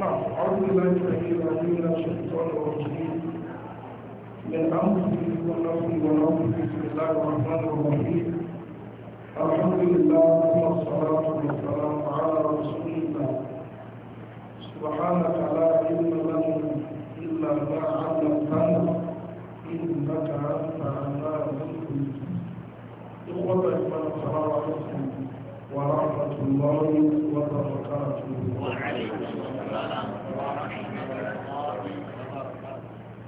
نعم أعوذ بالله السميع العليم من الشيطان من أنفسه ونفسه ونفسه بسم الله الرحمن الرحيم الحمد لله والصلاة والسلام على رسول الله سبحانك لا علم لنا إلا ما علمتنا إنك أنت علام الغيوب إخوة الإيمان السلام عليكم ورحمة الله وبركاته وعليكم السلام ورحمة الله وبركاته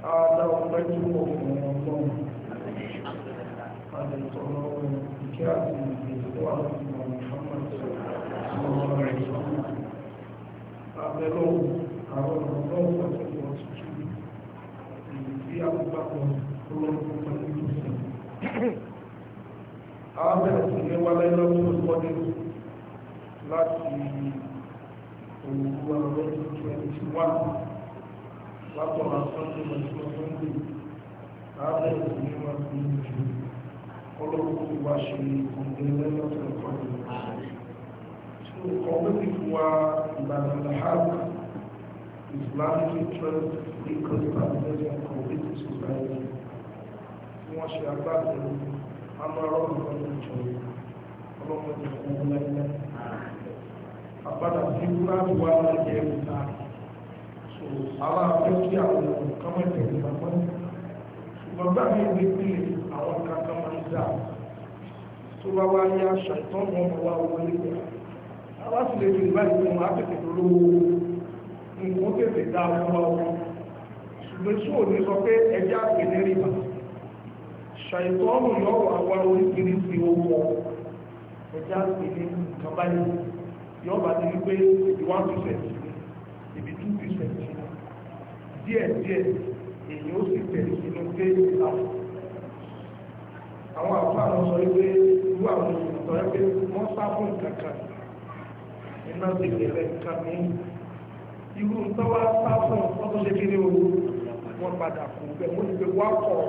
هذا وجهكم الله هذا الطلاب بكاتب محمد صلى الله عليه وسلم هذا لون هذا الله وبركاته في أبو بكر àwọn bẹ̀rẹ̀ sí ní wálé lọ́wọ́ lọ́dẹ láti òwúrọ̀ lọ́dún twenty one látọ̀ lásán tó lọ sí ọdún lè àwọn bẹ̀rẹ̀ sí ní wọn fi ń ju ọlọ́wọ́ tó wá ṣe ọ̀dẹ lẹ́lọ́tọ̀ lọ́dẹ tó kọ́ wa Islamic Trust Legal Stability and Community Society tí wọ́n ṣe agbábẹ̀rẹ̀ amọ̀rọ̀ ọ̀gbọ̀n ní ìṣòro ọlọ́mọdé fún ọmọ ẹgbẹ́ àpàdà tí wúrà tó wà lọ́jẹ́ ìta so àwọn akẹ́kẹ́ àwọn kọ́mọ̀tẹ̀ ìgbàgbọ́ ṣùgbọ́n bá mi gbé pé àwọn kankan máa ń dà tó bá wá yá ṣàìtàn wọn wá wọlé àwọn sì lè nǹkan tètè dá wọn wá wọn ṣùgbọ́n tí ní sọ pé ẹjẹ́ àpè ní rìbà ṣàìtọ́ ọ̀rùn yóò wà wá oríṣiríṣi owó ẹja ìní nǹkan báyìí yóò bá ti rí pé ibi one percent ibi two percent díẹ̀ díẹ̀ èyí ó sì tẹ̀lé sínú pé ìlànà àwọn àfáà lọ sọ wípé irú àwọn olùtọ́ ẹgbẹ́ wọ́n sá fún nǹkan kan iná ti bẹ̀rẹ̀ nǹkan ní irú tọ́wọ́ sá fún ọdún ṣe kí ni o wọ́n padà kú bẹ́ẹ̀ wọ́n ti pé wá kọ̀ ọ́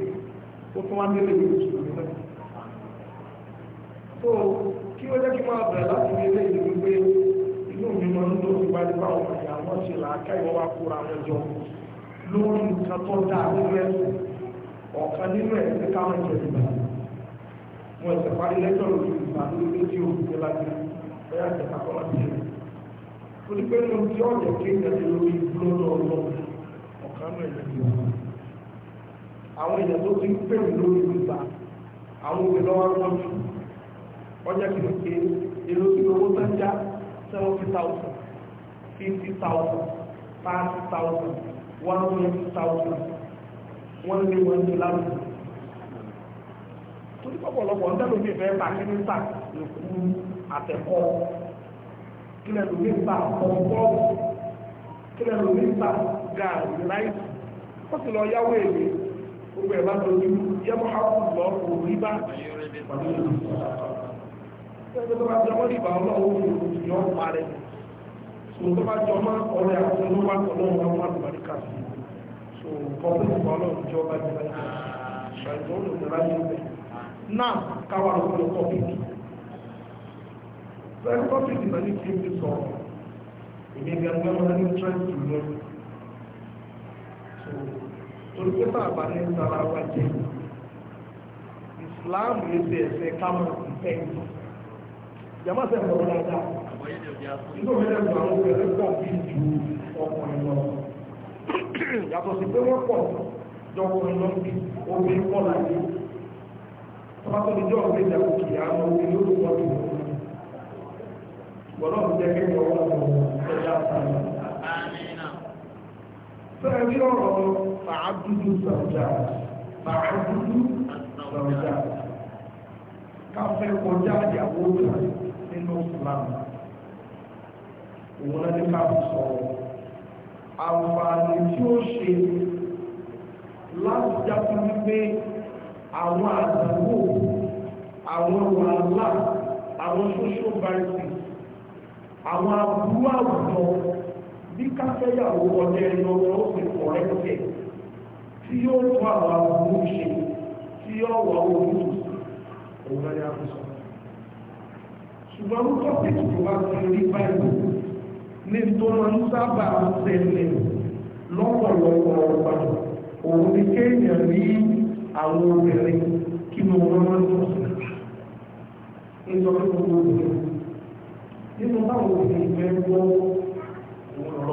ó tún wá ní ilé ìwòsàn náà tó kí ó jẹ́ kí máa bẹ̀rẹ̀ láti ní ilé ìlú pé inú mi mọ́ ní tó ti bá ní báwọn ọ̀gá wọn ṣe làákà ìwọ́ wa kóra wọn jọ lórí nǹkan tó dáa nínú ẹ̀sìn ọ̀kan nínú ẹ̀sìn káwọn ìjọ ìgbà wọn ṣe parí lẹ́jọ́ lórí ìgbà lórí rédíò tó láti bẹ́ẹ̀ àti kakọ́ láti ṣe torí pé mo ti ọ̀jẹ̀ kéèyàn lórí gbólódò ọlọ́run ọ̀kan náà ìjọ ìgbà àwọn èèyàn tó ti ń pè mí lórí ìgbà àwọn òbí lọ́wọ́ wọn jù ọjà kì í ṣe èrò tí owó tó ń já seventy thousand fifty thousand thirty thousand one hundred thousand one million one million lánàá torí pọ̀pọ̀lọpọ̀ ń tẹ́lẹ̀ òfin ìfẹ́ bá kí ní sà lòkú àtẹ̀kọ́ kílẹ̀ lómi gbà ọ̀pọ̀lọpọ̀ kílẹ̀ lómi gbà gàrí láìsí ó sì lọ yáwó èlé gbogbo ẹ̀bá tó ní yẹ́mọ́ àpùlọ kò rí bá náà káwà lọ́pọ̀lọ́ tọ́pìkì fẹ́ tọ́pìkì náà ní kí n ti to learn torí pé bàbá ní sara islam yìí ṣe ẹsẹ kámọ ìfẹ́ yìí jama sẹ ọ̀rọ̀ dáadáa ndị mi ndị àwọn obìnrin pọ̀ bí ju ọkùnrin lọ sẹ́ẹ̀rí ọ̀rọ̀ fàájúdú sọ̀jà fàájúdú sọ̀jà káfẹ́ kọjá ìyàwó rẹ̀ nínú islam òun ní káfí sọ àǹfààní tí ó ṣe láti jáde wípé àwọn àdánwò àwọn wàhálà àwọn social vices àwọn aburú àwùjọ bí káfẹ́yàwó ọdẹ lọ́wọ́ ó fi pọ̀ rẹ́pẹ̀ tí yóò tún àwọn àbúrú ṣe tí yóò wà orí òun lẹ́yìn àkóso ṣùgbọ́n tọ́pìkì tó bá ti rí báyìí ní tó máa ń sábà ṣẹlẹ̀ lọ́pọ̀lọpọ̀ ọ̀pá òun ni kéèyàn rí àwọn obìnrin kí ni wọ́n máa ń tọ̀ sí nítorí gbogbo obìnrin nínú báwo ni ìgbẹ́ gbọ́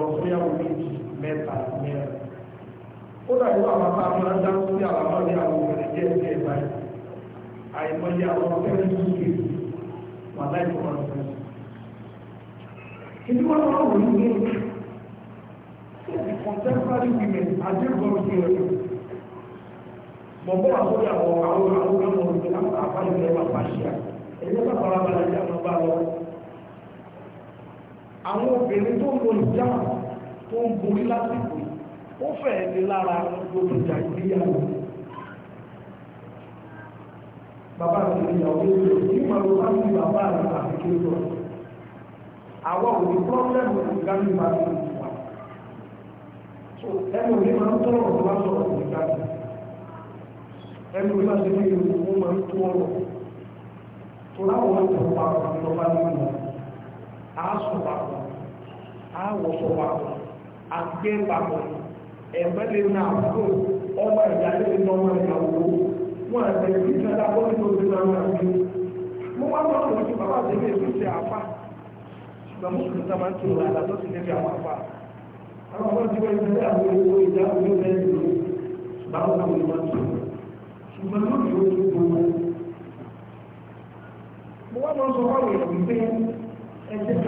lọ sí àwọn méjì mẹ́ta mẹ́rin ó dàbí wà máa bá a máa dá sí àwọn ọmọdé àwọn obìnrin díẹ̀ díẹ̀ báyìí àìmọye àwọn ọkẹ́rẹ́ tó ṣe wà láì tó wọn lọ. ìdí wọn máa wò ní ilé ṣéèdì contemporary women adébọ̀nsì rẹ̀ bọ̀bọ̀ àkórí àwọn àwọn àwọn ọmọ òṣèlú àpá ìlú ẹ̀wà pàṣẹ ẹ̀yẹ́ bá fara balẹ̀ àwọn obìnrin tó ń lo ìjáàmù tó ń borí lásìkò ó fẹ̀ẹ́ ní lára gbogbo ìjàgbéyàwó bàbá mi ní ìyàwó ìlú ní màlúù bá ní bàbá rẹ̀ àti kéwọ́ àwọn òbí pọ́blẹ́mù ìgbàlú bá ní ìwà so ẹnu mi máa ń tọrọ ọ̀rọ̀ bá sọ̀rọ̀ ìgbàlú ẹnu mi máa ń tẹ̀lé ìlú ó máa ń tó ọ̀rọ̀ tó láwọn ọ̀rọ̀ pa ọ̀rọ̀ bá ní ìwà àásùn papọ̀ Ha papọ̀ àgbé papọ̀ ẹ̀mẹ́lẹ́ náà kó ọmọ ìyálé ìnáwó ìyàwó wọn àgbẹ̀ sí ìjọba bọ́ọ̀lù tó ti na ń gbé na wá mọ̀ pé ojú bàbá àti ilé ìlú àfà ṣùgbọ́n sábà tó àwọn àfà àwọn ọmọ àwọn báwọn tó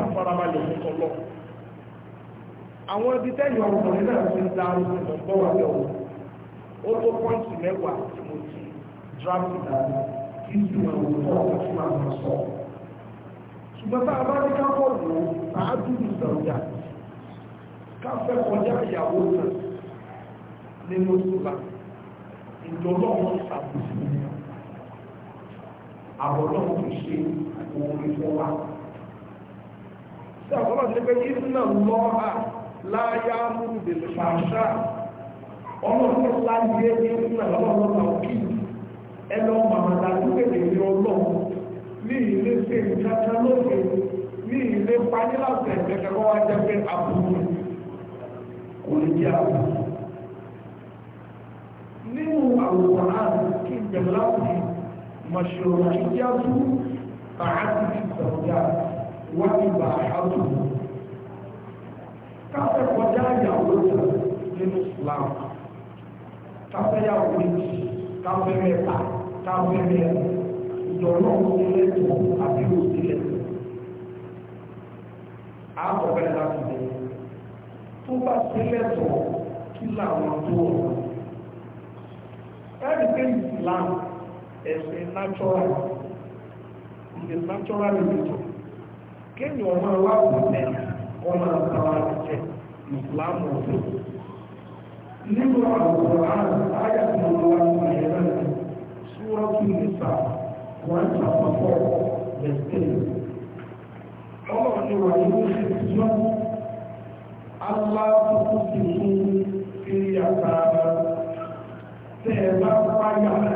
ṣùgbọ́n tó wá àwọn ibi tẹ́yìn ọkùnrin náà ti ń da arúgbó lọ́gbọ́n wà lọ́wọ́ ó tó pọ́ǹtì mẹ́wàá tí mo ti dráfì dàbí kí n sì máa wò ó ọ̀pọ̀ tí màá máa sọ. ṣùgbọ́n tá a bá ní kápọ̀ lò ó tá a dúró ìdàrúdà ká fẹ́ kọjá ìyàwó náà nínú ìtura ìjọlọ́wọ́ ṣàkóso àbọ̀lọ́wọ́ tó ṣe òun ìfọwọ́. sí àbọ̀lọ́wọ́ ti pé kí n náà lọ́ láyá múrù bèbè pàṣá ọmọ tó láyé ní ìpínlẹ̀ lọ́wọ́lọ́wọ́ òkè ẹlọ màmàdà tó bèbè ní ọlọ́run ní ilé ṣe ìjájá lóde ní ilé pàdílàsẹ̀ ìgbẹ́kẹ̀kọ́ wá jẹ́ pé àbúrò kò ní jẹ́ àbúrò nínú àwòrán kí ìjẹ̀mọ́lá òkè mọ̀ṣọ̀rọ̀ kíkíá tó tààtì ìtọ̀jà wọ́n ti bà á tó káfẹ́ kọjá ìyàwó kan nínú Islam káfẹ́ yàwó méjì káfẹ́ mẹ́ta káfẹ́ mẹ́rin ìjọba òkè lẹ́tọ̀ àbí òkè lẹ́tọ̀ àkọ́bẹ̀rẹ̀ láti bẹ̀rẹ̀ tó bá sí lẹ́tọ̀ kí làwọn tó wọ̀ ẹ̀rí pé Islam ẹ̀sìn natural ìdè natural religion kéèyàn ọmọ wa wọ̀ mẹ́rin wọ́n máa ń tàwa jẹ́ ìsìláàmù ọ̀dọ́. nínú àwòrán àrùn ayà tí wọ́n wá ní ẹ̀rọ rẹ̀ súnwọ́n kí ní sà wọ́n ti àpapọ̀ lẹ́sẹ̀. ọlọ́run ni wà nínú ìṣèjọ́ aláàbò tuntun fi àtàrà tẹ̀ ẹ bá pààyà.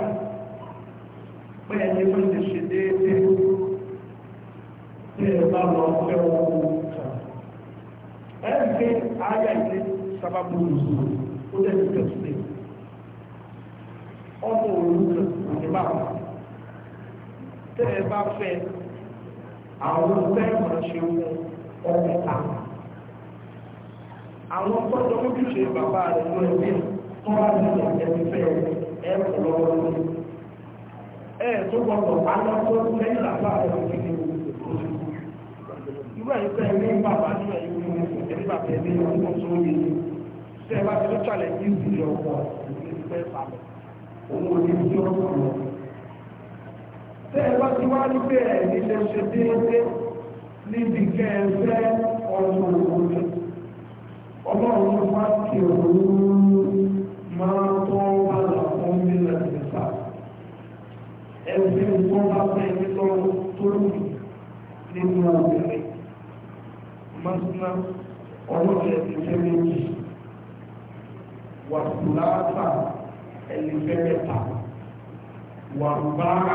àyà ilé sábàbù lùsù ó dẹ̀ ti tẹ̀sí lé ọmọ òru ní bá wà tẹ́ ẹ bá fẹ́ àwọn fẹ́ẹ̀mọ̀ ṣe wọn ọmọ ta àwọn tọ́jọ́ ojúṣe bàbá rẹ̀ ló ẹgbẹ́ tó bá ti lọ ẹni fẹ́ ẹ kọ̀ lọ́wọ́ lórí ẹ tó gbọdọ̀ alọ́kọ́ lẹ́yìn làbá rẹ̀ lórí ìlú irú ẹ̀yìn fẹ́ ní bàbá nínú ẹ̀yìn ẹni bàbá ẹni ọmọ sórí ṣe bá ti ló ṣàlẹ̀ ní ìdílé ọkọ̀ ìgbésẹ̀ sàlẹ̀ òun ò ní ìdílé ọkọ̀ lọ. ṣe bá ti wá ní bẹ́ẹ̀ ní ṣe ṣe déédé níbi kẹfẹ́ ọ̀nà òun ọlọ́run wá kí òun máa tọ́ bàlá fún mílẹ̀ nípa ẹgbẹ́ tó bá fẹ́ nítorí tó lù nínú obìnrin. Mọ́sánná ọlọ́jẹ́ ti fẹ́ méjì wàtúláàtà ẹni fẹ́ mẹ́ta wàrúbáà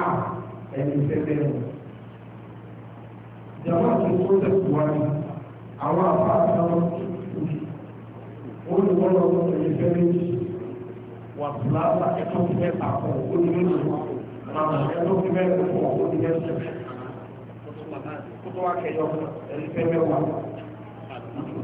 ẹni fẹ́ mẹ́rin. Jàmbá ti tó tẹ̀síwájú àwọn àbáàtà olùkọ́lọ́ ẹni fẹ́ méjì wàtúláàtà wa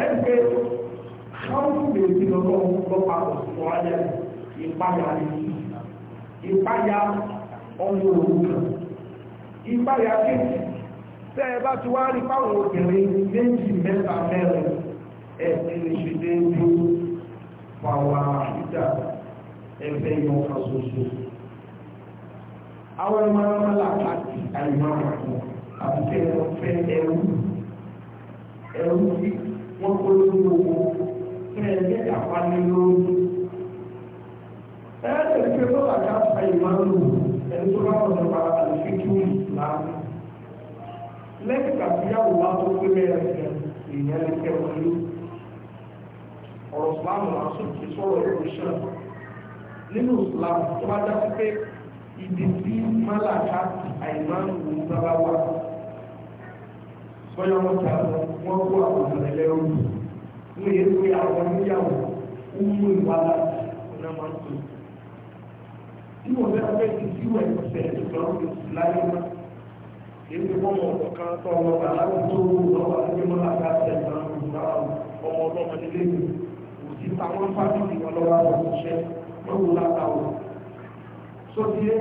ẹgbẹ́ ṣọ́ọ̀tún bèèrè lọ́wọ́ lọ́pàá òṣùpọ̀ ayẹ ìpáyà rẹ̀ ìpáyà ọmọ òwúrọ̀ ìpáyà kéèkì tẹ́ ẹ bá ti wá rí páwọn obìnrin méjì mẹ́ta mẹ́rin ẹ̀sìn lè ṣe déédéé pàwà àṣìjà ẹgbẹ́ ìmọ̀ kan ṣoṣo àwọn ẹ̀mọ́ ọmọlá àti àìmọ́ àpò àti ẹ̀rọ fẹ́ ẹrú ẹrú sí wọ́n kó lórí owó fún ẹgbẹ́ àpáni lórí. ẹ̀ẹ́dẹ̀ pé tó àjá pa ìmánu ẹni tó bá wọn nípa àlùfíkú ìsìlámù lẹ́yìn tàbíyàwó wa tó pé mẹ́rin ìyẹn lè kẹ́ wọlé ọ̀rọ̀ ìsìlámù lásán ti sọ̀rọ̀ ìròṣẹ́ nínú ìsìlámù tó bá dá sí pé ìdí tí málàká àìmánu òun bá wá bọ́yá wọ́n ta wọ́n kó àwọn ọ̀nà ẹlẹ́rú ní èyí pé àwọn oníyàwó ń mú ìwàlá ọ̀nà máa ń tò. tí wọ́n bẹ́ẹ̀ bẹ́ẹ̀ ti sí wẹ̀ ṣẹ̀ lọ́wọ́ láyé má èyí pé wọ́n mọ̀ ọ̀kan tó ọmọ aláwọ̀ tó lọ́wọ́ àdéhùn láti àṣẹ ìgbà ọmọ ọlọ́mọdé lẹ́yìn kò sí táwọn fásitì wọn lọ́wọ́ àwọn òṣìṣẹ́ wọ́n wù látàwọn. sọ́tìyẹ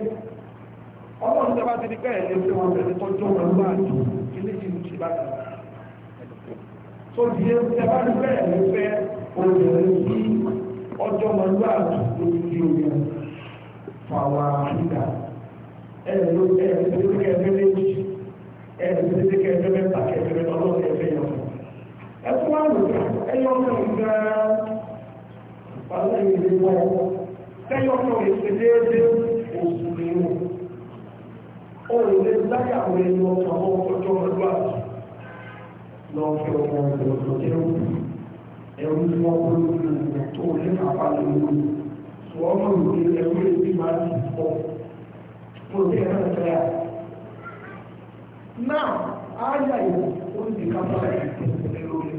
ọlọ́run tẹ́ bá ti di bẹ́ẹ̀ lé bákan tó di ẹgbẹ́ ní bẹ́ẹ̀ ló fẹ́ obìnrin sí ọjọ́ mọ́lú àdúgbò tí ó yẹ fàwọn àfíkà ẹ̀rọ ẹ̀rọ méjì ẹ̀rọ méjì kẹfẹ́ mẹ́ta kẹfẹ́ mẹ́ta ọlọ́run ẹ̀fẹ́ yọ ẹ̀fọ́ wọn lò ẹ̀yọ́ mọ̀ gan-an pàṣẹ ìdè wọn ẹ̀yọ́ mọ̀ ìṣèdéédé òṣù nìyẹn o lè dáyàwó ẹ̀yọ́ ọ̀sán ọjọ́ mọ́lú àdúgbò lọ fẹ́ ọmọ ọ̀dọ̀ tẹ́wù ẹ̀rú tí wọ́n kó lórí ọ̀dọ̀ tó lé àpá lórí wọ́n mọ̀ ní ẹ̀rú èdè máa ti pọ̀ tó lé ẹ̀rọ tẹ́yà. náà ááyà ìwọ̀ ó ti kápá ẹ̀ lórí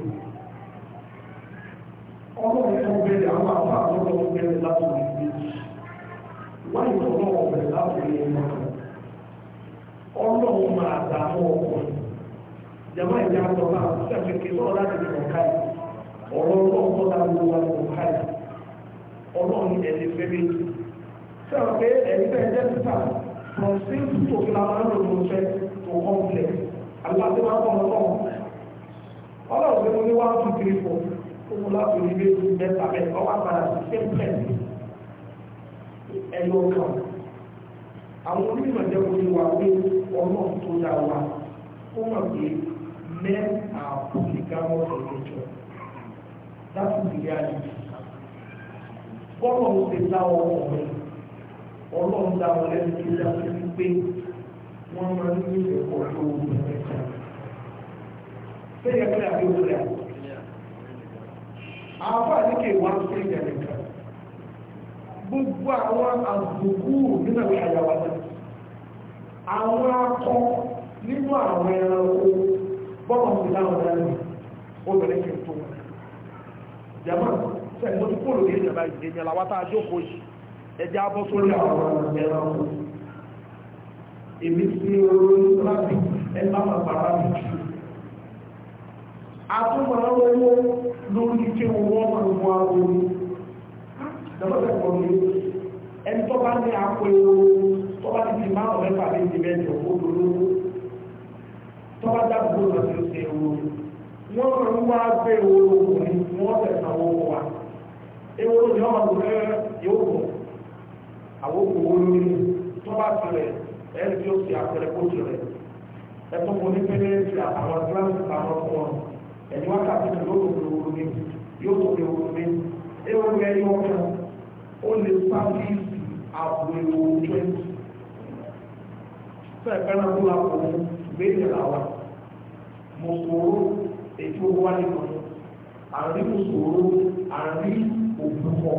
ọmọ ìfọ̀ bẹ̀rẹ̀ àwọn àpá àwọn ọmọ bẹ̀rẹ̀ láti rí méjì wáyé ọmọ ọ̀bẹ̀rẹ̀ láti rí ẹ̀rọ ọlọ́run máa dààmú ọkùnrin jama ìjà sọ fún àwọn tó ṣàfihàn kí sọ̀rọ̀ láti lè kọ̀ọ̀ká yìí ọ̀rọ̀ ọlọ́run tó dáa gbogbo wa lè kọ̀ọ̀ká yìí ọlọ́run ẹ̀sìn fẹ́mi sọ̀rọ̀ pé ẹ̀yin bẹ́ẹ̀ jẹ́ títà from simple to flamando to fẹ́ to complex aláṣẹ́wá kọ́ ọlọ́run ọlọ́run pé mo ní one two three four ó mú láti orí bí ewu mẹ́ta mẹ́ta ọwọ́ àgbàdà sí sẹ́ńtẹ̀ ẹ̀yọ kan àwọn onímọ̀ jẹ́ kó ní wa pé ọlọ́run tó dáa wa ó mọ̀ pé men are polygamous in nature. That is the reality. Bọ́lọ̀ ń ṣe dáwọ́ ọ̀rẹ́, ọlọ́run dáwọ́ lẹ́nu tó dá sí wípé wọ́n máa ń ní ẹ̀kọ́ tó wù ẹ̀ka. Bẹ́ẹ̀ kí àbí òun rẹ̀. Àwọn àdékè wá sí ìdẹ̀rẹ̀ kan. Gbogbo àwọn àbùkù nínú àwọn àyàwó náà. Àwọn akọ nínú àwọn ẹranko bọ́ọ̀mù ti láwọn ọ̀dá lónìí obìnrin kì í tó wọn. jama sẹ́yìn mo ti kúrò ní ìjọba ìgbìyànjú àwọn tá a jókòó yìí ẹjẹ́ abọ́ sórí àwọn ẹ̀rọ èmi sí orí láti ẹgbà bàbára mi jù àtúmọ̀ owó lórí kí wọ́n máa mú àwọn orí lọ́pọ̀lọpọ̀ ní ẹni tó bá ní àpò ewu tó bá ti fi máa ọ̀rẹ́ pàdé ìdíbẹ̀ ìjọ̀kó lóró tọ́wọ́ dábòbò lọ sí ṣe ewúro wọ́n mọ̀ ń wá gbé ewúro wò ní wọ́n tẹ̀sán owó wa ewúro ni wọ́n máa gbé yóò wò àwọn òkòwò lórí tọ́wọ́ àtìlẹ̀ ẹ̀rí tí ó ti àpẹẹrẹ kó tilẹ̀ ẹ̀tọ́ fún onípele ti àwọn gíláàsì àwọn fún ọ ẹ̀yìn wákàtí ni yóò tó ewúro mi yóò tó ewúro mi ewúro yẹn yọ ọkàn ó lè sáfì àpò ewúro twenty fẹ́ẹ̀ fẹ́ràn tó la kò gbé ìlà wa mùsùlùmí ètò wáyé kan àrí mùsùlùmí àrí òbúkọ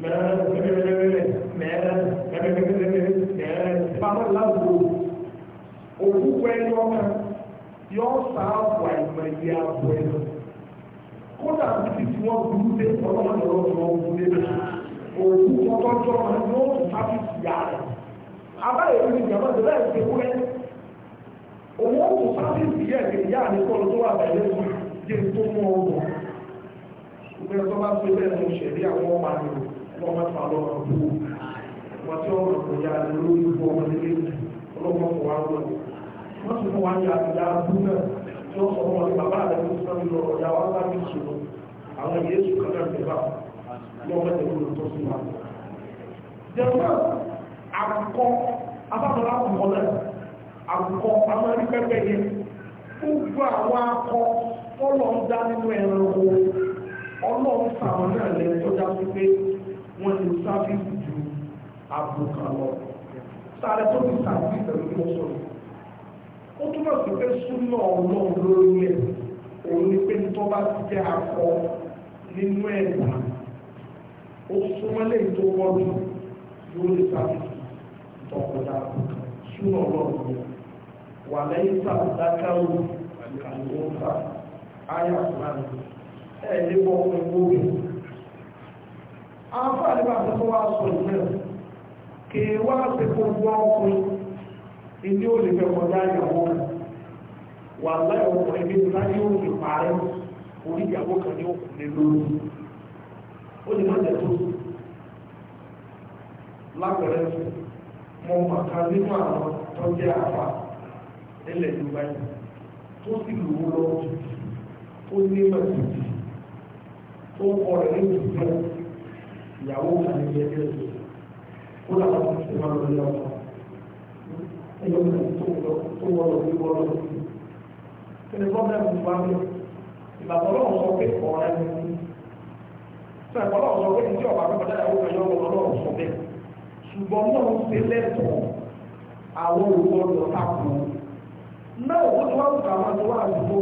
mẹ́rẹ́rẹ́rẹ́rẹ́ mẹ́rẹ́rẹ́rẹ́rẹ́ mẹ́rẹ́rẹ́ bàbá láwùjọ òkúkọ ẹni ọmọ yọ sáà wà ìmọ̀ ìdí àbọ̀ ẹ̀rọ kódà títí tí wọ́n burú dé ọlọ́run lọ́wọ́ tí wọ́n burú dé bẹ́ẹ̀ òkú ọgọ́jọ́ wọn ni wọ́n tún sábì sí yàrá abáyé ìjọba ìjọba ìjọba ìjọba òun ó tún sáfíìsì yẹ́ ẹ̀kẹ́ ìyá mi kọ́ ló tó wà bẹ̀rẹ̀ lẹ́nu jẹ́ tó mú ọmọ ìgbẹ́ tó bá pé bẹ́ẹ̀ ló ṣẹ̀rí àwọn ọmọ àti wọn máa fà lọ́wọ́ bú wọn tí wọn kò yá lé lórí fún ọmọ nílé ọlọ́wọ́ kò wá lọ wọ́n sì fún wa ní àtìlá bú náà tí wọ́n sọ fún wọn bàbá rẹ̀ tó sọ lọ ọ̀yà wọn bá mi sùn àwọn yéésù kan náà bẹ̀rẹ̀ lọ́wọ́ tẹ̀lé olùtọ́ àwùkọ amárí pẹ́pẹ́ yẹn gbogbo àwọn akọ ọlọ́ ń dá nínú ẹranko ọlọ́run sàwọn náà lẹ́yìn tó dá sí pé wọ́n ti sábì ju àbùkà lọ sáré tó ti sàbí pẹ̀lú mọ́sọ̀ ó túmọ̀ sí pé súnà ọlọ́run lórí ẹ̀ òun ni pé tó bá ti jẹ́ akọ nínú ẹ̀dá ó súnmọ́ lẹ́yìn tó wọ́n jù yóò lè sábì tọkọtà súnà ọlọ́run yẹn. wà lẹ́yìn sàbùdákàrù kàlùmọ́fà ayà fúlàní ẹ̀ nígbà ọkùnrin afọ àdìbà tó wà sọ ìlẹ̀ kì wá sí gbogbo ọkùnrin ilé kọjá ìyàwó rẹ̀ ọkùnrin bí láyé orí ìyàwó kan ní òkùnrin lórí ó lè má lápẹ̀rẹ̀ mọ̀ màkà nínú àwọn tó jẹ́ nílẹ̀ yorùbá yìí tó sì lówó lọ́wọ́ tó ní màtìtì tó ń kọ́ rẹ̀ ní ìdúró ìyàwó àti ẹgbẹ́ rẹ̀ kó làwọn ti fi máa lọ yà wọn ẹyọ kan tó wọ́n lọ sí wọ́n lọ sí ẹni pọ́blẹ́mù tó wá mú ìgbàgbọ́ lọ́wọ́ sọ pé ọ̀rẹ́ mi ní sọ ẹ̀kọ́ lọ́wọ́ sọ pé ìdí ọ̀bà tó kọjá ìyàwó ẹ̀yọ́ ọ̀rọ̀ lọ́wọ́ sọ bẹ́ẹ̀ ṣùgbọ́n náà ń ṣe lẹ́tọ̀ọ́ àwọn olùkọ́ lọ́ta kù náà wọ́n tó wá kó àwọn tó wà àdúgbò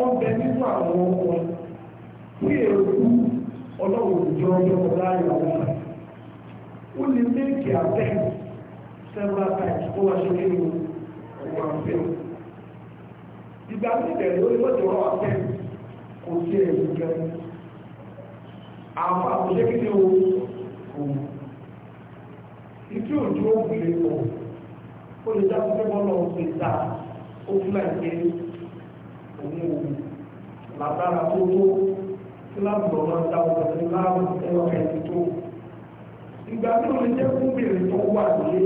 ọ̀bẹ nínú àwọn ọkọ tí èrú ọlọ́wọ́ òjò ọjọ́ ọ̀la ìyàwó rẹ̀ ó lè méjì abẹ́ several times ó wá ṣe kéwì ọ̀wọ́ àfẹ́ o ìgbà tí ìbẹ̀rẹ̀ ó lè mọ̀jọ̀ ọ̀wọ́ àfẹ́ kò sí ẹ̀rù gẹ́gẹ́ àwọn àkùnṣe kéde o kò ìtú òjò ó kù lè pọ̀ ó lè dá fún pé wọ́n lọ sí ìta ó túmọ̀ pé òun ò lágbára tó tó kíláàbù ọ̀nà dáwọ̀ pẹ̀lú láàbù ẹ̀rọ ẹ̀sìn tó. ìgbà tí ó lè jẹ́ fún bèrè tó wà lé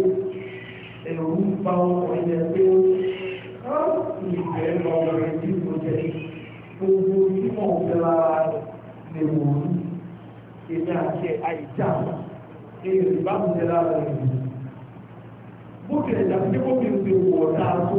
ẹ̀rù ń ba ọkùnrin yẹn pé ó ìfẹ́ lọ rẹ̀ bí mo jẹ gbogbo tí mo fẹ́ lára lè wò ó èmi àti àìjà èrè bá mi jẹ lára rẹ̀ bó tilẹ̀ jà pé kó mi ń fi dáa tó.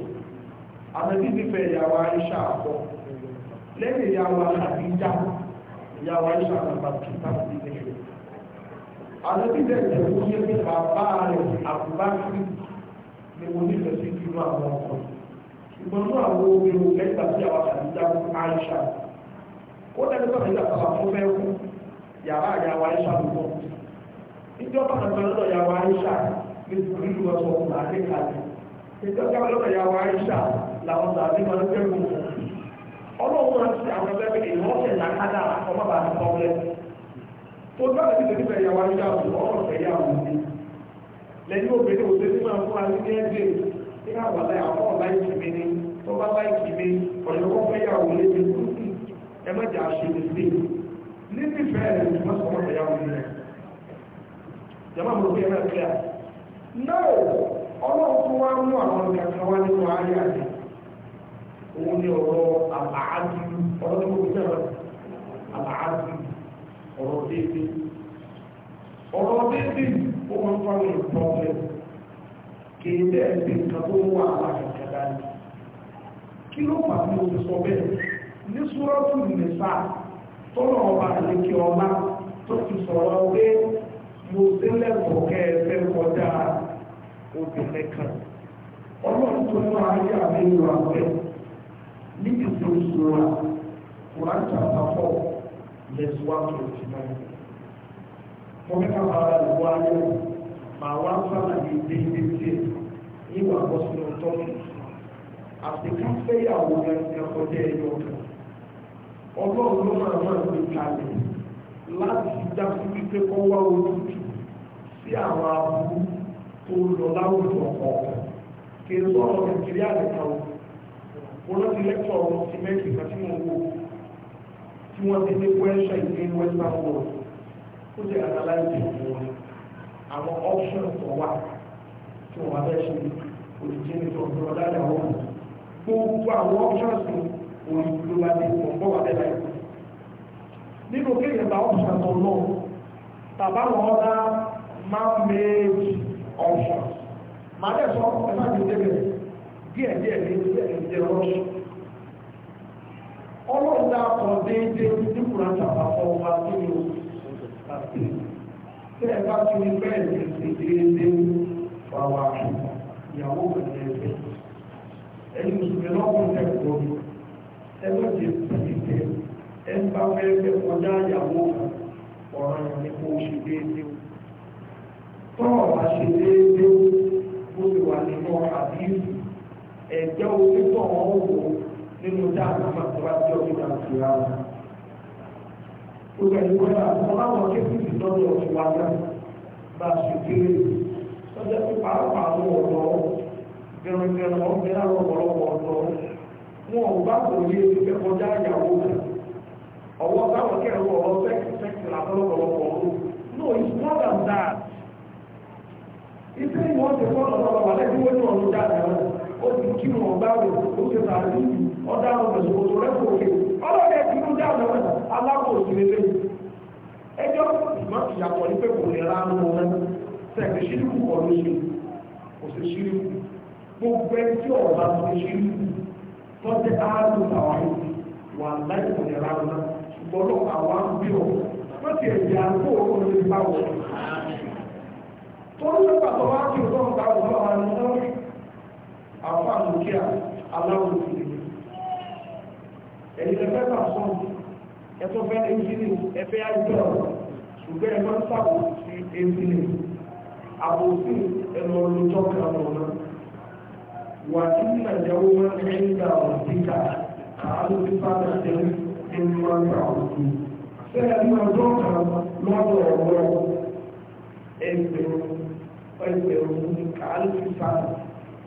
àtẹ̀bí ti fẹ́ ìyàwó Aisha àpọ̀ lẹ́yìn ìyàwó àdíjà ìyàwó Aisha àpàtàkì láti ilé rẹ̀ àtẹ̀bí tẹ̀ tẹ̀ ó yẹ pé bàbá rẹ̀ àbúbákì ni mo nífẹ̀ẹ́ sí kí inú àwọn ọkọ̀ ṣùgbọ́n inú àwọn obìnrin lẹ́gbà sí àwọn àdíjà fún Aisha ó lẹ́nu tó àdíjà pàpà fún fẹ́ kú yàrá ìyàwó Aisha ló mọ̀ ìjọba àgbà lọ́dọ̀ ìyàwó Aisha ní ìlú ọ̀sọ̀ làwọn sàbí máa ń gbẹ̀rù ọlọ́run máa ń ṣe àwọn ẹgbẹ́ pé èèyàn ọ̀sẹ̀ làkàdà ọmọ bàbá tó tọ́ lẹ́ tó bá lè tètè bẹ̀rẹ̀ yàwó ayélujára ọ̀rọ̀ fẹ́ yàwó ní lẹ́yìn obìnrin òde tí máa fún alẹ́ ní ẹgbẹ́ ní àwọn ọ̀la àwọn ọ̀la ìkìmí ni tó bá bá ìkìmí ọ̀yọ́kọ́ fẹ́ yàwó lébi kúrúkú ẹ má jà ṣe lè sí níbi fẹ́ẹ̀ rẹ̀ tó má sọ ọ̀rọ̀ yàwó ní rẹ̀ jàmá mo fi ẹ̀ náà kíá náà ọlọ́run tó wá mú àwọn ìkàkà wá nínú ayé àti onye ni ọ̀rọ̀ àbáájú ọ̀rọ̀ tí mo fẹ́ àbáájú ọ̀rọ̀ déédéé ọ̀rọ̀ déédéé ó máa ń fáwọn ìpọ́nlẹ̀ kì í bẹ́ẹ̀ bí nǹkan tó ń wà lákàtà dání kí ló sọ bẹ́ẹ̀ ní ọba ọba tó ti sọ̀rọ̀ pé mo sí lẹ́kọ̀ọ́ kẹ́ ẹ fẹ́ kọjá obìnrin kan níbi tó ń sora Quran chapter four verse one twenty nine mọ̀mẹ́ka bàbá rẹ̀ wá yẹ màá wá sábà ní déédéé tiẹ̀ níwà bọ́ sínú tọ́lú àtìká fẹ́yàwó gẹ́gẹ́ kọjá ẹ̀yọ́ kan ọlọ́run ló máa máa gbé kalẹ̀ láti dá sí wípé kọ́ wá ojútùú sí àwọn aburú tó lọ láwùjọ ọ̀kan kì í sọ̀rọ̀ nàìjíríà nìkan o mo rántí lẹ́tọ̀ ọ̀rọ̀ ti mẹ́tì kan tí mo wò tí wọ́n ti ní pẹ́ṣẹ̀ ìpín western world ó ti analyze ìwọ̀n wọn àwọn options tó wà tí wọ́n wá fẹ́ ṣe olùjẹ́ni tó ń lọ lálẹ́ àwọn ọ̀hún gbogbo àwọn options olùdó wa ní ìpọ̀nbọ̀ wà lẹ́la ìlú nínú kéèyàn bá options ọlọ́ tàbá wọn ọ̀dà máa ń méjì options màá dẹ̀ sọ ẹ̀fà ìdílé bẹ̀rẹ̀ díẹ̀ díẹ̀ ní ilé ìjẹ rọ́ṣù ọlọ́run dá kan déédéé ní kùránṣà àpapọ̀ wa tó ní àti tẹ́ ẹ bá tún ní bẹ́ẹ̀ ní ìdí déédéé wà wà ìyàwó rẹ̀ ní ẹgbẹ́ ẹni mùsùlùmí lọ́kùnrin tẹ̀ kọ́ mi ẹgbẹ́ ti tẹ̀lé tẹ̀ ẹ ń bá fẹ́ fẹ́ kọjá ìyàwó ọ̀rọ̀ yẹn ní kó ṣe déédéé tọ́ọ̀ bá ṣe déédéé bó ti wà nínú àdéhùn ẹ̀jẹ̀ onítọ̀ wọn ò wò nínú dáàbò màtọ́lá tí ọdún náà fi ra wọn. Olùkọ́ ìwé náà wọn láwọn kékeré lọ́dọ̀ ọ̀sùn wa náà bá a ṣe kéré lọ́jọ́ tó pàápàá ló wọ̀ lọ́wọ́ gẹrungẹrun ọ̀gbẹ́ náà lọ́pọ̀lọpọ̀ ọ̀dọ́ wọn ò bá kò yé ẹgbẹ́ kọjá ìyàwó rẹ̀ ọwọ́ táwọn kẹrù ọ̀rọ̀ sẹ́kì sẹ́kì làbọ́lọ́pọ̀lọpọ̀ ọ̀dọ́ no it's more than that. ìṣe ìwọ́n ti fọ́nà lọ́wọ́ wà lẹ́bí wọ́n ní ọ̀rọ̀ jáde náà ó ti kí wọn bá wò ó ti rà ní ọ̀dà ọ̀gbọ̀n ìṣòwò rẹ́pọ̀ òkè ọlọ́dẹ ti ń dá ọ̀dọ̀ alákòóso lélẹ̀ ẹjọ́ ìmọ̀ ìyàtọ̀ ní pé kò lè ra nù wọn tẹ̀lé ṣíríkù kọ̀ lóṣù kò sí ṣíríkù gbogbo ẹni tí ọ̀rọ̀ bá ti ṣíríkù tọ́jú àádùn àwọn àìsí wà láì kò lè ra nù wọn ṣùgbọ́n lọ́pàá wà ń bí ọ̀ wọ́n ti ẹ̀jẹ̀ àgbò òkòrò lè bá wọn. tó ń lọ́pàá tó wá kí àwọn àlùkíà aláwọ̀ ìpìlẹ̀ ẹ̀yìn ẹ̀fẹ́ sàṣọ́n ẹ̀tọ́ fẹ́ ẹ̀jìnì ẹ̀fẹ́ àìbẹ̀rẹ̀ ṣùgbọ́n ẹ̀fẹ́ sàbò sí ẹ̀jìnì àbòsí ẹ̀rọ olùtọ́ kan ọ̀nà wà tí nàìjáwó wọn ní ẹ̀yìnbà ọ̀díkà káàlù pípa nàìjẹ́rì ẹ̀yìn wọn gbà òkú sẹ́yà ní ọjọ́ kan lọ́dọ̀ ọ̀rọ̀ ẹgbẹ̀rún ẹgbẹ̀rún káàlù pípa nàìjẹ́rì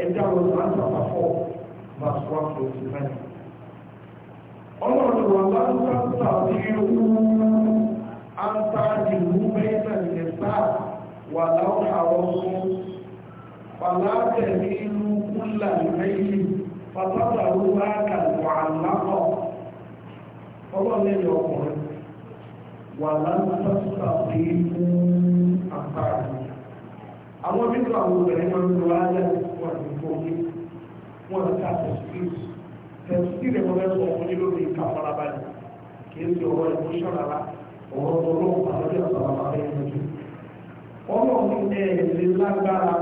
and that was John chapter 4, verse 129. Ọlọ́run wà láńsáńsá ní ewu antaani múbẹ́ẹ̀nà nìta wà láwọn àwọn ọmọ fàlàtẹ̀mí inú kúlà lẹ́yìn fàtàtàrú láàkàtà àlápọ̀ ọlọ́lẹ́yìn ọkùnrin wà láńsáńsá ní ewu antaani àwọn bíbí àwọn obìnrin máa ń lo ayé wọn ti fò ní wọn ti ká tẹ̀sí tẹ̀sí rẹ̀ wọ́n fẹ́ sọ ọmọ nílò ní ìka farabalẹ̀ kì í ṣe ọwọ́ ìmúṣọ́ rárá ọ̀rọ̀ ọlọ́run àwọn ọjọ́ àbábá rẹ̀ yanjú. ọlọ́run ẹ̀ẹ́dẹ̀ lágbára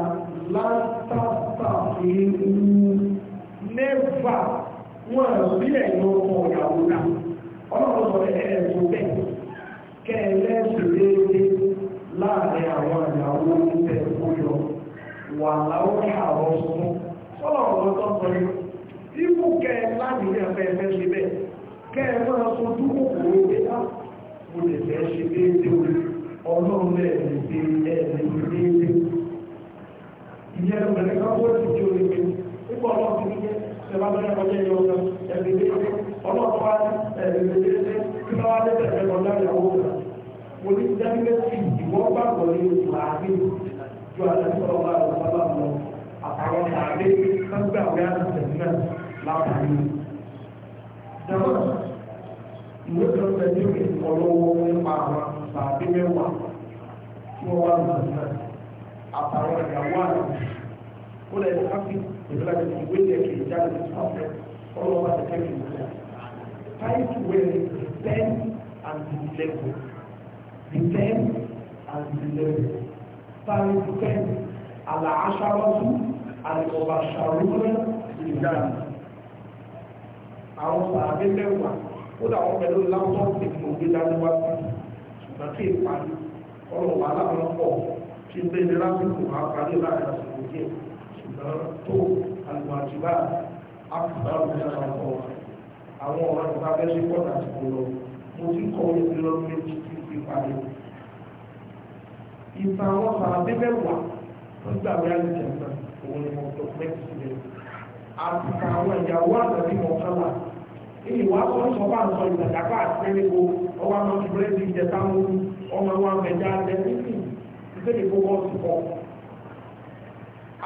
látàtà ìlú nẹ́fà wọn bí ẹ̀yìn ọkọ ìyàwó náà ọlọ́run sọ ẹ̀ẹ́dẹ̀ bẹ́ẹ̀ kẹ́ẹ̀lẹ́sì déédéé láàrin àwọn ìyàwó tẹ̀ kó yọ wà láwọn àwọn ọ̀sán sọ́lọ̀ ọ̀rọ̀ tó sọ yìí ibù kẹ láti ní ẹ̀fẹ́ ẹ̀fẹ́ ṣe bẹ́ẹ̀ kẹ ẹ máa sọ dúró kòrò pé á ah, mo lè fẹ́ ṣe déédéé o ọlọ́run ẹ̀ lè fi ẹ̀ lè fi déédéé ìyẹn ló bẹ̀rẹ̀ ká wọ́n ti di orí pé nípa ọlọ́run ti ní jẹ́ ṣẹba bẹ́ẹ̀ kọjá ẹ̀yọ ọ̀gá ẹ̀fẹ́ déédéé ọlọ́run wá ẹ̀fẹ́ déédéé kí wọ́n wá lẹ́sẹ̀ ẹ̀fẹ́ kọjá ìyàwó rẹ̀ mo ní dábílẹ̀ tí ìwọ́ bá wọ̀ ní oṣù àbí ju àtàkùn ọba àbábà lọ àtàwọn àbí kágbà wẹ́ àtàkùn náà látàrí. Dàbọ̀ ìwé kan fẹ́ ní òkè ọlọ́wọ́ nípa àwọn àbí mẹ́wàá tí wọ́n wá lọ sí náà àtàwọn ìyàwó àti ó lẹ́yìn káfí ìgbàlódé ìwé yẹ kì í jáde ní sọ́ọ̀fẹ́ ọlọ́wọ́ àti kẹ́kẹ́ ìwé. Táyì tù wẹ́ẹ̀ defend and deliver. Tàbí defend àlàáṣáwọ́sù àlẹ́kọ̀ọ́bà ṣàrúnlẹ̀ ìdáná. Àwọn sàbí mẹ́wàá ó dà wọ́n pẹ̀lú lápọ́ọ̀tì ìgbòmí dáníwá sí ṣùgbọ́n tí ìparí ọlọ́run wà láwọn pọ̀ tí ń bẹ́ẹ̀ lásìkò àpàdé láàrin àsìkò díẹ̀ ṣùgbọ́n tó àlùmọ̀jìbá àpùtàrù ní àwọn ọ̀rọ̀ àwọn ọ̀rọ̀ ìbáfẹ́ sí pọ̀ àsìkò lọ mo ti kọ́ orí lọ́dún méjì ti parí ìtàn àwọn sàrà bíbẹ̀ wà tó gbà wí àlùjẹ náà òun ni mo tó mẹ́tì sílẹ̀ àti àwọn ìyàwó àtàbí mọ̀kànlá èyí wàá sọ sọ bá ń sọ ìgbàdàgbà àti ẹnìkó ọwọ́ àwọn ọmọ ìbúrẹ́dì ìjẹta mú ọmọ ìwà mẹjá jẹ níbi ìgbẹ́ni gbogbo ọ̀sùn kọ́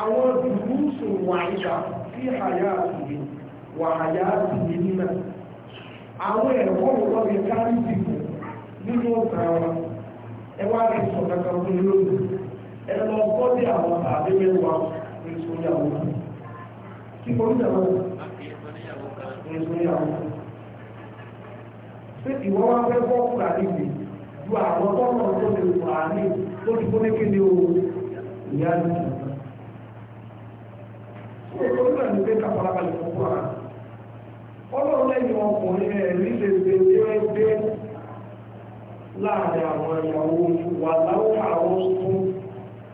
àwọn ìgbúsù wàyíká sí àyà àtìlẹ̀ wàhàyà àtìlẹ̀ nínú àwọn ẹ̀kọ́ ìwọ́n mi kárí dìbò nínú ọ̀gá wa ẹ wá kí sọ kankan fún yín lónìí ẹ lọ bọ́dé àwọn àbẹ́yẹ wa ní ìsúnyàwó kí kò níyàwó ní ìsúnyàwó ṣé ìwọ wá fẹ́ bọ́ kúrò àdébì ju àwọn tọ́nà tó lè wà ní tó ti kóné kéde o ìyá ní ìjọba. Olórí náà ní pé káfọ́lábalẹ̀ fún wa. Ọlọ́run lẹ́yìn ọkùnrin ẹ̀ nílé ìgbésẹ̀ ẹgbẹ́ láàrin àwọn ìyàwó wà láwọn àwọn tó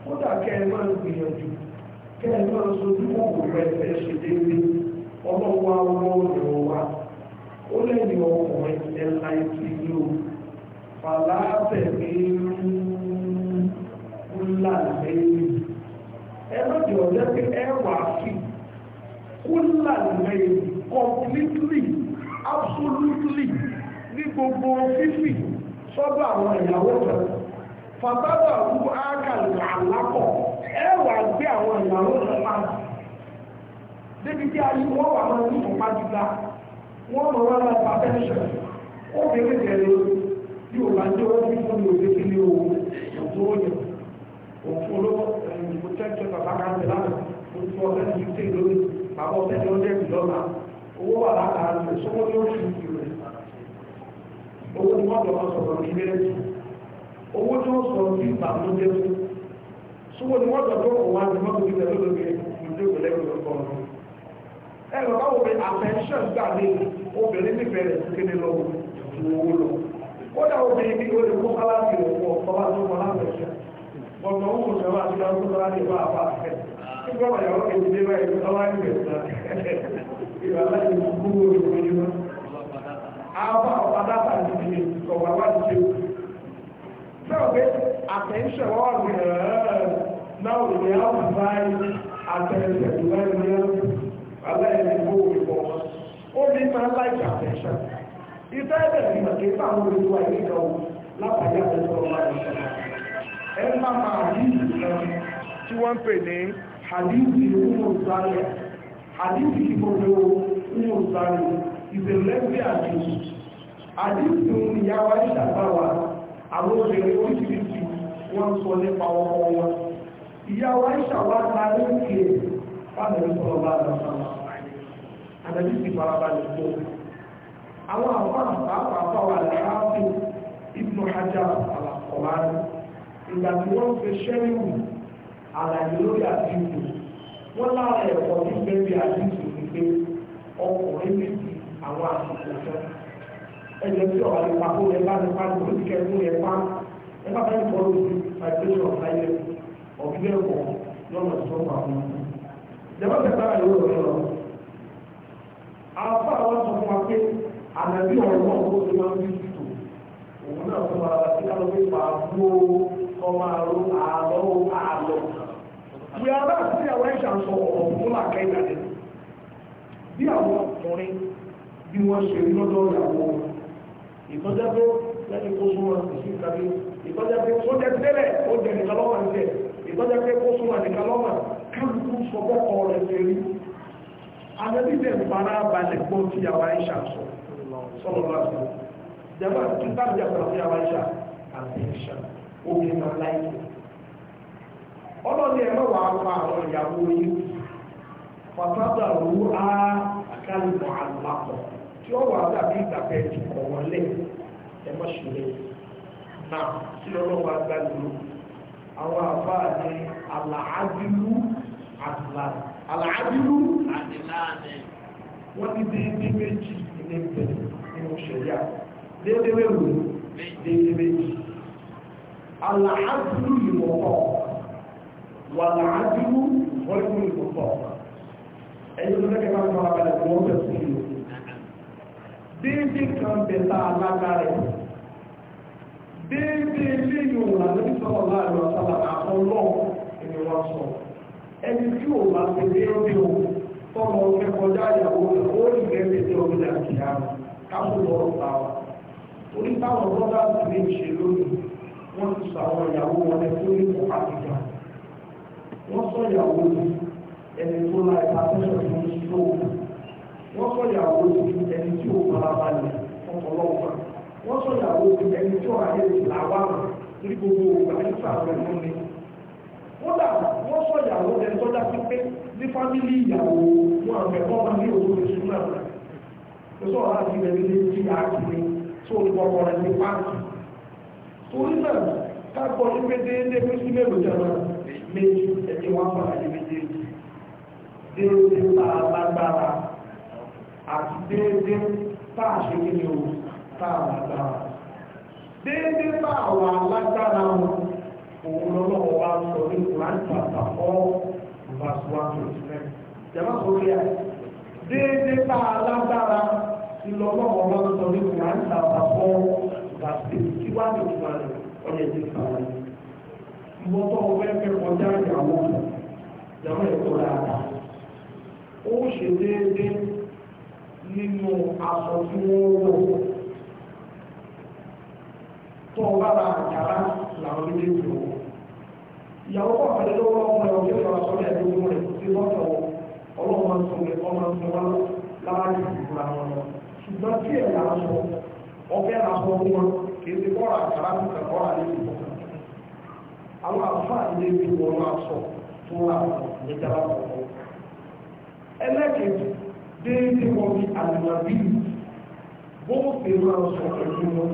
kódà kẹ́ẹ̀mọ́ gbìyànjú kẹ́ẹ̀mọ́ sojú kòkò rẹ̀ fẹ́ ṣe déédé ọlọ́wọ́ àwọn ọ̀rọ̀ wa ó lẹ́yìn ọkùnrin ẹ̀la ìtìlú fàlàbẹ̀ ní ńlá lẹ́yìn ẹlọ́dì ọ̀jẹ́ pé ẹwà fi kúlà lẹ́yìn completely absolutely ní gbogbo fífi sọ́dọ̀ àwọn ìyàwó kan fàbábà wú ákàlù àlápọ̀ ẹ wà gbé àwọn ìyàwó rẹ̀ máa débi tí a yí wọ́n wà máa ní ìfọ̀pá gbígbá wọ́n mọ̀ wọ́n lọ bá bẹ́ẹ̀ ṣẹ̀ ó kéré kéré yóò bá jẹ́ wọ́n fífún ní òde kí ní owó òtún òyìn òtún olówó ẹ̀yìn ìbò tẹ́tẹ́ bàbá kan ti lánàá òtún ọ̀fẹ́ ti fi tẹ́ ìlú bàbá ti owó tí wọ́n lọ́wọ́ sọ̀rọ̀ ní méjì owó tí wọ́n sọ̀rọ̀ sí ìbànújẹ́ fún ṣùgbọ́n ni wọ́n sọ tó kọ̀ wá ní mọ́tò ìgbà lóde ìdí òkèlè ìrọ̀kọ̀ ẹ̀rọ báwo ni attention gbà ní obìnrin nífẹ̀ẹ́ rẹ̀ kéde lọ ju owó lọ kódà obìnrin bí o kó sáláàtì òkú ọ̀pọ̀ wá tó gbọ̀ngàn ó kò àbá ọ̀pádápà ìdíje ọ̀wà wá ti ṣe. sọ̀rọ̀ pé àtẹ̀ńṣẹ̀ wọ́n rí náà ìdí àwùjáì àtẹ̀ńṣẹ̀ tó bá ní aláìlẹ́gbò ìbọ̀. ó ní máa láìka àtẹ̀ńṣẹ̀. ìfẹ́ ẹ̀bẹ̀ ní màkì fáwọn olùkọ́ àìríkà ò lápàdé àtẹ̀ńṣẹ̀ ọ̀la ìṣẹ̀lẹ̀. ẹ má máa rí ìlú tí wọ́n ń pè ní hadithi ìlú mọ̀ọ́sálẹ̀ hadithi ìbọ̀lẹ̀ ìlú mọ̀ọ́sálẹ̀ is a lengthy abuse. Àdínkù ìyáwá ìṣàbáwá àwọn obìnrin oríṣiríṣi wọ́n sọ nípa ọkọ wọn. Ìyáwá ìṣàwá ta ló ń kí ẹ̀ fáwọn ìṣọ̀rọ̀ bá lọ sọ́wọ́. Àdàbí ti farabalẹ̀ tó. Àwọn àwọn àpapọ̀ àpapọ̀ àlàáfíà Ibn Hajar àlàkọ̀márì. Ìgbà tí wọ́n fi ṣẹ́ríwù àlàyé lórí àdínkù. Wọ́n lára ẹ̀kọ́ tó fẹ́ bí àdínkù ní pé ọkùnrin méjì àwọn àsìkò kan ẹ̀jẹ̀ tí ọ̀rọ̀ lè pa kó lè bá lè pa kó lè kẹ́ kó lè pa ẹ bá fẹ́ kọ́ lóṣù vibration láyé ọ̀gbìn ẹ̀kọ́ lọ́nà tó wà fún un. ìjọba tẹ̀sán àyè wọ̀ lọ́rọ̀ àwọn fáwọn sọ fún wa pé ànàbí ọ̀rọ̀ náà kó lè máa ń bí títò òun náà tó máa bá sí káwọn pé máa bú o kọ́ máa ro fún làkẹ́ bí wọ́n ṣe rí lọ́dọ̀ ìyàwó wọn ìtọ́jẹ́ pé lẹ́yìn kó súnmọ́ ìṣí ìkàbí ìtọ́jẹ́ pé ó jẹ́ tẹ́lẹ̀ ó jẹ́ nìkan lọ́wọ́ ń jẹ́ ìtọ́jẹ́ pé kó súnmọ́ nìkan lọ́wọ́ kálukú sọpọ́ kọ rẹ̀ ṣe rí abẹ́bí dẹ̀ fara balẹ̀ gbọ́ ti yàwá ìṣà sọ sọ́lọ́ lásán jẹ́mọ́ tí bá jà pẹ̀lú yàwá ìṣà àti ìṣà omi máa láìpẹ́ ọlọ́ni ẹ̀rọ wà á pa àwọn ìyàwó yìí pàtàkì àrùn á kálí mọ́ àlùmákọ̀ọ́ tí ó wà dàbí ìgbàgbẹ́ ti kọ̀ wọ́n lẹ̀ ẹ má ṣe lẹ̀ náà tí ọlọ́wọ́ agbájú àwọn àbá ní àlàájúlú àlàájúlú àdìláàdì wọ́n ti dé ní méjì ní ìbẹ̀rẹ̀ nínú ṣẹ̀yà déédéé wò déédéé méjì àlàájúlú ìmọ̀kọ̀ wà àlàájúlú wọ́n ìmọ̀ ìmọ̀kọ̀ ẹ̀yìn tó fẹ́ kẹfà ń fara balẹ̀ wọ́n bẹ̀ fún ìlú déédé kan bẹ̀ta alágbára déédé ilé ìwòrán àti sọ́rọ̀ láàrin ọ̀sára àkọlọ́ ẹni wọ́n sọ ẹni tí ò bá ti dé ọdẹ o tọ́mọ kẹkọjá ìyàwó rẹ̀ ó rí bẹ́ẹ̀ tẹ́ ọdún àti ìyá rẹ̀ káfọ́ lọ́rọ̀ bá wa torí táwọn bọ́dá sì lè ṣe lónìí wọ́n ti sọ àwọn ìyàwó wọn ẹ tó ní kọ́ àtìgbà wọ́n sọ ìyàwó ẹni tó la ìpàtẹ́sọ̀ tó ń sọ òkú wọ́n sọ ìyàwó di ẹni tí ó bára balẹ̀ ọ̀pọ̀lọpọ̀ wọ́n sọ ìyàwó di ẹni tí ó ayé làwà ní gbogbo ògbà nípa àwọn ẹ̀mọ́ mi kódà wọ́n sọ ìyàwó ẹni tó dá sí pé ní fámílì ìyàwó wọn àgbẹ̀kọ́ máa ní òwò oṣù náà ó sọ ọ̀rá àti ìrẹ̀lẹ̀ ní ti àkìrí tó ń bọ̀ ọ̀rẹ́ ní pàǹtì torí náà ká ní pé déédéé pé sí mélòó jẹ́ náà méjì ẹ̀jẹ̀ wọn bá ẹ̀jẹ̀ méjèèjì déédéé bá a bá àti déédéé tá a ṣe kí ni o tá a lágbára déédéé tá a wà lágbára wọn òun lọ́wọ́ wa sọ ní Quran chapter four verse one twenty nine jẹ́wọ́n sọ pé déédéé tá a lágbára ìlọ́wọ́ wa sọ ní Quran chapter four verse eight kí wàá lè fún wa ọ̀yẹ́ ti fà wáyé ìwọ́tọ̀ ọ̀fẹ́ fẹ́ ìyàwó ìjọba ẹ̀kọ́ dáadáa ó ṣe déédéé nínú aṣọ tí wọ́n wọ̀ tó ń bára àjàrá làwọn méjèèjì wọ̀. ìyàwó pọ̀ pẹ̀lú lọ́wọ́ ọkùnrin ọ̀gbẹ́ ìfọ̀rọ̀ sọ́lẹ̀ ẹ̀dógún rẹ̀ ti lọ́tọ̀ ọlọ́mọ sọ̀rọ̀ ọmọ sọ̀rọ̀ láàárín ìgbà wọn lọ. ṣùgbọ́n tí ẹ̀ là ń sọ ọbẹ̀ là ń sọ fún wọn kì í ti kọ́ra àjàrá ti kà kọ́ra ní ìbò àwọn àfáà ilé ìgbìmọ̀ náà sọ fún àwọn ìjọba ọ̀pọ̀ ẹlẹ́kẹ̀ẹ́ déédéé wọn bí àlùmọ̀bí wọ́n fi máa sọ pẹ̀lú wọn.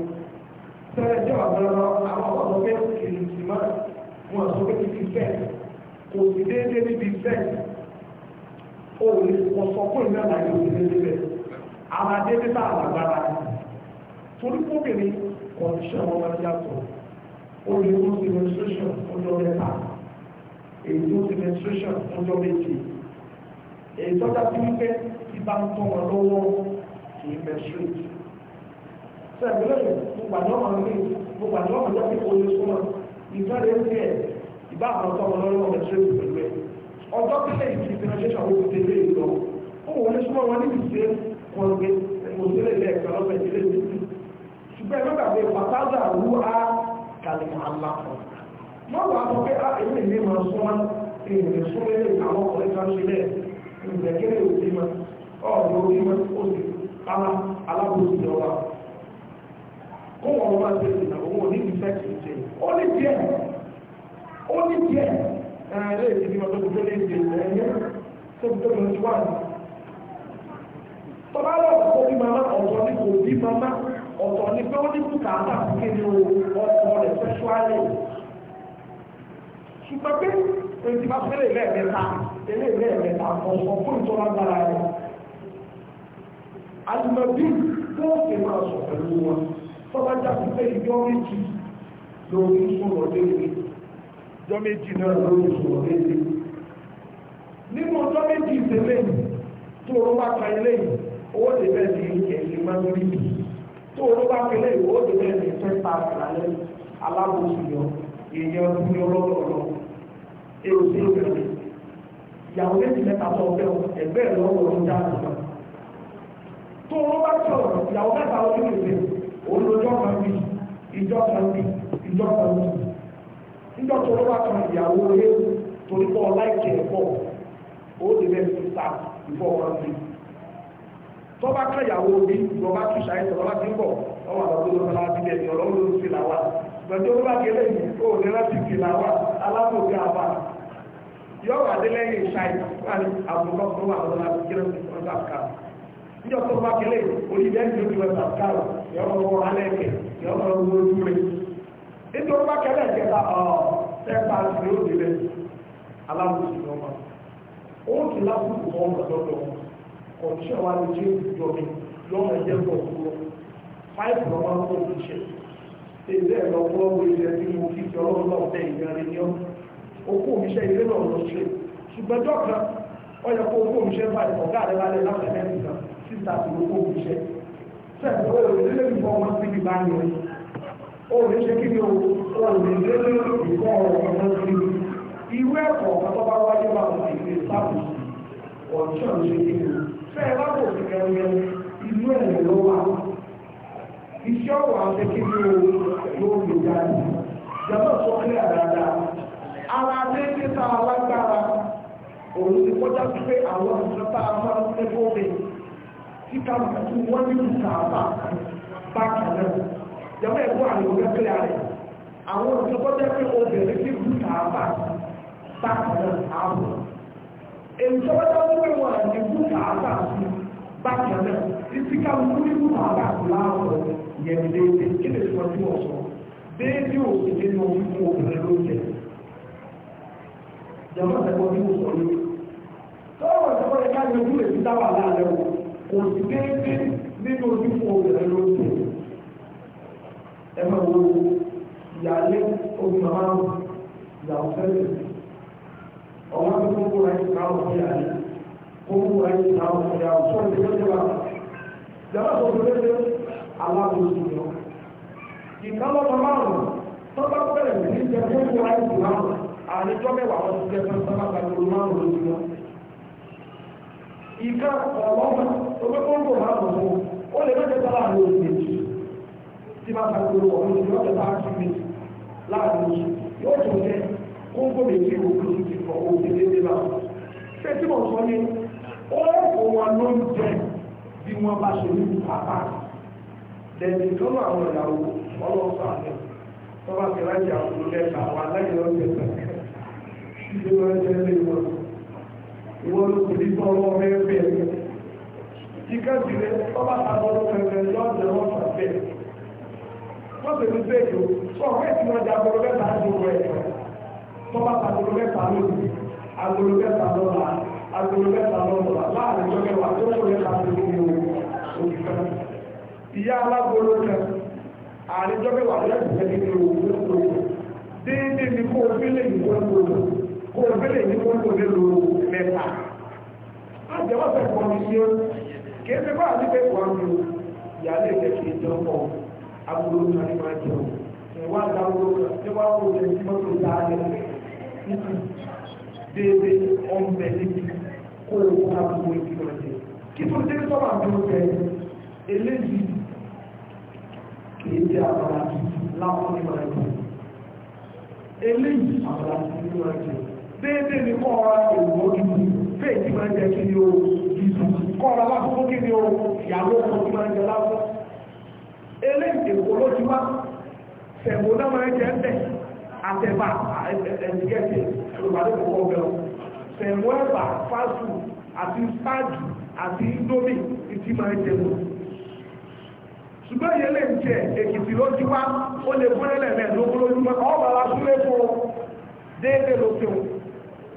Sẹ́lẹ̀ jẹ́ àbúrò àwọn ọ̀dọ́ pé kìrìtì máa wọn sọ pé kìrìtì bẹ́ẹ̀ kò sí déédéé níbi bẹ́ẹ̀. O ò lè wọ́n sọ pé ìlú àlàyé òsì déédéé bẹ́ẹ̀. Àwọn adéédéé tá àgbàgbára ni. Torí fóbìnrin kọ̀ọ̀ṣẹ́ wọn máa yàtọ̀. O lè wọ́n ti menstruation ọjọ́ mẹ́ta. Èyí tó ti menstruation ọjọ́ méje. Èyí tó dá sí wípé tí bá ń tọ́ wọn lọ́wọ́ kì í menstruate sẹ́ẹ̀mí lẹ́yìn mo gbàdé ọmọ mi mo gbàdé ọmọ yẹn kí oye súnmọ́ ìtọ́lẹ̀ ń tiẹ̀ ìbá àwọn tọ́ wọn lọ́wọ́ menstruate pẹ̀lú ẹ̀ ọjọ́ pípẹ́ ìdí penetration wo ti lé lọ ó wọlé súnmọ́ wọn níbi ìṣe kọ̀ọ̀gbẹ́ ìmọ̀sílẹ̀ lẹ́ẹ̀kan lọ́fẹ̀ẹ́ ìdílé mi ṣùgbọ́n ẹ̀rọ gbàgbé pàtàkì àrú á kàlẹ̀ àlàkọ̀ wọ́n wà á sọ pé ah, èmi ìlé máa súnmọ́ èmi ìlé súnmọ́ àwọn ọkùnrin kan ṣe bẹ́ẹ̀ ìgbẹ̀kẹ́lẹ̀ òbí máa ọ̀rọ̀ orí oṣù kára alábòsí ọba kó wọn wọn máa ṣe ìrìnà òun ò ní ti sẹ́ẹ̀kì ṣe ó ní díẹ̀ ó ní díẹ̀ ẹ̀rẹ́ èdè ní ọdún tó lè ṣe ẹ̀yẹ tó ti tóbi lọ́jọ́ wà ní. tọ́lá lọ́wọ́ kó bí màmá ọ̀tọ̀ ní kò bí màmá ọ̀tọ̀ ní pé ó ní kú kàáta kéde ọ̀tọ̀ rẹ̀ sẹ́ṣuálẹ̀ ṣùgbọ́n pé èdè bá fẹ́lẹ̀ lẹ́ẹ̀mẹ́ta eléyìí lẹ́ẹ̀mẹ́ta ọ̀sán fún ìtọ́lágbára rẹ̀ alùmọ̀bí tó fi máa sọ pẹ̀lú wọn tọ́bá jáde pé ìjọ méjì lórí sọ̀rọ̀ léèrè ìjọ méjì náà lórí sọ̀rọ̀ léèrè nínú ọjọ́ méjì ìtẹ̀lẹ̀ tó o bá ka ilé owó lè bẹ́ẹ̀ ní ẹ̀sìn máa ń rí tó o bá ka ilé owó lè bẹ́ẹ̀ ní fẹ́ ta àlẹ́ alábòsí yọ èèyàn ní ọlọ́dọọlọ èrò sí ìrẹ̀lẹ̀ ìyàwó méjì mẹ́ta tó ọgbẹ́ tó wọ́n bá sọ̀rọ̀ ìyàwó mẹ́ta ọdún ìrèlè olójọ́ kan bí ìjọ kan bí ìjọ kan bí nígbà tó wọ́n bá kan ìyàwó rẹ̀ torí pọ̀ láìkẹ́ ẹ̀kọ́ ó lè bẹ́ẹ̀ fi ta ìfọ̀ wọn bí tó bá kan ìyàwó bí lọ́ba tún ṣàyẹ̀sọ̀ lọ́ba tí ń bọ̀ lọ́wọ́ àwọn olóòtú láti bẹ̀ ní ọlọ́run ló ń fi làwà gbẹ̀dẹ́ ó bá gẹ́lẹ́ yìí ó ní láti fi làwà alábòkè àbá yọ̀wọ̀ adélẹ́yìn ṣáì wà ní àbùkọ́ fún àwọn ọlọ́run láti kéré ọ̀gá kan níjọ́ tó bá kẹlẹ̀ olùdíjẹ́ ní ojú ẹ̀sà kárò yọ ọmọ wọn alẹ́ kẹ yọ ọmọ wọn ojú rẹ̀ nítorí bá kẹlẹ̀ kẹta ọ̀ sẹ́pà sí ó délẹ̀ aláwòsí ni ọmọ ó ti lásìkò wọn lọ́dọ̀ kọ̀ọ̀ṣẹ́ wa lè jẹ́ ìjọ mi lọ́mọ ẹ̀jẹ̀ pọ̀ kúrò fáìpù ọmọ tó ti ṣe ilé ẹ̀rọ ọgbọ́gbọ́ ilẹ̀ tí mo fi fi ọlọ́run náà tẹ ìgbẹ̀rin ní ọ́ okú omiṣẹ́ ilé náà lọ ṣe ṣùgbọ́n jọ́ kan ó yẹ kó okú omiṣẹ́ bá ìkọ̀gá síta tó ló kó fi ṣẹ́ sẹ́ẹ̀dì ó lè lé ìfọ́ wọn síbi bá yẹ ó lè ṣe kí ni o ó lè lé ìfọ́ wọn síbi irú ẹ̀kọ́ tó bá wáyé wà lọ sí ilé sáàpù ọ̀tíọ̀ ṣe kí ni fẹ́ẹ̀ bá kò sí kẹrìnrẹ inú ẹ̀ ló wà iṣẹ́ ọ̀wà ṣe kí ni o yóò lè jáde jọba sọ pé àdáadáa ara déédéé tá a lágbára òun ti kọjá pé àwọn a máa ń tẹ́kọ̀ọ́ tí káwọn tí wọ́n ní ìsàbà bákan náà jẹ́mọ́ ẹ̀kọ́ àwọn òkèkèrè rẹ̀ àwọn òṣèkọ́ jẹ́ pé obìnrin tí kú sàbà bákan náà ààbò èyí tó bá dáwọ́ pé wọ́n ní kú sàbà sí bákan náà títí káwọn kú ní kú sàbà kú láàbọ̀ yẹn déédéé kí lè sọ tí wọ́n sọ déédéé òṣèlú ní orí fún obìnrin ló jẹ jẹ́mọ́ ẹ̀kọ́ tí wọ́n sọ yìí tọ́wọ́ ìjọba ẹ̀ká yẹn kú lè fi dáwà láàrẹ̀ wọn kò sí déédéé nínú ojúfò rẹ̀ lóṣù ẹgbẹ́ wo ìyáálé oṣù márùn ìyàwó fẹ́lẹ̀ ọ̀wọ́n tó kókó rẹ̀ ti káwọ́ sí ìyáálé kókó rẹ̀ ti káwọ́ sí ìyàwó sọ́ọ̀ ìgbésẹ̀ wa jàmbá tó fi lé alábòsí lọ ìkálọ́mọ márùn-ún tó bá bẹ̀rẹ̀ sí jẹ fún ìwà ìsìlámù àníjọ́ mẹ́wàá wọn ti jẹ sábà pàtó márùn-ún lójúmọ́ ìka ọ̀rọ̀mà tó pé kó ń kò máa gbogbo ó lè mẹ́jẹ sára àwọn olùdíjì tí bá ta gbogbo ọ̀rọ̀ ìjọ ọ̀tẹ̀ bá ti gbé láàrin oṣù yóò tún jẹ kó ń kò méjì òkú ti fọ òkè dédé náà ṣé tí mo sọ ni ó kò wọn ló ń jẹ bí wọn bá ṣe ní pàpà dẹ̀bí tó náà àwọn ìyàwó ọlọ́sọ àlẹ́ tó bá ti rájà àwọn aláìlọ́sẹ̀ ìwọ́n ló kò ní tọrọ rẹ́fẹ́ rẹ̀ ìkẹ́sì rẹ̀ ọba àtàwọn fẹ̀rẹ̀ lọ́dẹ̀ wọ́n fàfẹ́ wọ́n sì ní bẹ́ẹ̀kì sọ pé tí wọ́n jà gbọ́dọ̀ mẹ́ta ń dúró ẹ̀ tọ́ba àtàwọn mẹ́ta lónìí agolo mẹ́ta lọ́la agolo mẹ́ta lọ́la láàrin tó kẹwàá tó kọ mẹ́ta tó kọ oṣù kan ìyá alágolo kan àárín tó kẹwàá lẹ́kùn mẹ́ta tó kọ déédéé ní kó o fi lè yí wọ́n tó kọ kó o bẹ́lẹ̀ ní wọ́n lò nílò mẹ́ta àjẹwọ́ fẹ́ kọ́ mi ṣe kí ẹgbẹ́ bá àti pẹ́kọ̀ àmì ìyàlẹ́ ìjẹ́ kí ìjọ pọ̀ agbóró ní àti máa jẹun ìwà àdáwó tí wọ́n kó jẹ sí mọ́tò dáadé níbi déédé ọmọdé níbi kó o kó agbóró ìbí máa jẹ kí tó dé sọ́wọ́ àti oúnjẹ eléyìí kìí jẹ àbàlá láwọn ní máa jẹ eléyìí àbàlá ní máa jẹ déédéé ní kọ́ ọ̀rọ̀ èèwọ̀ ìlú fèèjì máa ń jẹ kí ni o ìlú kọ́ ọ̀rọ̀ alákòókò kí ni o ìyàwó ọkọ̀ tí máa ń jẹ lásán eléyìí èkó ló ti wá sẹ̀mó náà máa ń jẹ ń bẹ̀ àtẹ̀bà ẹ̀ẹ́dẹ̀gẹ́sẹ̀ olùbàdàn kò bẹ̀ ọ́ sẹ̀mó ẹ̀bà fásù àti spáàgì àti indomie ìtì máa ń jẹ lọ ṣùgbọ́n yẹn lè ń jẹ èkìtì ló ti wá ó lè gúnlẹ̀ lẹ́ẹ̀lógún lójúmọ́ ọ̀ súnlé fún déédéé ló ti wọn.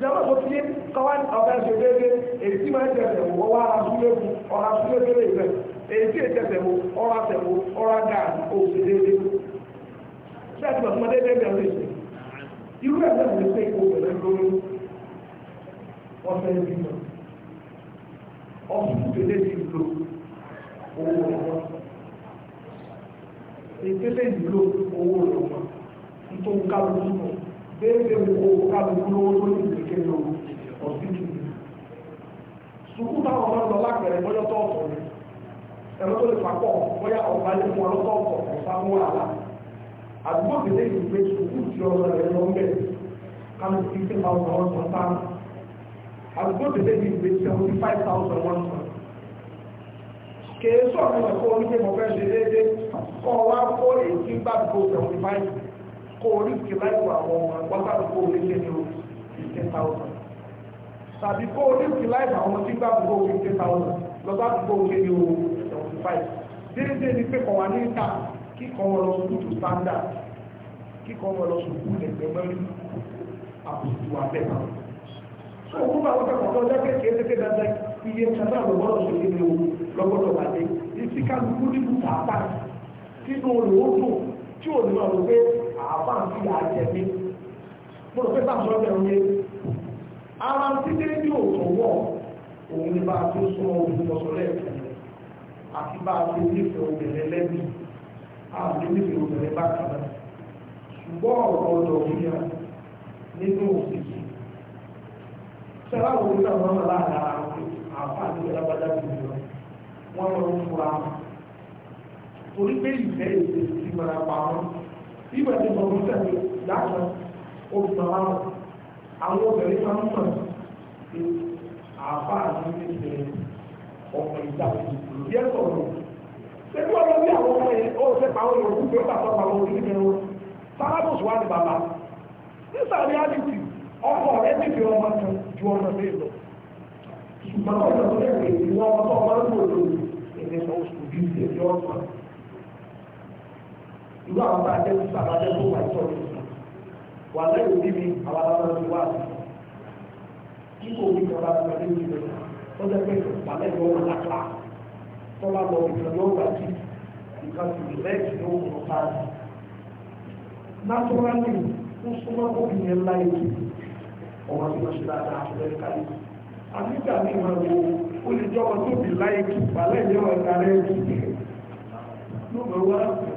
jama tó fi káwá ọ̀gá ṣe déédéé èyí tí máa ń tẹ̀sẹ̀ wò ọwọ́ ara súlé mu ọ̀ra súlé délé ìfẹ́ èyí tí èyí tẹ̀sẹ̀ wò ọ̀ra tẹ̀ wò ọ̀ra gáàsì òsè déédéé sẹ́ẹ̀tì bàtúmọ̀ déédéé bẹ̀rẹ̀ lè ṣe irú ẹ̀ náà lè ṣe ipò pẹ̀lú lórí wọ́n fẹ́ bí mọ́ ọ̀sùn tẹ̀lé ti lò owó rẹ̀ wọ́n ìtẹ́lẹ̀ ìlò owó rẹ̀ wọ́n nítorí kálukú náà déédé wo kálukú lówó tó ní ìdíkẹ́ lọ ọ̀sìnkì sùkú táwọn ọmọ lọ lápẹẹrẹ bọ́yọ́ tó ọ̀tọ̀ ni ẹ̀rọ tó lè papọ̀ bóyá ọ̀gá lè fún ọlọ́tọ̀ ọ̀tọ̀ ọ̀sá mú àlá àdúgbò tẹ̀lé ìgbé sùkú tí ọmọ rẹ̀ lọ ń bẹ̀ kálukú ti ṣe máa wọ̀ ọ̀sán tán àdúgbò tẹ̀lé ìgbé seventy five thousand one hundred kèé sọ̀rọ̀ ẹ̀kọ́ oníṣẹ́ mọ̀fẹ́ ṣe déédé kọ́ wa kó èyí bá gbó seventy five kó orí ìkìláyò àwọn ọmọ ẹgbọ́sàbí kó orí ṣe ní orí fifty thousand tàbí kó orí ìkìláyò àwọn tí gbàgbọ́ fifty thousand lọ́sàbí kó orí ní orí seventy five déédéé ni pé kọ̀wá ní ìta kíkọ́ wọn lọ sùkúù tó standard kíkọ́ wọn lọ sùkúù lẹ́gbẹ̀mẹ́rì àbùkù àbẹ̀bà so òkú bá wọ́pẹ́ kọ̀ọ̀kan ọjọ́ kékeré tètè dandan iye kanáà ló gbọ́dọ̀ ṣe kéde o lọ́gbọ́dọ̀ wáyé ìsìkàlùkù nínú tààtà nínú olùwòsàn tí ò ní ọ̀rọ̀ àbáǹtí yà á jẹ mí mo rò pé bá àṣọ bẹ̀rù yẹn ara ti dé bí wọ̀ òun ni bá a ti súnmọ́ ojú ọ̀sọ̀ lẹ́ẹ̀kan àti bá a ti nífẹ̀ẹ́ obìnrin lẹ́bí àti nífẹ̀ẹ́ obìnrin bákan náà ṣùgbọ́n ọ̀rọ̀ ọ̀dọ̀ yíya nínú òṣèlú sẹ́lá wo ní àwọn ọmọ láàrin ara wọn àǹfààní ìjọba ti lọ wọ́n lọ fura torí pé ìfẹ́ ìṣèlú ti mara pa wọn bíbẹ̀ ti sọ fún sẹ́mi dákan olùsọ̀rọ̀ àwọn obìnrin máa ń mọ̀ sí àbá àti ilé ọ̀pọ̀ ìjà díẹ̀ sọ̀rọ̀ ṣẹ́ni wọ́n lọ bí àwọn ọmọ yẹn ó ṣe pa àwọn yòókù pé ó bàtọ́ pa àwọn orílẹ̀ wọn sálábùsù wà ní bàbá nísàlẹ̀ àdìtì ọkọ̀ rẹ̀ ti fi ọmọ kan ju ọmọ mi lọ ṣùgbọ́n ọ̀dọ̀ tó lè pè é ìwọ ọmọ tó ọmọ ń irú àwọn bá jẹ́ sísá bá jẹ́ fún wàjọ́ mi wà lẹ́yìn bí mi àwọn aláwọ̀ ti wá àti kíkó omi ìjọba ti wọlé ní ìlú ó jẹ́ pé wà lẹ́yìn ọmọ làkà tó bá lọ ìjọba yóò wà sí nǹkan sì lẹ́yìn ló ń kọ́ sáà naturally ó súnmọ́ obìnrin ńlá yìí ọmọ tí wọ́n ṣe dáadáa àfẹ́rẹ́ káyé ànígbà ní ìwọ̀n wo ó lè jọ́ ọmọ tó bì láyé kí balẹ̀ yẹ ọ̀gá rẹ̀ kí ló bẹ̀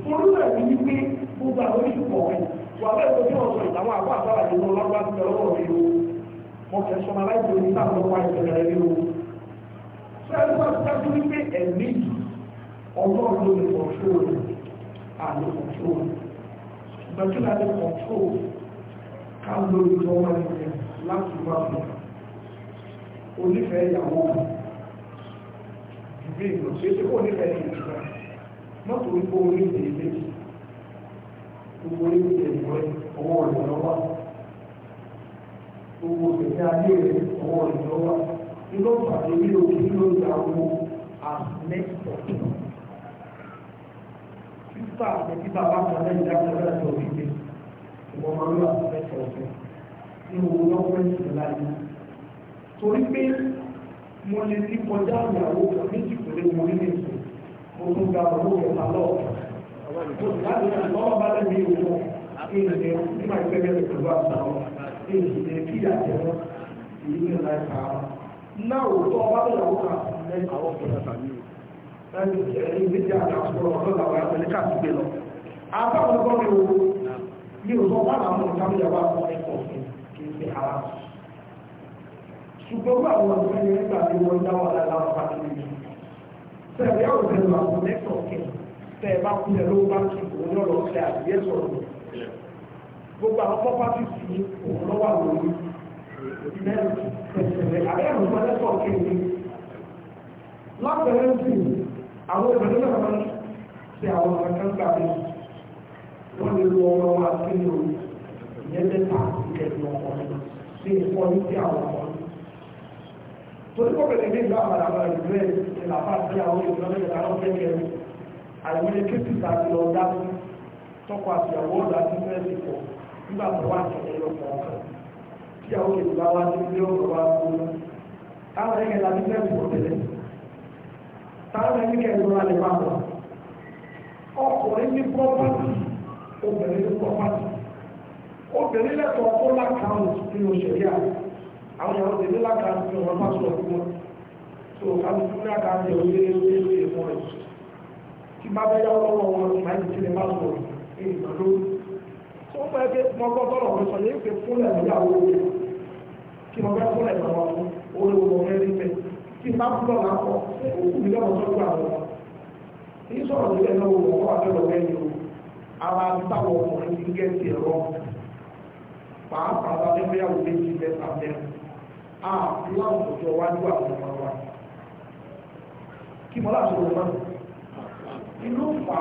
torí rẹ̀ ní wípé gbogbo àwọn oníṣùpọ̀ rẹ̀ wà bẹ́ẹ̀ tó tí wọ́n sọ ìtàwọn àbọ̀ àbára nínú ọlọ́gbà ti tẹ lọ́wọ́ rẹ̀ o mo fẹ́ sọ ma láì lórí sáà lọ́pàá ìṣẹ̀lẹ̀ rẹ̀ o sẹ́yìn wá sáájú wípé ẹ̀mí ọjọ́ ló lè kọ̀ọ̀tún àlè kọ̀ọ̀tún ìgbàjúlá lè kọ̀ọ̀tún ká lórí lọ́wọ́ rẹ̀ láti wá lọ onífẹ̀ẹ́ ìyàwó ìgbé ìgbà mọ́tò ipò orí ìdè méjì gbogbo orí ìdè ìwé ọwọ́ rẹ̀ lọ́wọ́ gbogbo òṣèlú ayé rẹ̀ ọwọ́ rẹ̀ lọ́wọ́ nínú ìpàdé bí òkè ló ń yàwó àmẹ́tọ̀ títà àti bàbá kan lẹ́yìn dáadáa lọ́dọ̀ ìgbé ìwọ̀n máa ń lọ àmẹ́tọ̀ ọ̀fẹ́ nínú owó lọ́wọ́ ìṣẹ̀lẹ̀ láyé torí pé mo lè ti kọjá ìyàwó kan méjì pẹ̀lú orí nìkan òun gba owó rẹ̀ pàlọ́ láti ṣe lọ́wọ́ bá lẹ́nu yìí wọ́n kí n lè ní máa gbẹ́ mẹ́rin pẹ̀lú àtàwọn kí n lè kí àjẹ́ wọn èyí ní ọ̀la ẹ̀ka wọn. náà ò tọ́ ọba lọ́wọ́ àwọn kan lẹ́yìn àwọn ọ̀gbọ̀n àtàlẹ́ yìí. láti ẹ̀yìn méjì àtàkùrọ̀ ọ̀dọ́ làwọn àtàlẹ́ káàkiri lọ. àbáwọn ọgbọ́n mi wo mi ò sọ wà láwọn ìkáwéyàwó àwọn ẹ̀kọ́ kì í ṣe ara. ṣùgbọ́n àwọn ọ̀gbọ́n yẹn gbà se sẹ́ẹ̀rẹ́ ọ̀rọ̀ ìlú àwọn nẹ́tọ̀ọ̀kì que bá kú ẹ̀ ló bá kí òun lọ́rọ̀ ọ̀sẹ̀ àbíyẹ́ sọ̀rọ̀ gbogbo àwọn pọ́pátì sí òun lọ́wọ́ àwọn orí sẹ́ẹ̀rẹ́ àbẹ́rẹ́ ọ̀rọ̀ nẹ́tọ̀ọ̀kì ni lápẹ̀rẹ́ sí àwọn obìnrin náà máa ń ṣe àwọn ọ̀kan gbà mí wọ́n lè lo ọmọ wa sí ìyẹn lẹ́ta ìkẹ́ni ọkọ̀ sí ìkọ́ni sí àwọn ọmọ torí kò bẹ̀rẹ̀ ní ìlú àmàlà àmàlà ìgbẹ́ ìlàpá sí àwọn ìlú ọmọ ìgbà àwọn kẹ́kẹ́ rẹ̀ àìwọlé kéèkì tàbí lọ dá sí tọkọ àtìyàwó ọ̀dà sí fẹ́ẹ̀sì pọ̀ nígbà tó wà kẹ́kẹ́ que pọ̀ ọ̀kan tí àwọn ìlú bá wá sí ilé ọ̀rọ̀ wá sí ọ̀rọ̀ táwọn ẹ̀kẹ́ la sí fẹ́ẹ̀sì pọ̀ tẹ́lẹ̀ táwọn ẹ̀kẹ́ ló wà lè máa wà ọkùnrin ní pọ́pátì obìnrin ní pọ́pátì obìnrin lẹ́tọ̀ọ́ kó lákàáwò nínú òṣèré àwọn àwọn ìyàwó tèmi láta fi wọn bá sọ fún wọn tó àwọn ìfún náà kàá jẹ orí orí orí ẹ̀fọn rẹ̀ tí bá bẹ́ yáwó lọ́wọ́ wọn máa ń tilẹ̀ bá sọ ní ìgbàló tó ń pẹ́ pé mo gbọ́ tọ́lọ̀ wọn sọ yìí pé fúnlẹ̀ ìyàwó rẹ̀ kí mo fẹ́ fúnlẹ̀ ìyàwó fún orí wọn fẹ́ rí kí n bá fúnlọ̀ náà kọ́ ṣé òkú mi lọ́wọ́ àwọn wọn Ah, ààbí láwọn òjò wájú àwọn ọmọ wa kí mọ́lá àṣọ wọn inú fa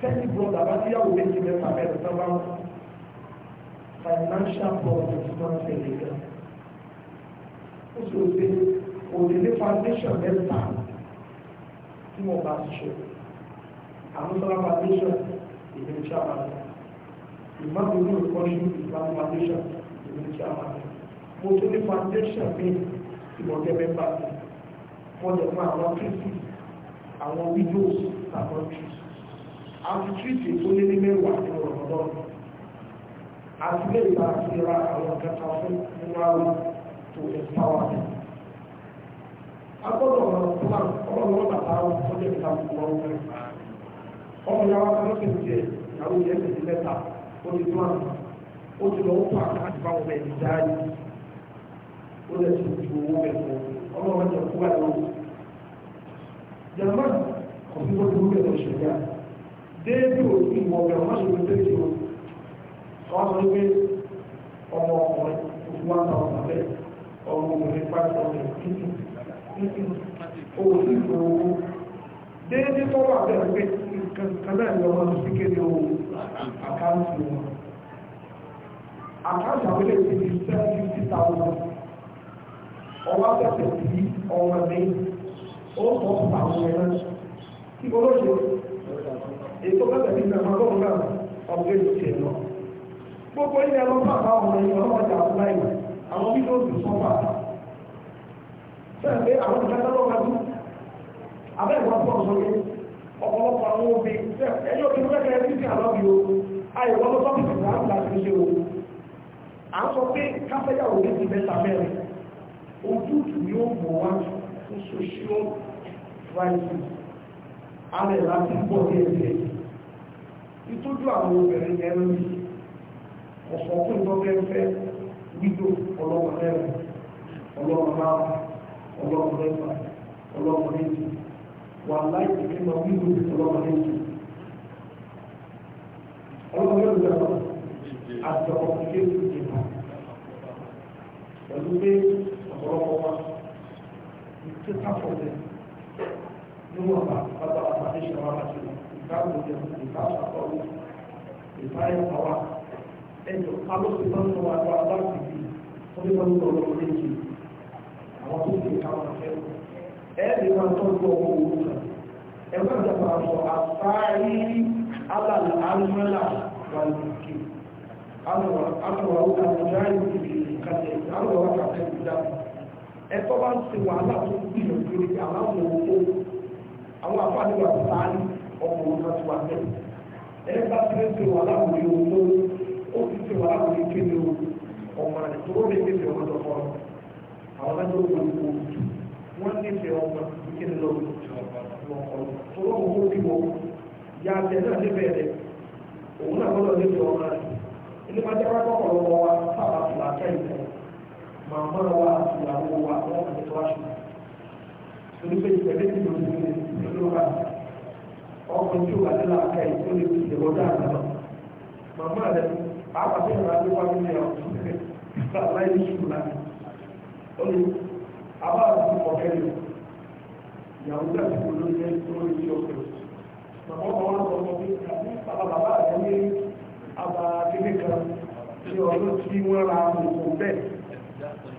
tẹ́lí bọ́ọ̀dà bá ti yàwó méjì mẹ́fà mẹ́rin tó bá wọn financial problems máa ń tẹ̀lé gan ó sì ó dé òdìdí foundation mẹ́ta tí wọ́n bá ṣe àwọn sọ́lá foundation ìlú chairman ìmọ̀ ìlú ìkọ́ṣù ìbámu foundation ìlú chairman mo tún ní foundation mi tí mo jẹ́ mẹ́mbà mi wọ́n jẹ́ fún àwọn kristi àwọn widows àwọn trees àti trees tó lé ní mẹ́wàá ní ọ̀rọ̀ náà àti lè bá àti ra àwọn kẹta fún nínú àwọn tó empower them agbọ́dọ̀ ọ̀rọ̀ plan ọlọ́run bàbá wọn tó jẹ́ ìta gbogbo ọmọ rẹ̀ ọmọ yàrá kan ṣe ń jẹ ìyàwó yẹn ti di mẹ́ta ó ti tó àná ó ti lọ ó fà láti bá wọn bẹ̀ ìdáyé ó lè tún ju owó bẹ̀ fún ọlọ́run jẹ fún àlọ́ jàmbá kò sí bó dúró bẹ̀rẹ̀ ṣẹ̀dá déédé òsì ìwọ̀ bẹ̀rẹ̀ má ṣe ló tẹ̀lé o wọ́n sọ pé ọmọ ọkùnrin òfin wa ta ọ̀nà bẹ́ẹ̀ ọmọ obìnrin pàṣẹ ọ̀nà títí títí òsì ìwọ̀ owó déédé tó wà bẹ̀rẹ̀ pé nǹkan náà ni ọmọ sí kéde o àkáǹtì wọn àkáǹtì àwọn ilé ìgbìmọ̀ seven fifty thousand ọwọ́ akẹ́kọ̀ọ́ sí ọwọ́ ẹgbẹ́ ó sọ fún àwọn ẹ̀rọ tí mo lóṣù ètò bẹ́ẹ̀ bí mẹ́fà lóhùn náà ọ̀gbẹ́ ló ṣe lọ. gbogbo ilé ẹ̀rọ pàpà ọmọ yìí ọmọ ọjà àbúrá yìí àwọn bí ló dùn sọ́pà. sẹ́yìn pé àwọn ìjọba lọ́wọ́ máa dùn abẹ́ ìwà pọ̀ sórí ọ̀pọ̀lọpọ̀ àwọn obì ẹni òkè mẹ́kẹ́ ẹni tí àlọ́ bí o o àìwọ́ lọ́sọ́pù ojútùú yóò mọ̀ wá fún social crisis alẹ́ láti pọ̀ ní ẹgbẹ́ ìtọ́jú àwọn obìnrin ẹran bí ọ̀sán tó ìtọ́jú fẹ́ wíjò ọlọ́wọ́ lẹ́rọ ọlọ́wọ́ lára ọlọ́wọ́ lẹ́fà ọlọ́wọ́ lẹ́jì wà láìpẹ́ kí wọ́n wíjò ọlọ́wọ́ lẹ́jì ọlọ́wọ́ lẹ́jì lẹ́fà àti ọkọ̀ kékeré ìjìnlẹ̀ pẹ̀lú pé ọ̀pọ̀lọpọ̀ wa ìtú sáfọ̀dẹ̀ níwọ̀n bá bàbá àpàdé ṣọwọ́ àti ìgbàgbọ́dẹ̀ ìbáṣàkọ́wé ìbáyọ̀pọ̀wá ẹjọ́ alóṣù máa ń sọ wa lọ́wọ́ láti bí wọ́n ní wọ́n ń lọ́wọ́ lórí èjì àwọn tó ti ká wọn fẹ́ ẹ̀ẹ́dì máa ń tọ́jú ọmọ òwú kan ẹ̀wọ́n ìjọba sọ àfáàrí alàlẹ́ alùmọ́là wà lókè alùwà alùwà ó kà lọ́jọ́ àìsí ìkàtẹ̀ alùwà ó kà lọ́jọ́ àìsí ẹ̀tọ́ bá ń ṣe wàhálà tó ń gbìyànjú lórí aláwọ̀ owó àwọn àfáàní wà sáárì ọkọ̀ wọn láti wà bẹ́ẹ̀ ẹni bá ti ń ṣe wàhálà wòlé owó ó ti ṣe wàhálà wòlé kéde o ọmọ rẹ̀ tó ló lè kéde ọmọ tó fọ́ àwọn ẹgbẹ́ owó ìwò wọn ní ìfẹ́ ọmọ kéde lọ́wọ́ tó lọ́wọ́ owó bí wọn ya tẹ̀ náà níbẹ̀ rẹ̀ òun náà lọ́dọ̀ nífẹ̀ẹ́ ọmọ rẹ̀ ilé máa jẹ́ wá kọ́kọ́ lọ́wọ́ wa màmá wa àti ìyàwó wa wọ́n kàn tó aṣọ torí pé ìtẹ̀lé ti lò ní ìlú wa ọkọ̀ tí ó wà nílà ká yìí tó lè fi ìdẹ̀wọ́ dáadáa lọ màmá rẹ̀ pàápàá tí ìrìn àjò wà nílẹ̀ ọ̀tún láì ní ṣùgbọ́n láti ó lè abá àti ọ̀kẹ́ lè ìyàwó náà ti wọ́n lórí ẹni tó lórí ọ̀kẹ́ màmá ọmọ wọn sọ fún mi àti bàbá bàbá àtẹ́lẹ́ àbá kékeré kan ṣe ọ̀rọ̀ tí wọ́n ra òkú bẹ́ẹ̀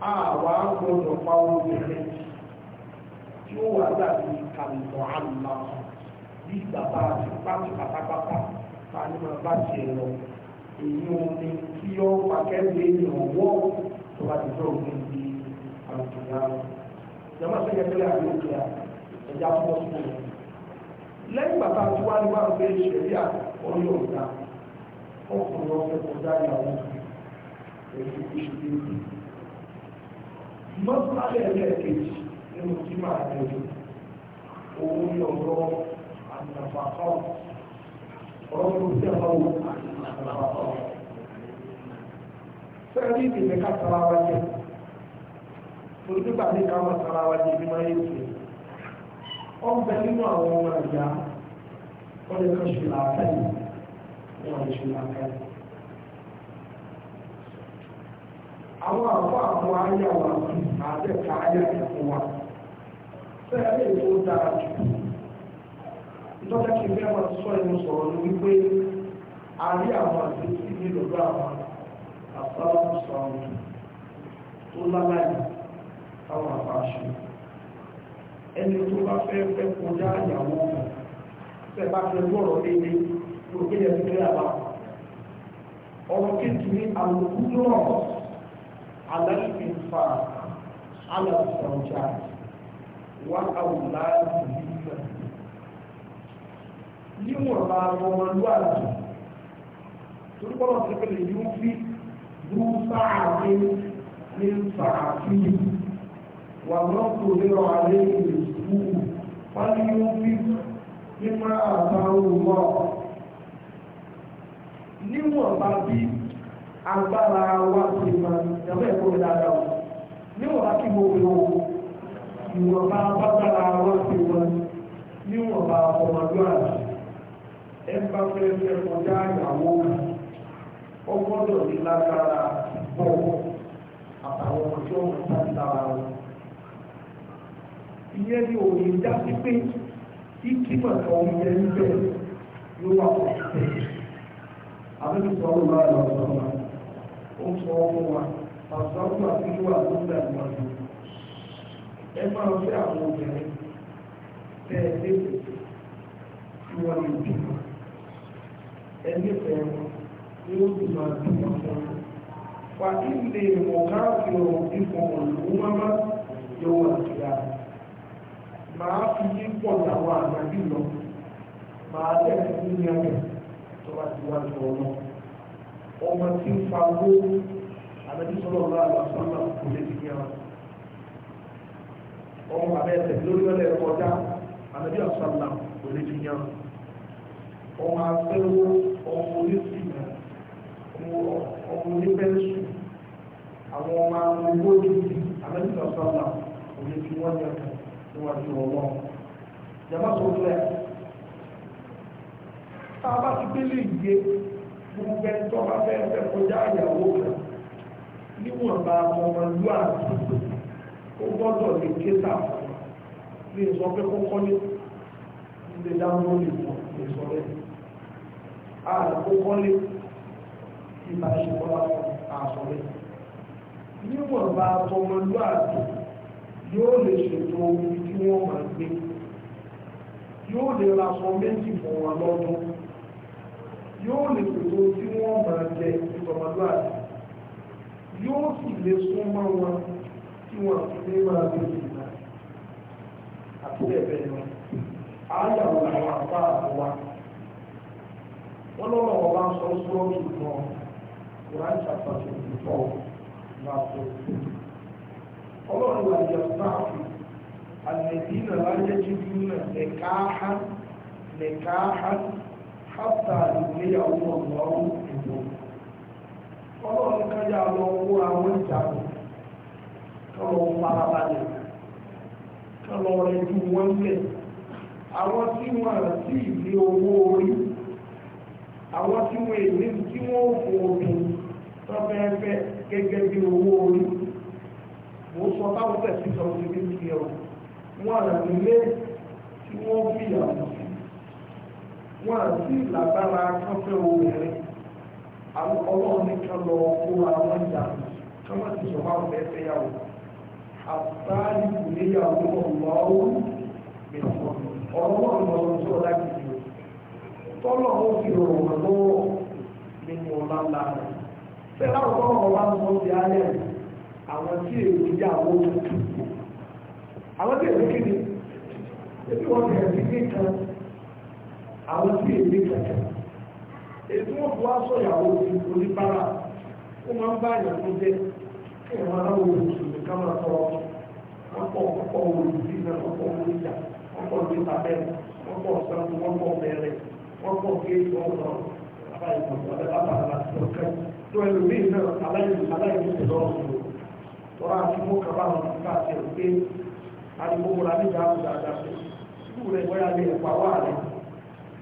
àwa gbọdọ̀ pa obìnrin tí ó wà dàbí kàlùkọ̀ àlùmá bí bàbá àti pátì pátápátá ta ni máa bá tiẹ̀ lọ èyí omi tí ó pàkẹ́lẹ̀ ènìyàn wọ́ tó bá ti dọ̀ ní ibi àlùkìyà jama sọ yẹn pẹ̀lẹ́ àti òkè ẹja fún ọsùn rẹ lẹ́yìn bàtà tí wàá ní wàá gbé ìṣẹ̀lẹ̀ à ọyọ ọgá ọkùnrin ọfẹ kọjá ìyàwó èyí ìṣẹ̀lẹ̀ ìṣẹ̀lẹ̀ mọ́sálẹ̀ lẹ́ẹ̀kejì nínú tí máa tẹ̀lé òun ní ọ̀rọ̀ àtàfàkọ́ ọ̀rọ̀ tó tẹ̀ lọ́wọ́ àtàfàkọ́. Sẹ́ẹ̀lì ìdìbẹ̀ ká sara wa jẹ́. Olùdígbà ní ká máa sara wa jẹ́ bí máa yé jù. Ọ̀bẹ nínú àwọn ọmọ ìyá, àwọn àwọn àwọn ayé wa ayé wa dára jù sọ sọ̀rọ̀ ní wípé a rí àwọn àdéhùn ní lọ́dọ̀ àwọn àbáwọn sọ̀rọ̀ tó láláyé táwọn àbáṣe ẹni tó bá fẹ́ fẹ́ kọjá ìyàwó kan fẹ́ bá fẹ́ gbọ́rọ̀ léde lóògbé yẹn fẹ́ àbá kéjì ní على الإنفاق على الزوجات وأولاد níwọ̀n bá ọmọlúwàbí tó kọ́lọ̀ sí pé lè yóò fi bú sáàdé ní sàáfíì wà náà tó lérò alẹ́ ìlú ìlú wọ́n ni yóò fi nípa àbáwò wọ́n níwọ̀n bá bí agbára wa ti mọ ìjọba ẹ̀kọ́ dáadáa o níwọ̀n kí mo lo ìwọ̀nba agbára wa ti mọ níwọ̀nba ọmọdúnrà ẹ bá fẹ́ fẹ́ kọjá ìyàwó ó gbọ́dọ̀ ní lágbára bọ̀ àtàwọn ọmọ tí wọ́n mọ̀ sáà dára o ìyẹn ni òye já sí pé ìkímọ̀ kan ń bẹ níbẹ̀ ló wà pọ̀ sí àbẹ́tùsọ̀rọ̀ bá lọ sọ̀rọ̀ ó sọ fún wa àṣàkù àbíjú àtúndà ìwájú ẹ máa fẹ́ àwọn obìnrin tẹ́ ẹ lẹ́sẹ̀ tí wọ́n lè bímọ ẹ nífẹ̀ẹ́ wọn ni ó sì máa bímọ fún wọn. wà á ilé mọ̀káàfì ọ̀rọ̀ ipò òlùkú mọ́mọ́ yóò wà síra màá fi yí pọ̀ láwọn àgbàdì lọ màá tẹ̀sí ní ẹgbẹ̀ tó bá ti wá sọ ọ náà ọmọ tí ń fa owó àbẹ́tísọ́lọ́ ọ̀la àlàsánà kò lè ti kí ara ọmọ abẹ́ẹ̀tẹ̀ lórí ọ̀lẹ̀ kọjá àbẹ́tí àsánà kò lè ti kí ara ọmọ afẹ́wó ọmọ onísìnà ọmọ onípẹ́ńsù àwọn ọmọ agbogbo òjijì àbẹ́tí àsánà kò lè ti wọ́n yẹ kàn níwájú ọlọ́run jàmbá sọ̀rọ̀ lẹ́yìn tá a bá ti gbélé ìgbé gbogbo ẹni tó bá fẹ́ fẹ́ kọjá ìyàwó kan níwọ̀n bá ọmọlúwàbí ó gbọ́dọ̀ lè ké sáfù lè sọ pé kókó ní ilé dáwọ́ lè sọ lè sọ bẹ́ẹ̀ àkókó lè ìbáṣepọ̀ lásán àṣọ bẹ́ẹ̀ níwọ̀n bá ọmọlúwàbí yóò lè ṣètò omi tí wọ́n máa gbé yóò lè ra sọ méjì fún wọn lọ́dún. yóò lè pètò tí wọ́n máa jẹ ìtọ̀mọ́dúnrà yóò sì lè sún mọ́ wọn tí wọ́n ti lè máa lè sùn àti bẹ́ẹ̀ lọ. àyàwó àwọn àbá àbúwá wọ́n lọ́wọ́ wọn bá ń sọ sọ́ọ̀tù kan Quran chapter twenty ọlọ́run wà àlẹ́dínà ẹ̀ka ẹ̀ka kápítà ìgbéyàwó ọ̀gbọ́n ìbò ọlọ́run kan yà lọ kó àwọn ìjàpọ̀ kọlọ farabalẹ̀ kọlọ rẹ̀ ju wọn lẹ̀ àwọn tí wọn àti ìlé owó orí àwọn tí wọn èlé tí wọn ò fò òdùn tọ́fẹ́fẹ́ gẹ́gẹ́ bí owó orí mo sọ báwọn tẹ̀sí sọ sí ní ìlú wọn àti ilé tí wọn fi wọn àti ìlàgbára kọfẹ́ obìnrin àwọn ọlọ́run ní kan lọ kó àwọn ìjà kan wọ́n ti sọ̀rọ̀ àwọn ẹ̀fẹ́ yàwó àbáyé ìgbéyàwó ọ̀lọ́wọ́ mìíràn ọlọ́run ya tó ọ̀dà kìí tọ́lọ̀ ó fi rọrùn wọn lọ́wọ́ nínú ọ̀la ńlá rẹ̀ ọ̀la àwọn tí èrò àwọn tí èrò kéde ebi wọn kan àwọn tí èdè kẹ̀kẹ́ ètò wọn bu aṣọ ìyàwó ti oníbàárà ó máa ń bá ìyàwó jẹ kí ìwọn aláwọ òṣèlú ká máa tọrọ ọ̀pọ̀ ọ̀pọ̀ olùdí náà ọ̀pọ̀ olùjà ọ̀pọ̀ olùdíta bẹ́ẹ̀ ọ̀pọ̀ ọsàmù ọ̀pọ̀ bẹ̀rẹ̀ ọ̀pọ̀ kéèkì ọ̀nà abáyọ̀pọ̀ abáyọ̀pọ̀ ọ̀kẹ́ tó ẹlòmíì náà aláìlú lọ́rùn tọ́ra àti mú kaba àwọn nípa àti ẹ̀rù pé àdìgbò wọlé àdìgbà àbúdà àdàpọ̀ ìlú rẹ̀ wọ́yà lè pa wá rẹ̀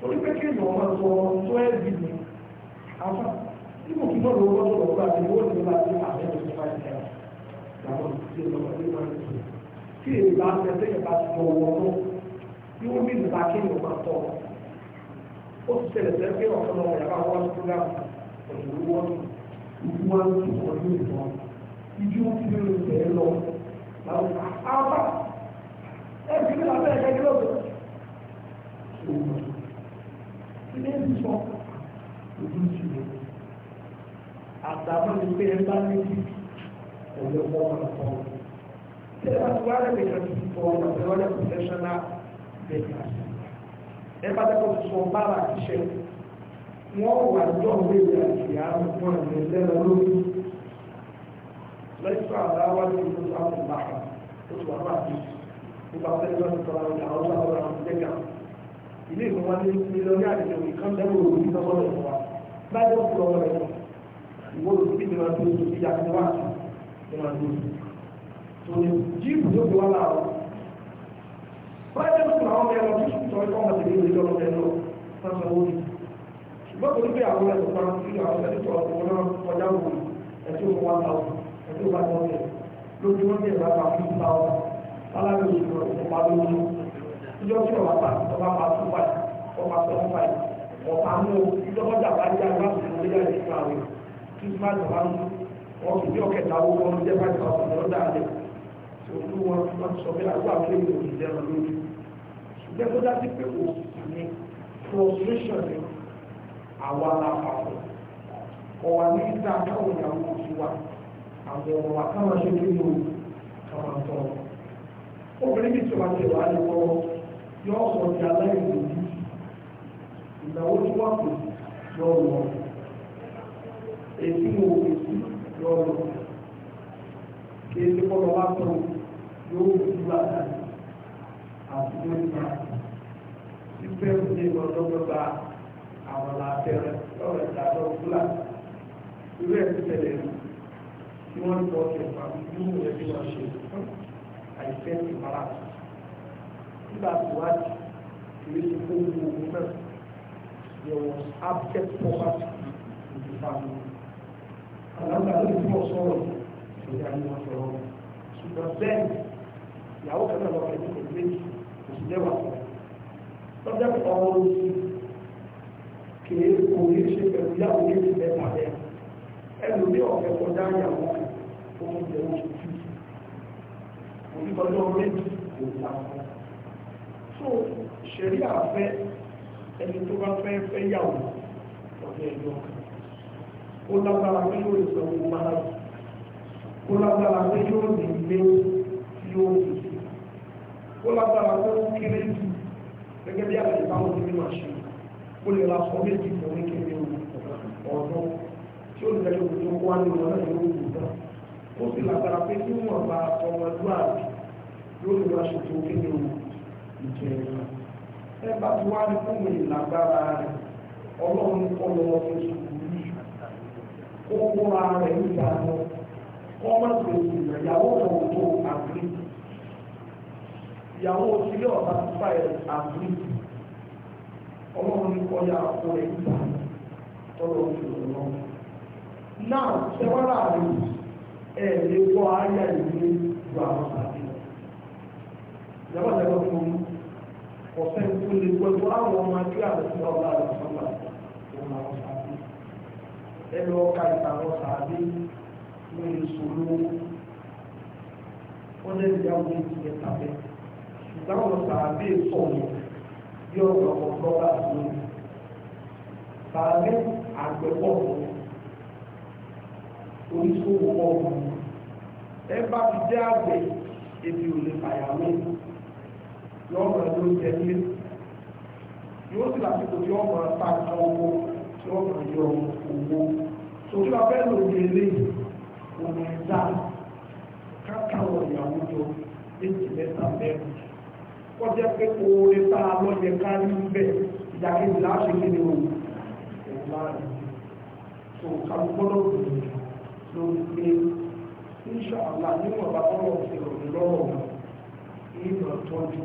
torí pé kí èèyàn máa sọ ọ̀rọ̀ tó ẹ̀ bí mi afá tí mo kí lọ́dọ̀ owó tó lọ́gbà tí ó lè máa ti àbẹ́ tó fà ní ẹ̀rọ làwọn ti lọ sí wọn ní kí èyí bá ń tẹ́tẹ́ yẹn bá ti lọ wọ́n tó bí wọ́n bí mi bá kí èèyàn máa tọ̀ ó ti tẹ̀lẹ̀ tẹ́ pé ọ̀kan lọ rẹ̀ bá wọ́n tó dáàbò ọ̀dùnú wọ́n tó ìdí wọn tó ọdún ìbọn ìdí wọn ti lè tẹ̀ lọ làwọn àbá ẹ̀ fi ẹ̀ ilé ìsọ ojú ìṣòro àtàwọn ìpè ẹgbà méjì ọ̀lẹ́ wọ́n kọ́ tí ẹ bá ti wá lẹ́gbẹ̀ẹ́ kan ti fọ ọ̀rẹ́ ọ̀rẹ́ professional data ẹ bá dẹ́kọ̀ sọ bára iṣẹ́ wọ́n wà jọ wéwé àti àrùn fún ẹ̀mí lẹ́nu lórí lẹ́sọ̀ àdáwà ní ìlú sáfù bàbá ó ti wà fún àti ìgbà tẹ́lẹ̀ lọ́sọ̀rọ̀ àwọn ọ̀sán ọ̀rọ̀ àwọn ìgbẹ́gàn ilé ìwé wọn ní lọ ní àdìjọ ìkan lẹ́wọ̀ òwú ní lọ́wọ́ lọ́wọ́ wa láyé ó fi ọwọ́ rẹ̀ lọ ìwọ òsì bí mi máa tó oṣù bí yàtọ̀ wá àti mi máa tó oṣù tó ní jíìpù tó fi wá láàrọ̀ private school àwọn ẹ̀rọ tó sùn sọ ẹ̀kọ́ ọmọdé ní ìlú ọmọdé lọ sọ owó ni ṣùgbọ́n kò ní pé àwọn ẹ̀sùn máa ń fi àwọn ẹ̀sùn ọ̀pọ̀ náà kọjá wò ẹ̀sùn wọn wá láwọ̀ ẹ̀sùn wọn wá lọ́wọ́ lójúmọ́ ní ẹ̀rọ àpapọ̀ ìgbà wọn alábẹ́ òṣùwọ̀n ìpàdé wọn ìjọ tí ọba pa ọba pa tó pa ọba tó pa ọba mú o ìjọba dàgbà ní agbá tó lórí ẹ̀rọ ìfún àwẹ̀ kírísímàsì ọba mú wọn kì í ọkẹta owó wọn ló jẹ báyìí ọba tó lọ́dà rẹ̀ tó lù wọn wọn sọ pé àgbo àbúrò yìí ní jẹ́ lọ ṣùgbọ́n tó dájú pé kò ní frustration ni àwa la fà fún ọwà ní ìta káwọn ìyàwó ti wà àwọn ọmọ wa káwọn ṣe kí ni o káwọn tọ obìnrin bí tí wọn ti wà á lè kọ́ yọ sọ di aláìlú ìnáwó tí wọ́n kù lọ lọ èyí mo kù sí lọ lọ kí ẹni kọ́lọ́ bá tó yóò kú bàtà àti lóríta títẹ́ ní ọlọ́gbọ́gba àwọn làbẹ̀rẹ̀ lọ́rọ̀ ìta lọ́rọ̀ fúlàní irú ẹ̀ ti tẹ̀lé rí tí wọ́n ń bọ̀ kẹfà nínú ẹbí wọn ṣe àìsẹ́ ìmọ̀láṣí nígbà ìwádìí kìí ṣe fún gbogbo náà there was abject poverty in the family. Àlàgbà ló ń bọ̀ sọ̀rọ̀ ìṣẹ̀lẹ̀ àyè wọn sọ̀rọ̀. Ṣùgbọ́n bẹ́ẹ̀ ìyàwó kan náà lọ́kọ̀ ẹ̀dínkù méjì kò sí lẹ́wà pọ̀. Lọ́jọ́ pé ọmọ oṣù kìí kò ní ṣe pẹ̀lú ìyàwó méjì mẹ́ta bẹ́ẹ̀. Ẹnu ní ọ̀fẹ́ kọjá ìyàwó kan ó ń jẹ oṣù tù. ọmọ méjì kò ní tó ṣẹ̀rí àfẹ́ ẹni tó bá fẹ́ fẹ́ yàwó ọ̀dọ̀ ẹ̀yọ́ ó lágbára pé yóò sọ owó máa ó lágbára pé yóò ní ilé tí ó ní ó lágbára pé ó kéré jù gẹ́gẹ́ bí àlàyé báwọn ti ní máa ṣe ó lè ra sọ méjì fún ní kéré ọ̀dọ́ tí ó lè lẹ́yìn tó wá ní ọ̀rọ̀ náà yóò náà ó sì lágbára pé níwọ̀n bá ọmọdúnrún yóò lè máa ṣètò kéré ọ̀dọ́ ìjẹ ẹ bá ti wá ní fún mi lágbára rẹ ọlọ́run kọ́ lọ́wọ́ tó ṣubú yìí kó múra rẹ̀ nígbà náà kọ́ má ṣe ìrìn ìyàwó kan tó àgbé ìyàwó òṣìlẹ̀ ọ̀tá ti fà ẹ̀ àgbé ọlọ́run kọ́ yà kó rẹ̀ nígbà tọ́lọ́ òṣèlú náà náà ṣẹ́wọ́lá rẹ̀ ẹ̀ lè kọ́ ayé ìwé ìwà ọ̀sán ìjọba ìjọba fún mi ọ̀sẹ̀ tó lè pẹ̀lú àwọn ọmọ ẹgbẹ́ àdúgbò ọ̀la rẹ̀ sọ́gbà wọn àwọn sàbí ẹnu ọkà ìtàwọn sàbí wọn lè sòrò wọn lè lè yàwó ètò yẹn tàbí ṣùgbọ́n àwọn sàbí sọ̀rọ̀ bí ọ̀rọ̀ ọ̀gbọ́n bá sọ̀rọ̀ sàbí àgbẹ̀pọ̀ oníṣòwò ọ̀gbọ̀n ẹ bá ti jẹ́ àgbẹ̀ ebi ò lè fàyàwó yóò máa ló jẹ nílé yóò sì lásìkò tí wọ́n máa ta ìta owó tí wọ́n máa yọ owó tó tí wọ́n fẹ́ lò ní ilé òun ẹ̀dá kákàwọ̀ ìyàwó jọ méjì mẹ́ta mẹ́rin wọ́n jẹ́ pé oore tá a lọ yẹ ká rí bẹ́ ìdákejì láṣẹ kí ni òun òun láàrin tó kálù gbọ́dọ̀ gbìyànjú lórí pé inṣàlá níwọ̀n bá tọ́lọ̀ sí ọ̀rọ̀ lọ́wọ́ ìmọ̀ tọ́jú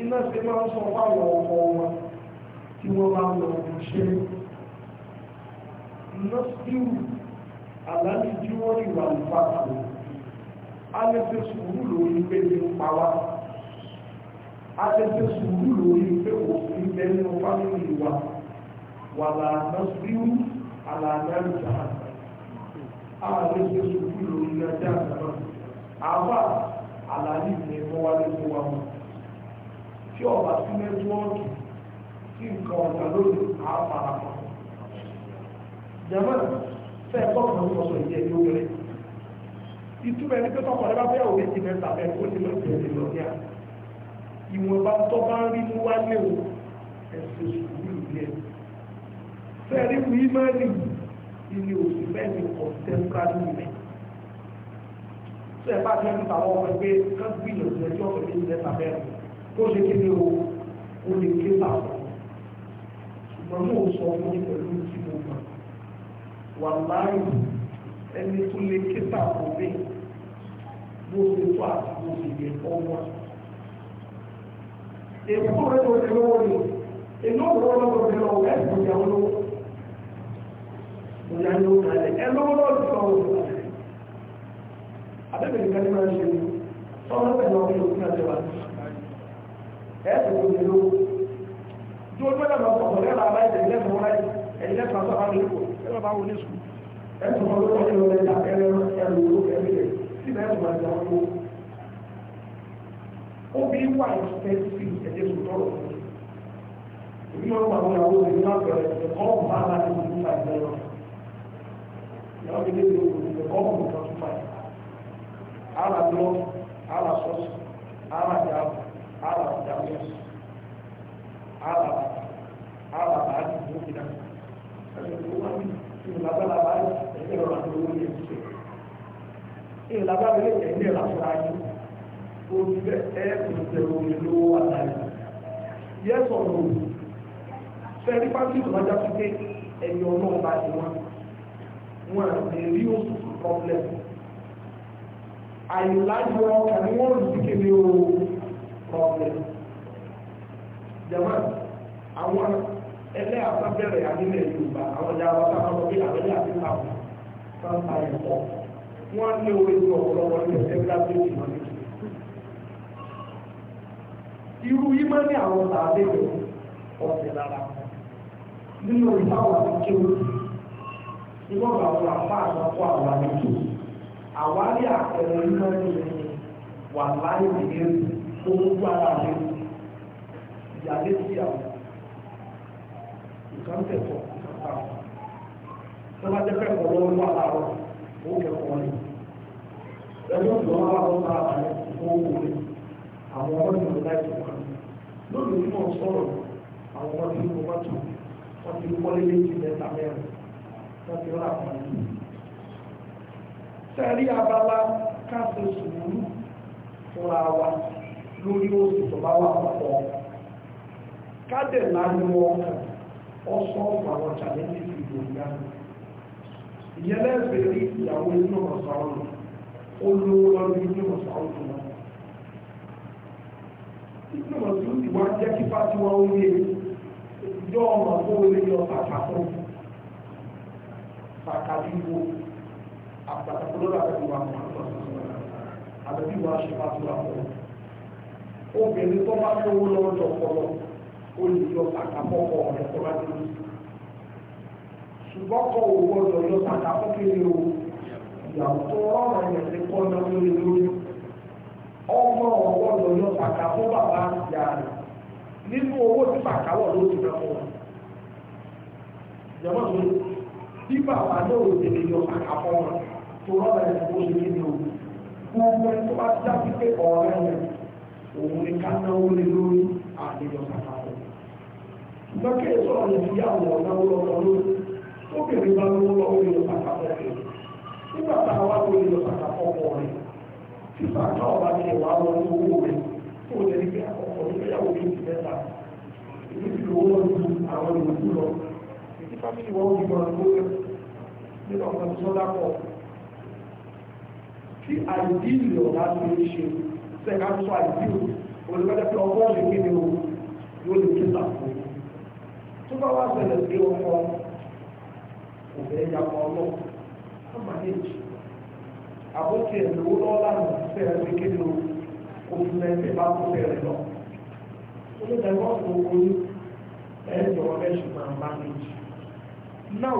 iná ṣe máa ń sọ fáwọn ọmọ wọn tí wọ́n máa ń lọ ṣe nọ́síwù àlàní tí wọ́n rí wà nípàtàkì a lè fi sùúrù lórí pé ní pa wá a lè fi sùúrù lórí pé òfin lẹ́nu fámìlì wa wà là nọ́síwù àlàní àlùjá a lè fi sùúrù lórí ẹja àgbà àbá àlàní ìfẹ́ wọ́n wá lè fún wa mọ́ tí ọba sí nẹ́tíwọ́ọ̀kì sí nǹkan ọ̀gá lónìí àápàrapọ̀. jẹ́mọ́ fẹ́ tọ́kàn ní ọ̀sọ̀ ìjẹ́ ní obìnrin ìtumẹ̀ ní pé tọ́kàn lẹ́bàá fẹ́ òwe ti mẹ́ta bẹ́ẹ̀ kó ti mẹ́ta ẹ̀sìn lọ ní à ìwọ̀nba tó bá ń rí mú wá lé o ẹ̀sìn sùúrù ní ẹ̀ fẹ́ẹ̀rí wí máa ní ilé òsì mẹ́ni kọ̀ǹtẹ́ńtárì rẹ̀ tí ẹ bá fẹ́ẹ́ nípa àwọn ọmọ ẹgbẹ́ kan gbìyànjú ẹjọ́ ọ̀fẹ́ ní ilẹ̀ tàbẹ́rẹ̀ tó ṣe kí ni o ó lè ké pàṣẹ ṣùgbọ́n mo sọ fún yín pẹ̀lú tí mo mọ̀ wà láàyè ẹni tó lè ké pàṣẹ bẹ́ẹ̀ bó ṣe tó àti bó ṣe yẹ ọwọ́ èyí tó rẹ̀ tó rẹ̀ lọ́wọ́ ni èyí ó rọ̀ lọ́wọ́ rẹ̀ lọ́wọ́ ẹ̀ kò yà ó lọ́wọ́ kò yà ó lọ́wọ́ rẹ̀ ẹ̀ lọ́wọ́ lọ́wọ́ ti sọ̀rọ̀ lọ́wọ́ rẹ̀ abẹ́bẹ̀rẹ̀ ní máa ń ṣe ni sọ́wọ́n pẹ̀lú ọkùnrin òkú náà tẹ̀wá sí ẹ̀ẹ́dì tó lè lówó tí ó gbọ́dọ̀ lọ sọ̀tọ̀ lẹ́nu àbá ẹ̀dẹ̀ lẹ́nu wọn láyé ẹ̀yìn lẹ́nu àtọ́ àwọn èkó ẹ̀rọ bá wọlé sùn ẹ̀sùn wọn lọ́wọ́ ẹ̀rọ ẹ̀dà ẹ̀rọ ẹ̀rọ owó ẹ̀mí rẹ̀ sí lẹ́sùn wọn ẹ̀dà owó. ó bí wà ẹ̀sìtẹ́sì ẹ̀dẹ̀ sọ̀tọ̀rọ̀ èmi wọn wà wọn àwọn ènìyàn àgbẹ̀rẹ̀ ẹ̀kọ́ ọ̀hún bá láti ní ìgbà ìgbẹ́rọ ìyàwó ilé ìlú ẹ̀kọ́ ọ̀hún kan tún fà yà á là lọ á là sọ́ọ̀sì á là yà á bọ̀ ala jamiya ala ala ba ni mo kina ẹlòmíràn wà ní ìlàbàlà bá ẹgbẹ ọ̀rọ̀ àti owó yẹn ti ṣe ìlàbàlà yẹn ẹni ẹ̀rọ àfúrá yìí ojú bẹ ẹ kò tẹ omi lówó àtàlẹ yẹ sọ̀rọ̀ òun fẹ́ẹ́rí pàṣẹ ìtọ́jà tó dé ẹni ọlọ́run bá ti wọn wọn lè rí òṣùṣù pọ́blẹ́mù àyìnlájú ọkàn ni wọ́n lù sí kéde ooo. problem jama àwọn ẹlẹ́ àtàbẹ̀rẹ̀ ànílẹ̀ yorùbá àwọn ìyá wa sábà bí àbẹ̀lẹ̀ àti ẹ̀kọ́ wọ́n ní owó ọ̀pọ̀lọpọ̀ ní ti wọ́n irú yìí máa ní àwọn tàbí ọ̀sẹ̀ lára nínú ìtawà tó kéwù nígbà wà fún apá àkọ́kọ́ àwọn àlejò àwárí máa ní wà olójú ara rẹ̀ ìyáálé sí àwọn nǹkan tẹ̀sọ̀ nǹkan ahụ. àwọn sábà jẹ́ pẹ́ kọ́ lọ́wọ́ wà láàárọ̀ ó kẹ́kọ̀ọ́ ni ẹni ọ̀dọ́ wà láwọn bá àwọn ọmọ lónìí sọ̀rọ̀ àwọn ọmọ tó ti lórí oṣù tó bá wà pọ̀ kádẹ̀ láàrin ọkàn ọsọ àwọn challenge ìgbò ìyá ìyẹn lẹ́sẹ̀ rí ìyàwó inú ọ̀sán olówó lọ́dún inú ọ̀sán ọ̀sán inú ọ̀sán ìwà jẹ́ kí pàtí wọn ó yé ìjọ ọmọ tó lè yọ pàtàkó pàtàkìwò àpàtàkó lọ́dọ̀ ṣe pàtó obìnrin tó bá lówó lọ́wọ́ jọpọlọ ó lè yọ sàkàbọ̀kọ rẹ̀ tó bá dé lóṣù ṣùgbọ́n kọ ò gbọdọ̀ yọ sàkàbọ̀kẹ́lẹ́ o ìyàwó tó rọrùn ẹ̀yẹ̀ ti kọ́ ọ́ lórí lórí ọmọ ọgbọdọ̀ yọ sàkàbọ̀ bàbá ìyá rẹ̀ nínú owó tí sàkàwọ̀ ló ti fẹ́ fún wa ìjọba tó bí bàbá náà ò tẹ̀lé yọ sàkàbọ̀ wọn tó rọrùn ẹ̀yẹ̀ tó ṣe kí ni o gbogbo ẹni tó bá dá sí òun ni ká náwó lé lórí àlejò kàkà rẹ̀. ṣùgbọ́n kí èso ọ̀nà ti yá àwọn ọ̀nà wọn lọ́wọ́ lórí ó bèrè bá lówó lọ́wọ́ lè lọ kàkà pọ̀ rẹ̀. nígbà tá a wá lórí lọ kàkà pọ̀ pọ̀ rẹ̀ títà ká ọ̀la ti wà lọ ní owó rẹ̀ kó lè rí pé àkọ́kọ́ ní fẹ́yàwó tó ti mẹ́ta ìlú ti lówó lọ ju àwọn ìlú lọ. ìdí fámìlì wọn ò gbọ́n lórí nínú ọ̀nà sọ́dá pọ̀ tí àìdí ìlú ọ̀la ti ń ṣe sẹ́ka sọ àìsí o olùkọ́jọ́ pé ọkọ lè kéde o yóò lè kéde àpò tó bá wà ṣẹlẹ̀ sí ọkọ òfin ẹ̀yà kan ọlọ́ ọ máa ní èjì àbótí ẹ̀ lówó lọ́wọ́ lánàá sẹ́ka pé kéde o kò fún ẹsẹ̀ bá kó fẹ́rẹ̀ lọ olùkọ́ ẹ̀kọ́ fún oyún ẹ̀jọ̀ ẹ̀ṣùn máa bá ní èjì náà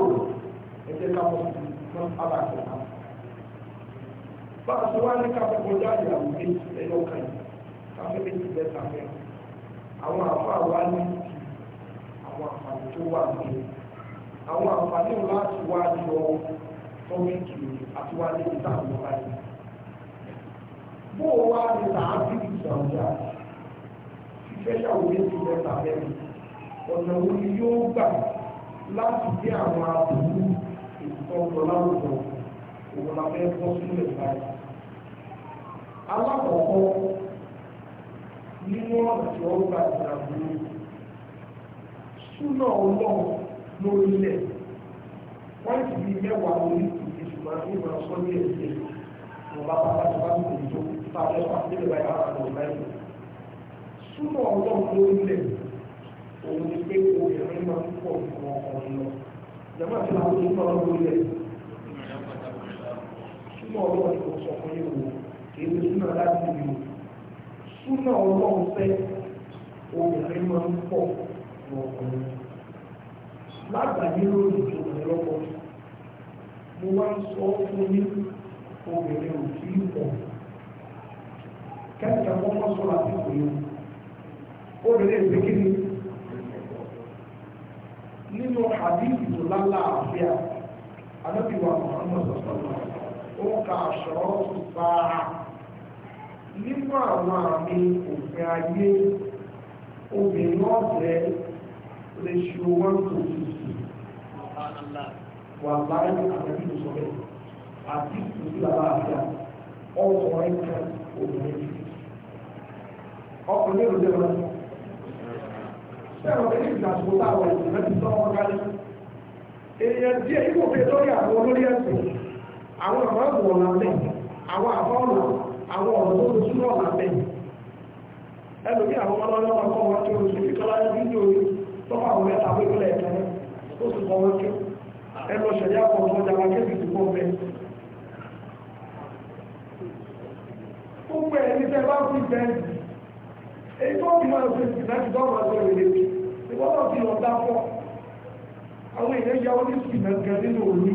ẹ̀jẹ̀ ká mọ̀ fún abàtà bá a ti wá ní káfíńkò jáde àwọn méjì lẹ́yìn ọ̀kan yìí káfíńkò méjì bẹ́ẹ̀ sáfẹ́ àwọn àfáà wá ní àwọn àǹfààní tó wà ní àwọn àǹfààní láti wá ní ọ tọ́mìkì àti wá ní ìta àwọn báyìí. bó o wá ní sàáfì ìsànjà fífẹ́ ṣàwọn méjì mẹ́ta mẹ́rin ọ̀nà wo ni yóò gbà láti dé àwọn àbúrú ìtọ́jú láwùjọ òun la fẹ́ bọ́ sílẹ̀ báyìí. alákọ̀ọ́kọ́ nínú ọ̀nà tí gba ìdàgbò ọlọ́run lórí ilẹ̀ wọ́n ti di mẹ́wàá lórí ìdíje ṣùgbọ́n ní ìmọ̀ ọ̀sán ní ẹ̀sìn wọn bá bá láti bá tòun ọlọ́run lórí ilẹ̀ òun ni pé máa ń pọ̀ lọ lórí ilẹ̀ ọlọ́run kò sọ fún èyí súnà láti ìlú súnà ọlọ́run fẹ́ obìnrin máa ń pọ̀ lọ́kùnrin lágbàáyé lórí ìjọba lọ́kọ̀ mo wá ń sọ fún yín obìnrin ò kí í pọ̀ kẹ́kẹ́ kọ́kọ́ sọ láti pè é obìnrin ìgbé kí ni nínú àdìsí tó lálá àfíà anábìwà Muhammad sọ̀tọ̀ ó ń ka àṣọ ọ̀sùn sáà nínú àwọn àmì òfin ayé obìnrin ọ̀fẹ́ lè ṣe owó tó tutù wà láyé àtàkì ìṣọ̀rẹ́ àti ìtòsí àlàáfíà ọkùnrin kan obìnrin ọkùnrin èrò jẹ́ wọn. sẹ́wọ̀n ní ìdàgbò táwọn ìṣẹ̀lẹ̀ ti sọ wọn kálí. èèyàn díẹ̀ yóò fẹ́ lórí àwọn olórí ẹ̀sìn àwọn àbáwọ̀ ọ̀la lẹ́yìn àwọn àbáwọ̀ ọ̀la àwọn ọ̀rọ̀ tó tún náà lábẹ́ ẹlòmí àwọn ọlọ́lọ́wọ́ kọ́ wọn tí oṣù fi kọ́lá ní bídíò tọ́pọ̀ àwọn mẹ́ta wí pẹ́lẹ̀ ẹ̀tọ́ ó sì kọ́ wọn tí ẹlọ ṣẹ̀yà pọ̀ tó ọjà wọn kébì tó pọ̀ bẹ́ẹ̀. gbogbo ẹni tẹ́ bá fi bẹ́ẹ̀ èyí tó fi máa fi láti bá wọn sọ èdè ìwọ́n náà fi lọ dá pọ̀ àwọn èèyàn yà ó ní sùn náà nínú òní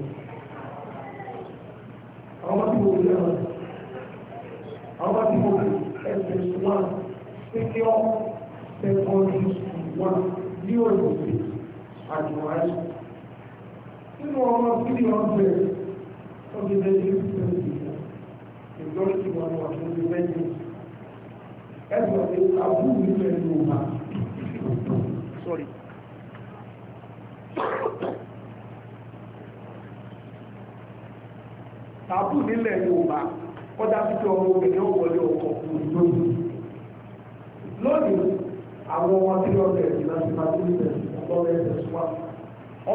àwọn tí mo lè rán àwọn tí mo lè ẹsẹ̀ wọn pété ọ sẹ́kọ̀ọ́dì wọn ní òyìnbó àjùwárí nínú ọmọ tí ní ọgbẹ ọdún lẹ́yìn ìgbésẹ̀ ìjọba tí wọn wà tó lè lẹ́yìn ẹgbẹ́ ọdún abúlé nílẹ̀ Yorùbá. Sorry. tàbù nílẹ̀ Yorùbá kọjá títí ọmọ obìnrin wọlé ọkọ̀ lónìí lónìí àwọn ọmọ tí wọ́n bẹ̀rẹ̀ sí láti máa tún bẹ̀rẹ̀ sí ọlọ́rẹ̀ ẹ̀sẹ̀ súnmọ́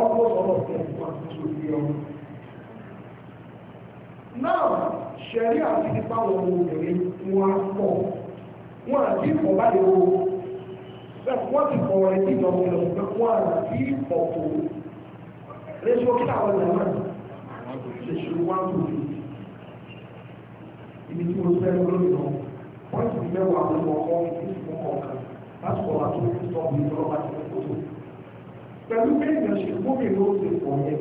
ọkọ̀ sọ̀rọ̀ tẹ̀sí wọn tó tó yé ọmọ náà ṣẹ̀rí àti nípa wọn obìnrin wọn á pọ̀ wọn àti ìfọ̀ báyìí wo wọ́n ti kọ̀ ọ̀rẹ́ tí ìjọba ìlọ̀gbẹ́ wọn àti ìfọ̀ tó lẹ́sọ̀ kí ibi tí mo fẹ́ lórí lọ pọ́ìntì mẹ́wàá ló wọ ọkọ ìfún kọ̀ọ̀kan láti kọ̀ wá tó fi sọ mi lọ́wọ́ àti ìfòtò. pẹ̀lú kéèyàn ṣe gómìn ló ti pọ̀ yẹn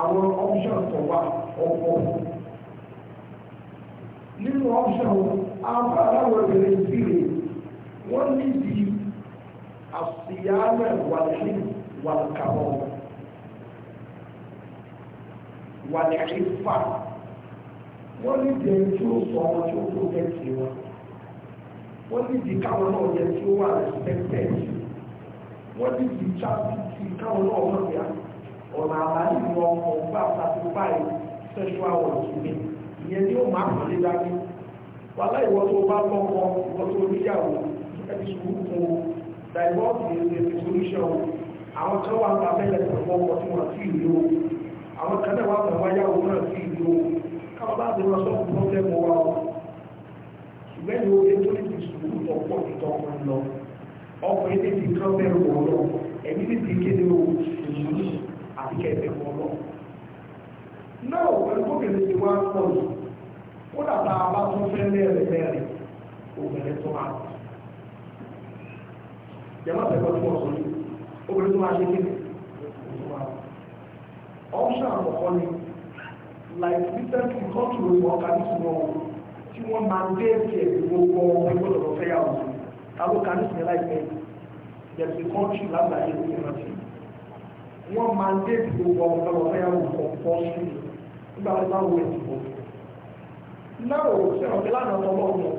àwọn option tó wà ọ̀pọ̀ nínú option àwọn aláwọ̀ ìbẹ̀rẹ̀ ìbílẹ̀ wọ́n níbi àṣìyáàmẹ̀ wàlẹ́hìn wàlẹ́kàbọ̀ wàlẹ́hìn fà. wọ́n ní di ẹni tí ó sọ ọmọ tí wọ́n ní di náà yẹ tí ó wà respected wọ́n wọ́n ọ̀nà àbáyé ni wọ́n kọ̀ gbà satisfy sexual work mi ìyẹn ni ó máa kàn lé dání wàhálà ìwọ tó bá tó níyàwó solution àwọn wà ń bàbá àti wọn sọ fún pọ́blẹ́mù wa ọ ṣùgbọ́n ìwé oge tó lè fi sùúrù tó pọ̀ jù tó ọkùnrin lọ ọkùnrin lè fi kán bẹ̀rù wọn lọ ẹ̀mí lè fi kéde o sùúrù àti kẹ̀kẹ́ wọn lọ. náà pẹ̀lú gómìnà ti wá pọ̀ jù ó dàbà bá tún fẹ́ lẹ́rẹ̀ lẹ́rẹ̀ obìnrin tó máa tì. jẹ́wọ́ àtẹ̀kọ́ tí wọ́n sọ yìí obìnrin tó máa ṣe kéde ọ̀ṣà àkọ́kọ́ ni like recently kọ́tù ló wọ́n ká nísìnyí wọn tí wọ́n máa ń dé ẹ̀kẹ́ gbogbo ọmọ ẹgbẹ́ lọ́dọ̀ fẹ́ yà wọ́n ta ló ká nísìnyí láìpẹ́ there is a country lágbàáyé ní ìrántí wọ́n máa ń dé ẹ̀kẹ́ gbogbo ọmọ ẹgbẹ́ lọ́dọ̀ fẹ́ yà wọ́n kọ́ pọ́ sí i nígbà tó bá wọ ìdìbò náà ò sẹ́wọ̀n pé lánàá tọ́ lọ́wọ́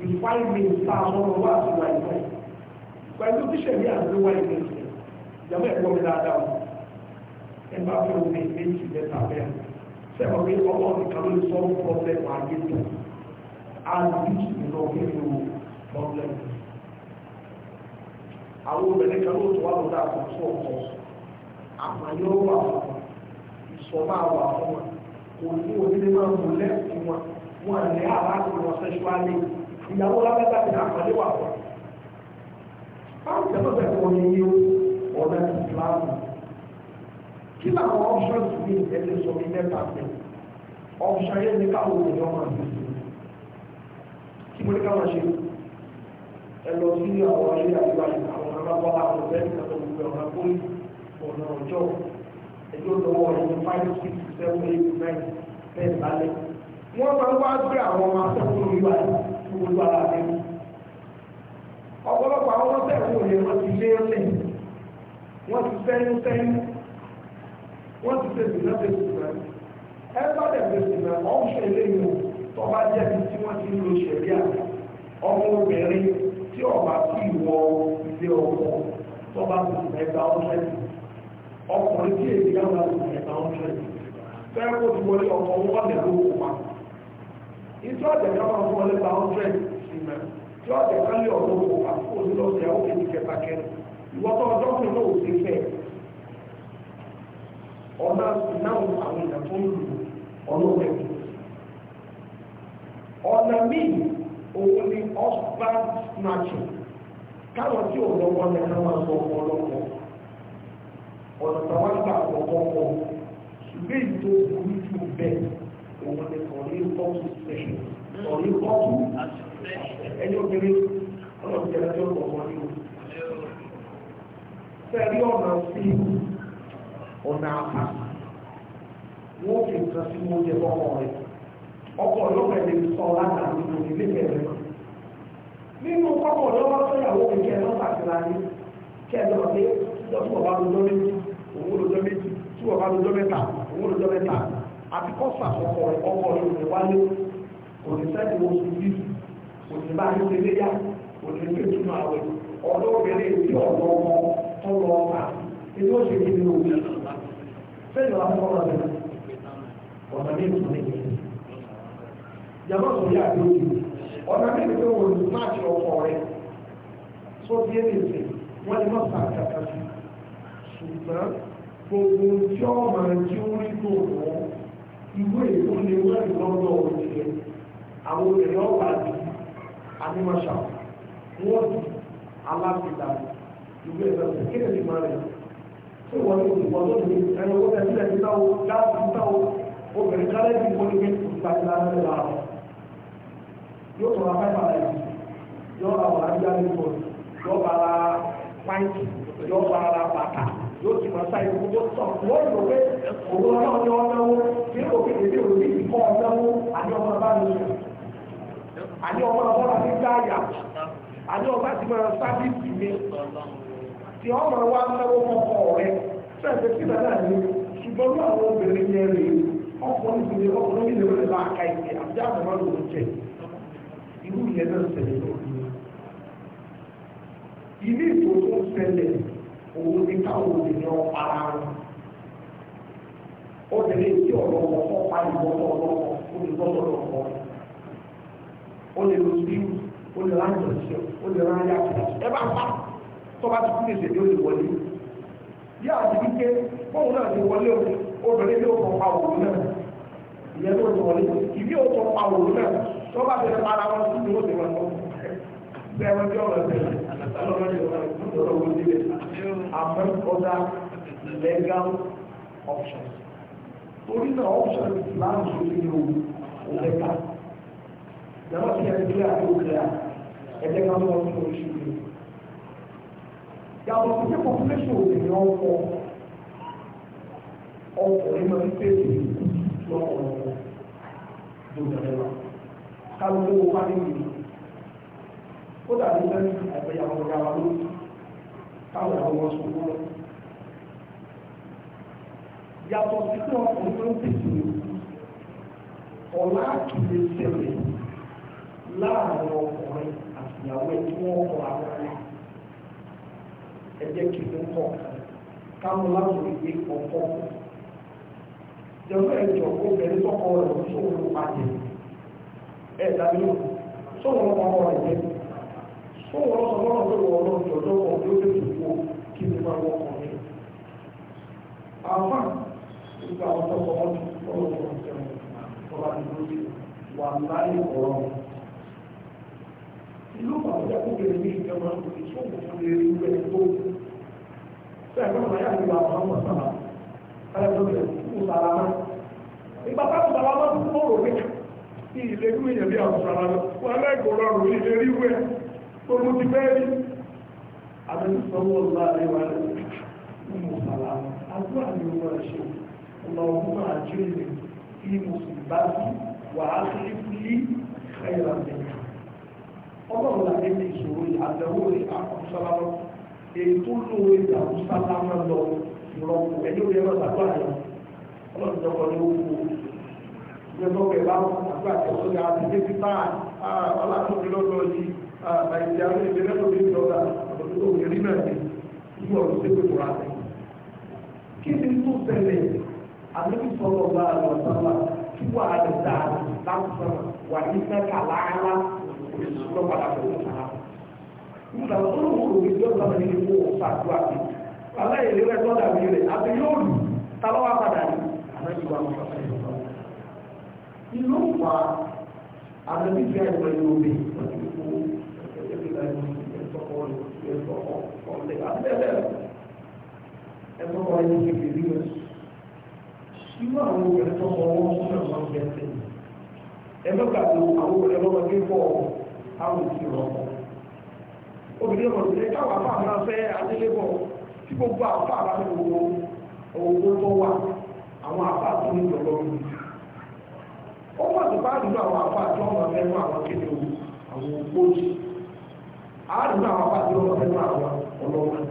define me ta àwọn wá sí wa ìfẹ́ pẹ̀lú tíṣẹ̀lì àdúrà ìfẹ́ ìjọba ẹ̀kọ́ mi dáadáa ẹ̀ bá fẹ́ omi méjì mẹ́ta bẹ́ẹ̀ sẹ́wọ̀n pé ọmọ nìkan ló lè sọ́wọ́ pọ́blẹ́mù ayé tó alùpùpù nínú nínú pọ́blẹ́mù àwọn obìnrin kan ló tó wà lọ́dọ̀ àkókò ọkọ̀ àmàyọ́ wà fún wọn ìsọ̀mọ́ àwà fún wọn kò ní onílé máa ń múlẹ̀ fún wọn wọn ní àbáàkì wọn sẹ́ṣuálì ìyàwó lábẹ́ta ti àpàdé wà fún wọn. báwo ni ẹgbẹ́ bẹ̀rẹ̀ wọn ní ọ̀dọ̀ ìsìlámù kí làwọn options ní ẹni sọ ní mẹ́ta sí option yẹn ní káwọn ènìyàn máa ń bèèrè kí mo ní káwọn ṣe ẹ lọ sí àwọn ilé àdúrà yìí àwọn alábọ́lá àwọn ọ̀bẹ́ nígbà tó gbogbo ọ̀nà pólì ọ̀nà ọjọ́ ẹjọ́ lọ́wọ́ ẹni five six seven eight nine ten lálẹ́ wọ́n máa ń wá gbé àwọn ọmọ akẹ́kọ̀ọ́ orí wa ní gbogbo ara rẹ̀ ọ̀pọ̀lọpọ̀ àwọn ọ̀sẹ̀ wo ni wọ́n ti lé ẹ̀sẹ̀ wọ́n ti ṣe ìdílé ṣe ti rẹ̀ ẹ bá dẹ̀ ṣe ti rẹ̀ ọ́n ṣe eléyìí tó bá jẹ́ ti tí wọ́n ti ń lo ṣẹ̀rí àná ọmọ obìnrin tí ọba tí ìwọ ilé ọkọ tó bá ti rẹ̀ gba ọ̀ṣẹ́ ọkùnrin tí èdè yàrá ti rẹ̀ gba ọ̀ṣẹ́ fẹ́ẹ́ kó ti wọlé ọkọ̀ wọn lè ló kó pa ìtú ọ̀jẹ̀ kan máa fún ọlẹ́ gba ọ̀ṣẹ́ ìmẹ̀ tí ọ̀jẹ̀ kan lé ọ̀dọ́ kó pa kó o lọ sí ẹ̀ ọlá ìnáwó àwọn èèyàn tó ń lù ọlọ́wẹ́ ọ̀nà míì òun ni ọ̀pá snatching káwọn tí ò lọ́wọ́ ní ká máa sọ ọkọ ọlọ́kọ ọ̀nà táwọn gbà ọkọ ọkọ ṣùgbọ́n èyí tó burú jù bẹ́ẹ̀ òun ni ọ̀rí kọ́tù sẹ́yìn ọ̀rí kọ́tù ẹni obìnrin ọlọ́ọ̀tì ẹjọ́ ọ̀pọ̀ ọmọ yìí fẹ́ẹ́ rí ọ̀nà sí i. ọ̀nà àpá wọ́n fi nǹkan sí mo jẹ ọkọ̀ rẹ̀ ọkọ̀ lọ́wọ́ ẹ̀lẹ́ sọ látàrí ìlú ilé kẹrẹ nínú kọ́kọ̀ lọ́wọ́ sọ́yàwó lọ́pàá ti ra ní pé tí wọ́n bá lọ́jọ́ méjì lọ́jọ́ méjì tí wọ́n bá lọ́jọ́ mẹ́ta lọ́jọ́ mẹ́ta àti kọ́sà ọkọ̀ rẹ̀ ọkọ̀ rẹ̀ wálé kò ní sẹ́ni wo sí bí kò ní bá ètò òṣèlú ìlú òwú fẹ́lẹ̀ wà fún rẹ̀ ọ̀nà ní ìtùnú ìlú yàrá òṣèlú àti òkú ọ̀nà ní ìlú òwú ní máàkì ọkọ̀ rẹ̀ tó bí ẹni ìsè wọ́n lè má pa àkàkà sí ṣùgbọ́n gbogbo tí ọmọ rẹ̀ tí ó rí tó wọ́n ìwé ètò lè wá ìlọ́dọ̀ òṣèlú àwọn obìnrin ọ̀wà àti ànímọ̀ṣà wọ́n di alábìdá ìwé ìlọ́dọ̀ tí wọ́n ní olùkọ́ tó ní ẹni owó tẹ̀sí tẹ̀sí táwo gáàsì táwo obìnrin kálẹ̀ bí wọ́n ní pé ìpàdé láti lọ àwọn yóò tọ́ ra fẹ́fà rẹ̀ yóò ra wàhálà bí alẹ́ pọ̀ yóò bá ra pàǹtì yóò bá ra bàtà yóò ti máa sáyé gbogbo sọ wọ́n lò pé òun ọlọ́run ní ọ̀nà wo kí ló fi èdè òní ìkọ́ ọ̀nà wo àní ọmọ bá mi sùn àní ọmọ ọmọ bá mi gbá yà àní ọmọ bá ti máa sábì sí mi tí wọ́n máa wá náwó fọ́kọ rẹ̀ fẹ́ẹ̀fẹ́ sí bàbá mi ṣùgbọ́n ní àwọn obìnrin yẹn rè ọkùnrin ìdílé ọkùnrin ìdílé rẹ̀ bá ka ìpè àbí àbọ̀mọ́ ló ń jẹ irú yẹn náà ṣẹlẹ̀ lọ́dún ilé ìtòtò ṣẹlẹ̀ òun ni káwọn obìnrin ọ̀pára wọn obìnrin tí ọ̀rọ̀ wọn kọ́ pa ìwọ́tọ̀ ọlọ́kọ̀ olùbọ́tọ̀ ọlọ́kọ̀ ó lè lọ sí ó lè ráyọ̀ sí ó lè ráyọ̀ sí ẹ bá ń pa tó bá ti kú lè ṣèdí ó lè wọlé bí àti wípé fóun náà ti wọlé obìnrin ní òkò pa òun náà ìyẹn tó ti wọlé ìbí òkò pa òun náà tó bá ti para wọn sí ìdúró ti wọn lọ bẹ́ẹ̀ wọn jẹ ọ̀rọ̀ bẹ́ẹ̀ lọrọ ní ọ̀rọ̀ ìdúró wọn sílẹ̀ àmọ́ ọdá legal options torí náà options láti ṣe ní òun òun lẹ́ka ìjọba ti ẹni tó yà kó kẹ́ra ẹ̀jẹ̀ kan tó wọn fún oṣù yìí yàtọ̀ sí pé population obìnrin ọkọ ọkùnrin máa ń pèsè lọ́kọ̀ọ̀kọ̀ lójúmẹ́wà kálukú owó bá ní ìlú ó dàbí sẹ́yìn àgbẹ̀yàwó ọ̀gá wa ló káwọn àwọn ọmọ sọ fún wọn. yàtọ̀ sí pé ọkùnrin máa ń pèsè ọ̀la kìí ṣẹlẹ̀ láàárín ọkùnrin àtìyàwó ẹ̀ tí wọ́n kọ àwọn ẹ̀ ẹ jẹ́ kí ló kọ̀ káwọn láwọn ìwé ọ̀pọ̀ jẹ́wọ́ ẹ̀jọ̀ obìnrin tọkọ rẹ̀ sóhun ló pàdé ẹ̀ dàbí wọn sóhun ló pàkọ́ rẹ̀ jẹ́ sóhun ló sọ lọ́rọ̀ tó wọ̀ ọ́ jọjọ́ kan tó lè tó kó kí ló máa wọ́n kàn mí. àwọn ìgbà àwọn tọkọ wọn ti kọ́ lọ́wọ́ ọ̀sẹ̀ wọn wà láyé ọ̀rọ̀ ìlú pàtàkì àkókèrè ní ìjọba ìṣòwò fún eré ìwé tó sẹ́gbọ́n náà yàtọ̀ ìwà àwọn ọmọ sábà alẹ́gbẹ̀rẹ̀ kú sàlámà ìgbà tá sàlámà tó kóró pé kí ilé ìlú èèyàn bí àwọn sàlámà wọn lẹ́gbọ̀rọ̀ rò ní ilé ìwé tó mú ti bẹ́ẹ̀ ni àbẹ̀tí sọ́wọ́ láàrin wa lè sí wàá ẹ̀yà mi ọlọ́run làdé ti ìṣòro yìí àtẹ̀wò rẹ̀ àkọsálámọ́ èyí tó lóore ní àkọsálámọ́ lọ ìrọ̀kù ẹ̀yọ́ rẹ̀ lọ́dà tó àyà ọlọ́run jọkọ̀ ní owó ìjọba ẹ̀ bá àgbà àtẹ̀wò rẹ̀ àti débi táà ọlátòkè lọ́dọ̀ yìí nàìjíríà ní ìbílẹ̀ tó bí ìjọba àtọ̀tò òyìnbí náà ní ìlú ọ̀rọ̀ tó gbé kura sí. kí ni tó ṣẹlẹ̀ àdébí sọ̀rọ̀ bá lọ́pàá àbúrò náà nígbà tó ń wò wí tó lọ́pàá ní ìwò fàdúrà sí aláìlè rẹ̀ tọ́jà mi rẹ̀ àti yóò lù tálọ́wà padà ní àmẹ́jọba ìlú fa àdébíkì àìpẹ́ yóò bí ẹ̀tọ́ kọ́ ẹni kékeré rí rẹ̀ irú àwọn obìnrin tó kọ́ wọ́n fún ẹ̀rọ ọ̀gbẹ́sẹ̀ ẹ̀mẹ́gbàgbọ́ àwọn obìnrin lọ́wọ́ gé fọ́ ọ̀hún A òbí rọpò obìnrin ọzọ, ìbílẹ̀ káwọn àfáà náà fẹ́ adélébọ̀ tí gbogbo àfáà gbogbo owó tó wà àwọn àfáà tó ní lọ́wọ́ mi ó wà tó bá nínú àwọn àfáà àwọn kéde owó àwọn á nínú àwọn àfáà àwọn ọlọ́wọ́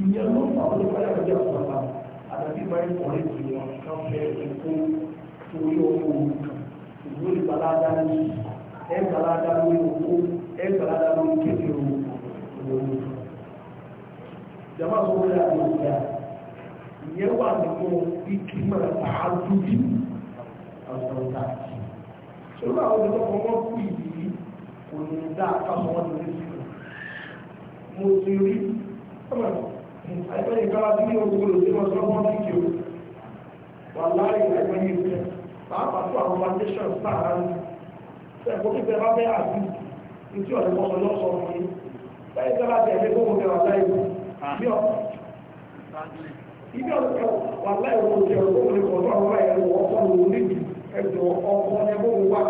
ìyẹn ló fáyà lójú àdàbí ẹgbàládá lórí òkú ẹgbàládá lórí kékeré òwòrò jama sọ́wọ́ yà ló yà ìyẹn wà nínú ìkímọ̀ àádúbí àwòrán ṣọlá àwọn ọmọ yìí kò mo ti rí ọmọ àìpẹ́ yìí kára sí ní ogun olùsí wọn sọ́wọ́ wọn kíkì o wà láàyè àìpẹ́ yìí pẹ́ pàápàá tó àwọn foundation sáà rárá ẹ̀kọ́ kí tẹ́ bá fẹ́ àbí ìtí ọ̀rẹ́ mọ́ sọ́lọ́ sọ fún yí báyìí tẹ́ bá tẹ́ ẹ̀mí gbogbo tẹ́ wà láì ibi ọ̀rẹ́ wà láì wọ́n tẹ́ ọ̀rẹ́ gbogbo tẹ́ ọ̀rọ̀ ọ̀rọ̀ ẹ̀rọ ọkọ̀ lòun níbi ẹ̀dọ̀ ọkọ̀ ẹ̀ gbogbo wa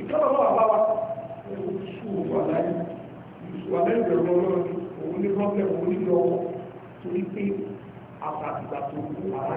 ìtọ́nà wà bá wa ṣùgbọ́n wà láì wà lẹ́yìn bẹ̀rẹ̀ lọ́wọ́ òun ní pọ́blẹ̀ òun ní lọ́wọ́ torí pé àtàtìgbà tó kú àrà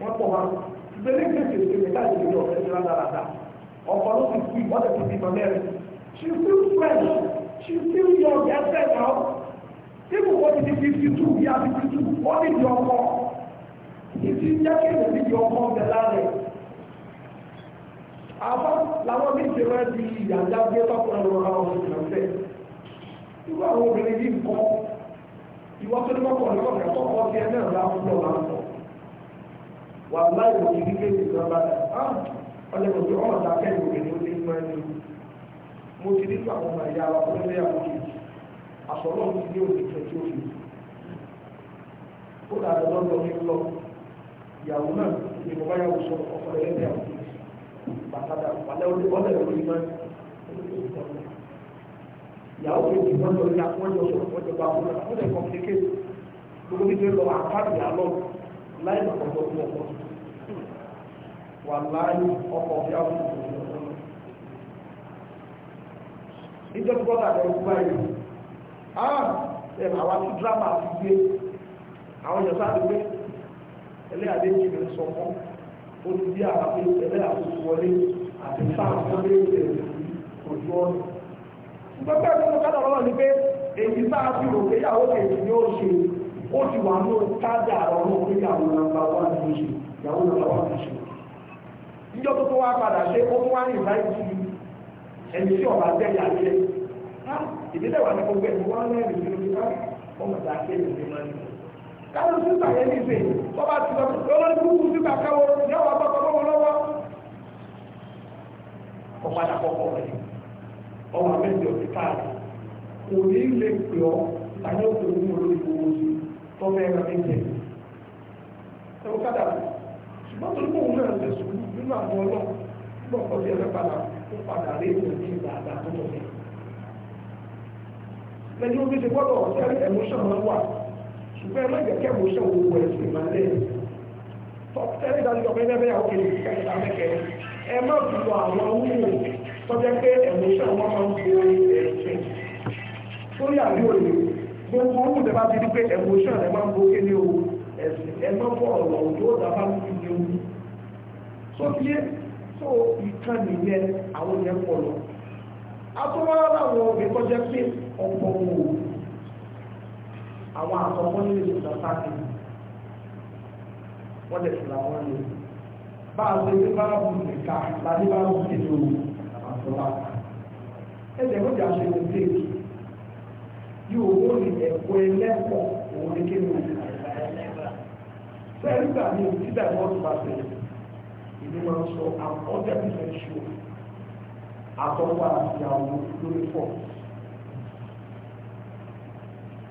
wọ́n pọ̀ wá gbẹlẹ́ gbèsè gbèsè káàdì ìlú ọ̀fẹ́ ti rán dáadáa ọ̀pọ̀ ló ti kú wọ́n ti fi mọ̀ mẹ́rin she still fresh she still young ẹsẹ̀ náà ibù wọ́n ti di fifty two yá fifty two wọ́n ti di ọkọ ìdí jẹ́ kí èèyàn ti di ọkọ ọ̀bẹ lálẹ́ àbá làwọn mi ti rẹ́ di ìyàjá gbé tọkùnrin lọ ra ọ̀hún ìrànfẹ́ irú àwọn obìnrin yìí ń kọ́ ìwọ́n tó ní kọ́kọ́ ní kọ́kọ́ kọ́kọ́ ti ẹ náà láwùjọ láwùjọ wà láì wọ ibi kéde ìjọba ọlẹ́kùn tó ọmọ ta kẹ́yìn òkè ló ní mọ́ ẹni mo ti nípa àwọn ọmọ ìyá wa fún ilé àwọn kejì àsọ̀rọ̀ mi ní òkè twenty ó fi ó dàbí lọ́dọ̀ mi lọ ìyàwó náà ni mo bá yàwó sọ ọkọ rẹ̀ lẹ́yìn àwọn kejì bàtà dà wàlẹ́ ọlẹ́kùn ló ní mọ́ ẹni ìyàwó kejì wọn lọ ya wọn lọ sọ̀rọ̀ wọn jọba wọn lọ wọn lọ kọmplikate gbogbo bí wọn lọ àpáàdì àlọ láì bàtà ọjọ́ fún ọkọ tó wà láàyè ọkọ̀ bí a wọ́n tó lọ́wọ́. Ìjọ tí bọ́dà rẹ̀ gbá yìí, á ẹ̀ àwọn tí dírámà ti gbé, àwọn ìjọba ti gbé, ẹlẹ́ àdé jì mí sọ mọ́, ó ti bí àwọn pé ẹlẹ́ àkókò wọlé àti sáà wọlé ìrẹ̀lẹ̀ ojú ọ̀nà. a ti rò pé ìyàwó kejì ni ó ṣe, ó ti wà ní kájà ọ̀rọ̀ orí ìyàwó nàmbà wà ní ìṣe, ìyàwó nàmbà wà ní ìṣe níjọ́ tó tó wá padà ṣe ó tún wá ní ìbáyé sí ẹni tí ọba tẹ́ yà jẹ́ ìdílé wà ní gbogbo ẹni wọ́n lẹ́rìí sí ojú ká ọmọ ìdá kéde ní máa ní. káwọn sísà yẹn ní ìfẹ́ tó bá ti lọ lọ́wọ́ ní kúkú sísà káwọn ní ọwọ́ bọ́ tọ́ lọ́wọ́ lọ́wọ́. ọ̀padà kọ̀kọ̀ rẹ̀ ọmọ abẹ́jọ ti káàdì kò ní lè pè ọ́ mọ́tò ní òun náà lẹ̀sùn nínú àwọn ọlọ́run gbọ́ ọ̀pọ̀ sí ẹ̀fẹ́ padà ó padà rí èèyàn ní ìdáadáa tó tọ̀ sí. lẹ́yìn omi ti gbọ́dọ̀ ọ̀sẹ̀ ẹ̀mọ́ṣàn máa wà ṣùgbọ́n ẹ̀mọ́ ìjẹ́kẹ́ ẹ̀mọ́ṣàn gbogbo ẹ̀sìn máa lẹ̀ tọ́tẹ́rẹ́ ìdájọ́ pé ẹgbẹ́ àwọn kìlì kẹta mẹ́kẹ́ ẹ má fi lọ àwọn wúwo tọ́jẹ́ pé ẹ̀mọ́ṣàn wọn máa ń bo ẹ̀sìn sórí àríwòye gbogbo owó tẹ bá ti di pé ẹ̀mọ́ṣàn ẹ máa ń bo kéde owó ẹ̀sìn ẹgbọ́n bọ́ ọ̀rọ̀ òjò dábà lórí ní orí tó bí é tó ìkan nìyẹn àwọn yẹn pọ̀ lọ atọ́wọ́lá láwọn obìnrin kọjá pé ọ̀pọ̀ wò ó àwọn àkọ́kọ́ nílé ìjọba sáàkì wọ́n lè fìlà wọn lè bá a lè bá a bù nìka láti bá a bù nìka àtọ́lá ẹ̀jẹ̀ kọjá ṣe ní téèkì yóò wọ́n ní ẹ̀kọ́ ẹlẹ́kọ̀ọ́ òun ní kéwòn sẹ́rígbà ní òtí divorce pàṣẹ ìlú máa ń sọ àkọ́jẹ́ percent sure àtọ́wọ́ àtìyàwó lórí fọ́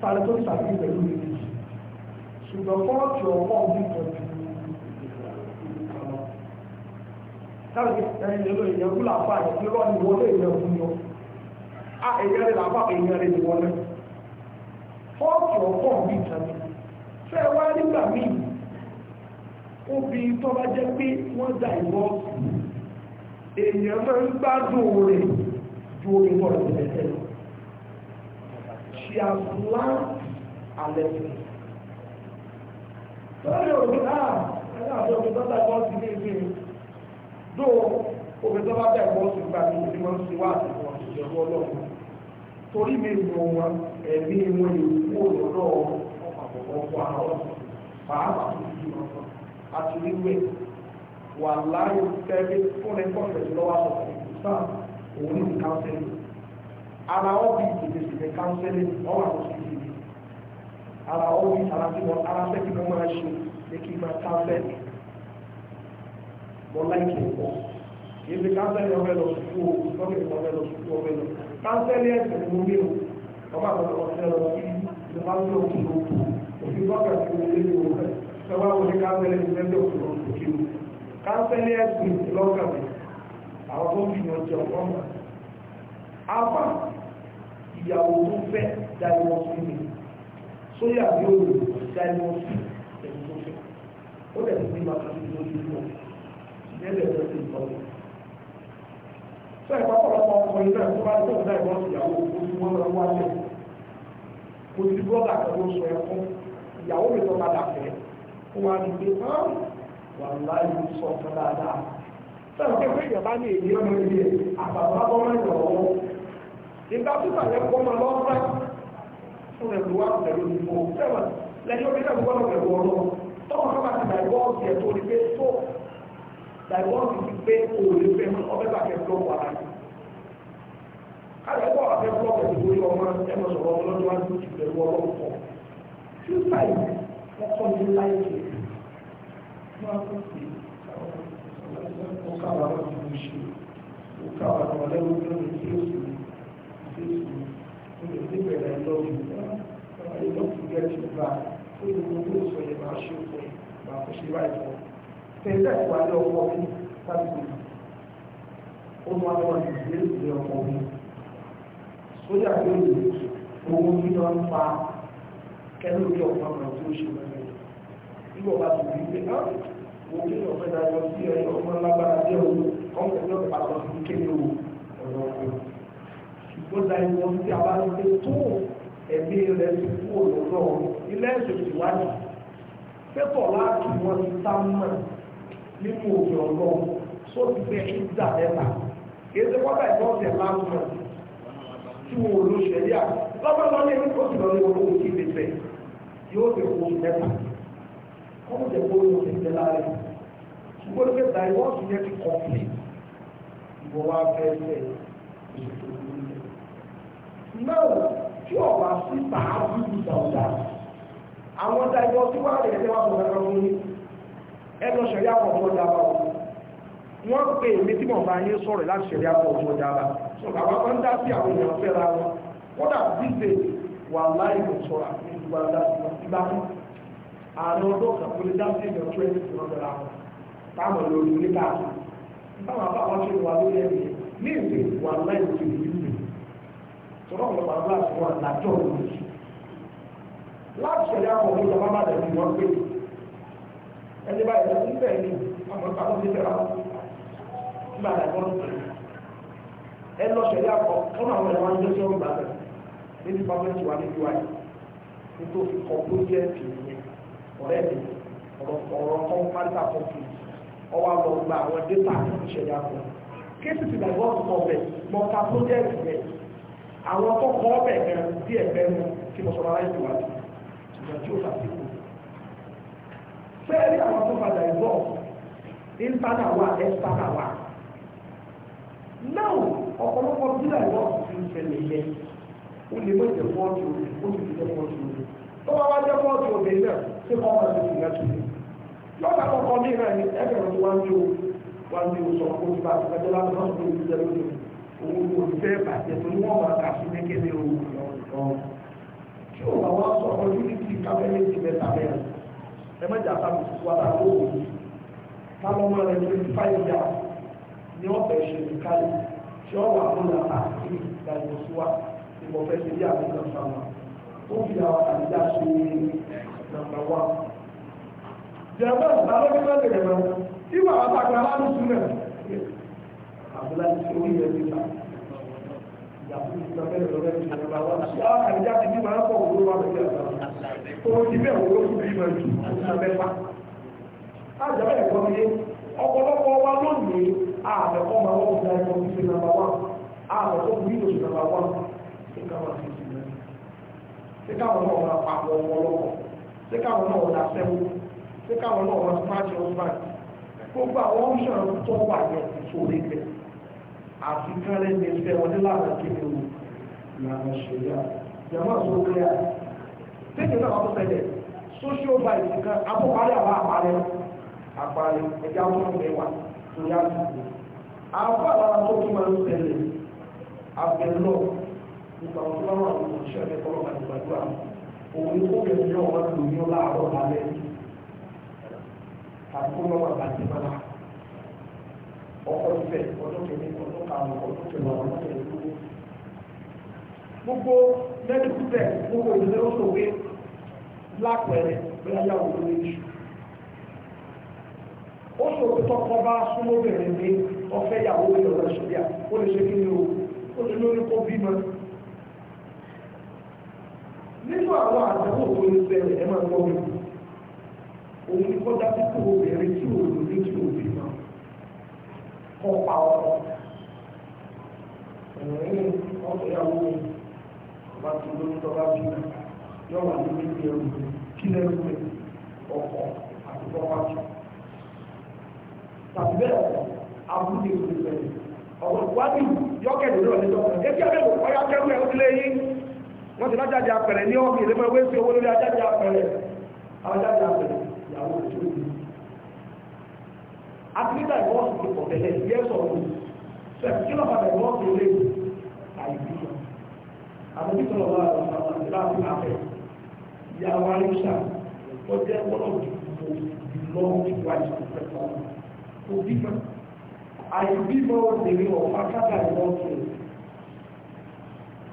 tàbí tó sàbí pẹ̀lú méjì ṣùgbọ́n fọ́ọ̀tì ọ̀pọ̀ ọdún kan ju ìlú kan lọ. táwọn èèyàn ló èèyàn kú làpá àyẹ̀kí lọ́ọ̀ni wọlé èèyàn fún yọ á èèyàn rẹ̀ làpá èèyàn rẹ̀ ni wọlé fọ́ọ̀tì ọ̀pọ̀ ọdún kan ní fẹ́ẹ́ wá nígbà míì obì tó bá jẹ́ pé wọ́n dá ìwọ́ èèyàn máa ń gbádùn rẹ̀ ju omi bọ̀ lọ tẹ́tẹ́ lọ she has learned a lesson lọ́yọ̀ òbí náà ẹ̀dá àti omi tó bá ìwọ́ sí ní ìlú yìí dó omi tó bá bá ìwọ́ sí gbà ní ìlú wọn sí wá àti wọn sì jẹ́ wọ́n lọ́wọ́ torí mi mọ̀ wọn ẹ̀mí wọn yóò kú òdòdó ọkọ̀ àwọn pàápàá tó ti wọn sọ àti wíwẹ̀ wà láàyè tẹ́lẹ̀ fún ẹ kọ́fẹ̀ tó lọ́wọ́ sọ fún ìsàn òun ní kánsẹ́lì ara ọ́bì ìdèdè kánsẹ́lì ọwọ́ àwọn sí ìdèdè ara ọ́bì ara tí wọ́n ara fẹ́ kí wọ́n máa ṣe pé kí máa kánsẹ́lì mọ́ láìkì ẹ̀kọ́ kì í ṣe kánsẹ́lì ọ̀fẹ́ lọ sùkú o ìfọ́kẹ́ ọ̀fẹ́ lọ sùkú ọ̀fẹ́ lọ kánsẹ́lì ẹ̀sẹ̀ ni mo gbé o ọba àwọn ọ̀fẹ́ lọ sí ìfọ́kẹ́ ọ̀fẹ́ lọ sí ìfọ́kẹ́ ọ̀fẹ́ sọ́wọ́ àwọn ní káńsẹ́lẹ̀ ìgbẹ́jọ́ òkúrò òkúrò káńsẹ́lẹ̀ ẹ̀sùn lọ́kàwé àwọn tó ń fi ọjọ́ ọmọ àpá ìyàwó tó fẹ́ dáìwọ́ sí mi sóyà bí ó lò dáìwọ́ sí ẹ̀sùn tó fẹ́ ó dẹ̀ sí ní màkà sí lójú mọ́ ìdẹ́lẹ̀ ẹ̀sẹ̀ sí ìtọ́jú sọ ìpapọ̀lọpọ̀ ọkùnrin náà tó bá tó dáìwọ́ sí ìyàwó ojú wọn lọ wá lẹ̀ kò sí bọ́ọ̀dà kan ló sọ ẹ̀kọ́ ìyàwó mi tó padà fẹ́ fún wa ní pé wà láyé sọ fún dáadáa sọ̀rọ̀ pé pé ìjọba ní èyí ọmọ ilé àbàbà bọ́ máa ń lọ ọwọ́ ìgbà tó sàlẹ̀ kọ́ máa lọ bá fún ẹ̀rù wa pẹ̀lú ìfọ̀ sẹ́wọ̀n lẹ́yìn orí náà gbọ́dọ̀ pẹ̀lú ọlọ́ tọ́wọ́ kọ́ bá ti dàgbọ́ọ̀sì ẹ̀ tó rí pé tó dàgbọ́ọ̀sì ti pé òòlù pé ọbẹ̀ bá kẹ́ lọ́wọ́ ara yìí alẹ́kọ̀ọ́ afẹ́kọ̀ọ́ pẹ̀lú ọmọ ẹ̀mọ̀sọ̀rọ̀ ọlọ́dún wájú ìbẹ̀rù ọlọ́pọ̀ wọ́n kọ́ mi láyé kì í máa kó sí ó káwà lọ sí mo ṣe ó káwà lọ lẹ́wọ́ tó ní tí ó sùn tí ó sùn ó lè dé bẹ̀rẹ̀ lọ́wọ́ I don't forget you back ó lè mú owó sọ yẹn máa ṣe fún ẹ máa kó ṣe báyìí fún ẹ tẹ̀lé ẹ̀kọ́ alẹ́ ọkọ mi láti ó máa lọ sí ìdílé ìdílé ọkọ mi sójà yóò ọ̀pọ̀ àwọn tó ṣe wọ́n tí wọ́n bá ti rí pé á ah, wọ́n kí wọ́n fẹ́ da lọ sí ẹ̀ ọmọ lágbára dé o wọ́n kò ní ọ̀pá lọ sí kéde o ọ̀rọ̀ ọ̀rọ̀ ṣùgbọ́n da ìwọ sí abájọ́dé tó ẹ̀mí rẹ̀ ti kú òlòlò ilé ẹ̀sùn ìwádìí pẹ́pọ̀ láti wọ́n ti tá mọ̀ nínú òkè ọ̀lọ́ só ti fẹ́ ìdá ẹ̀ta èdè wọ́tà ìbọ́sẹ̀ lásán tí wọ́n olóṣèlú à lọ́gbọ́n lọ́lẹ́ ní oṣù lọ́lẹ́ olóòkè ìbẹ̀fẹ̀ yóò fẹ́ oṣù mẹ́ta wọ́n jẹ́ kó ló ti jẹ́ láàrin ṣùgbọ́n ló fẹ́ dàìwọ́sì yẹn ti kọ̀ọ̀pì ìwọ wa fẹ́ fẹ́ náà tí ọba sí tààbù ìsọ̀dà àwọn dàìwọ́sì wà lè ṣe wà lọ́wọ́ ẹ̀rọ ní ẹ̀rọ ṣẹ̀yà ọ̀pọ̀ dábà wọ́n pè mí tí mo bá yín sọ̀rọ̀ láti ṣẹ̀yà ọ̀pọ̀ dábà sọ̀rọ̀ àwọn kan dá sí àwọn èèyàn fẹ́ra wọn kódà dídè wà láì lọ́sọ̀rọ̀ àti ìgbà ààrẹ ọdún ọ̀sán kò lè dáhùn sí ìjọba tó ẹni tó lọ́dọ̀ ra wọn táwọn lórí ní káàkiri táwọn àbá wọn ṣe wà lórí ẹ̀mí ní ìwé wà láì tó ìlú ìlú tọ́lọ́ ọ̀pọ̀lọpọ̀ àwọn àti wọn làjọ òun yìí láti ṣẹlẹ̀ àwọn ọmọ ìjọba bá dẹ̀ bí wọ́n pè ẹni bá yẹ kí bẹ́ẹ̀ ni àwọn ìpàdé ti fẹ́ra nígbà tí wọ́n ẹ lọ ṣẹlẹ̀ àkọ́ tọ́lọ́ àwọn ẹ̀wọ̀n ń jẹ́ sí ọ̀gbà rẹ̀ níbi pàmẹ́ntì wà níbi ọ̀rẹ́ mi ọ̀rọ̀ kan pátá kọ̀ọ̀kì ọwọ́ lọ gba àwọn dẹ́tà ìṣẹ̀dá kan kéèsì ti dàgbọ́ ọ̀sán ọ̀bẹ mọ̀ta pọ́jẹ́ẹ̀tì rẹ̀ àwọn tó kọ́ ọ̀bẹ gan bí ẹ̀gbẹ́ mu tí mo sọ̀rọ̀ aláìsí wájú ṣùgbọ́n tí ó ṣàfihàn fẹ́ẹ̀rí àwọn tó padà ìbọ̀ ìntánà wà ẹ́sítánà wà náà ọ̀pọ̀lọpọ̀ bílà ìbọ̀ ti ń ṣẹlẹ̀ yẹn ó lè mọ̀ ìjẹ́ fọ́ọ̀tì òde ó sì ti jẹ́ fọ́ọ̀tì òde tó bá wá jẹ́ fọ́ọ̀tì òde náà tí wọ́n máa ti fìyà tù lọ́sà kọ̀ọ̀kan ní ìrìn àyè ẹgbẹ̀rún tó wá ń jó wá ń jó sọ kó ti bá àtúntàjọ́ láti lọ́sọ̀ tó ti jẹ́ lóde òun kò ní fẹ́ bàjẹ́ tó ní wọ́n máa kà sí kékeré òun lọ́wọ́ tí ò bá wá sọ ọdún ní kábẹ́lẹ́ ti bẹ́ẹ̀ tàbẹ́ ẹ mẹ́jà sábà wà á tó wò ó táwọn ọmọ rẹ̀ twenty five years ni wọ́n fẹ́ ṣe ìkálẹ̀ tí nàmbà wá. jẹ́bẹ́ ìdálójúmọ́ lè rẹ̀ wọ́n ìwà àtàkùn aláàlùsùn náà àbúlá ti fi orí rẹ̀ níta ìyàtọ̀ ìgbàgbẹ́ ìrọ̀lẹ́ ìjọba wa ṣé àwọn àrídá ti ní máa ń pọ̀ òwúrọ̀ wa lókè àgbà tó ti bẹ́ẹ̀ wọ́n ló kú bí mọ̀ jù ọ̀sán Àjọba ẹ̀kọ́ mi yé, ọ̀pọ̀lọpọ̀ wa lónìí, àbẹ̀kọ́ máa wọ́n gba ẹ̀kọ́ fífi nàmbà wá, àbẹ̀kọ́ fún ìlòsì nàmbà wá, ṣé káwọn ti ti mẹ́rin. Ṣé káwọn náà máa pa àwọn ọmọ ọlọ́pọ̀? ṣé káwọn náà wọ́n dasẹ́wó ṣé káwọn náà wọ́n smarty husband gbogbo àwọn option tó wà yẹn sórí rẹ̀ àti kárẹ́ ní ìfẹ́ wọn nílànà kíni o ìlànà ṣẹlẹ̀ ìjàmbá tó kéré à tẹ́lẹ̀ náà wọ́n tẹ́lẹ̀ social vibe kan abúparí àwọn àpárẹ́ àpárẹ́ ẹ̀já tó ń mẹ́wàá tó yá sí i àwọn àlàra tó tún máa ń tẹ̀lé abẹ́lọ́ nípa ọ̀tún láwọn àwọn òṣìṣẹ́ mi òun ni kókè ní ọ̀wọ́ tó ní ọlá àrọ́ lálẹ́ àbúkú lọ́wọ́ àbàjẹ́ mọ́lá ọkọ̀ ìfẹ́ ọdún kìíní ọdún karùn-ún ọdún kẹwàá ọdún kẹwàá gbogbo mẹ́tìkú tẹ̀ gbogbo ìdílé ó sòwé lápẹ̀rẹ̀ bí ayáwó lórí iṣu ó sòwé tọkọ bá súnmọ́bìnrin ní ọfẹ́ ìyàwó ìyọ̀rọ̀ ìṣòdíà ó lè ṣe kí ni o ó lè lórí kó bímọ nínú àwọn àdúgbò tó ń bẹ̀rẹ̀ ẹ máa gbọ́ mi òun ni kó dájú kó obìnrin tí ò lórí tí ò bí mọ́ kọ́ pa ọkọ ẹ̀rín ọ̀fẹ́yàwó mi bá ti lórí tọ́lá bí mi yóò wà ní bíbí ẹrù mi kí lẹ́rù mi ọkọ̀ àti pọ́pátì tàbí bẹ́ẹ̀ abúlé òun bẹ̀rẹ̀ ọ̀rọ̀ wájú yọ̀kẹ̀dẹ̀ lọ́ọ̀lẹ́dọ̀kẹ̀ kẹ́kẹ́ bẹ́ẹ̀ kọ́ yá kẹ́rù ẹ̀ ó lé yín wọ́n ti lájáde apẹ̀rẹ̀ ní ọ́fì ìdẹ́mọ̀ ewé sí owó lórí ajáde apẹ̀rẹ̀ ajáde apẹ̀rẹ̀ ìyàwó ìjọ ìlú afirika ìwọ́sùn ti pọ̀ tẹ́lẹ̀ ìyẹ́ sọ̀rọ̀ sẹ́fì kí lọ́pàá ìwọ́sùn ilé àìbí àwọn bí sọ̀rọ̀ bá rọ̀ sọ̀rọ̀ láti afẹ́ ìyàwó aríṣà ó jẹ́ one of the long wives of the family kò bímọ àìbímọ obìnrin ọ̀fà kábà ìwọ́sùn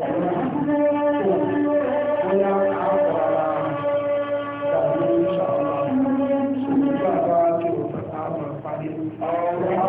Thank you.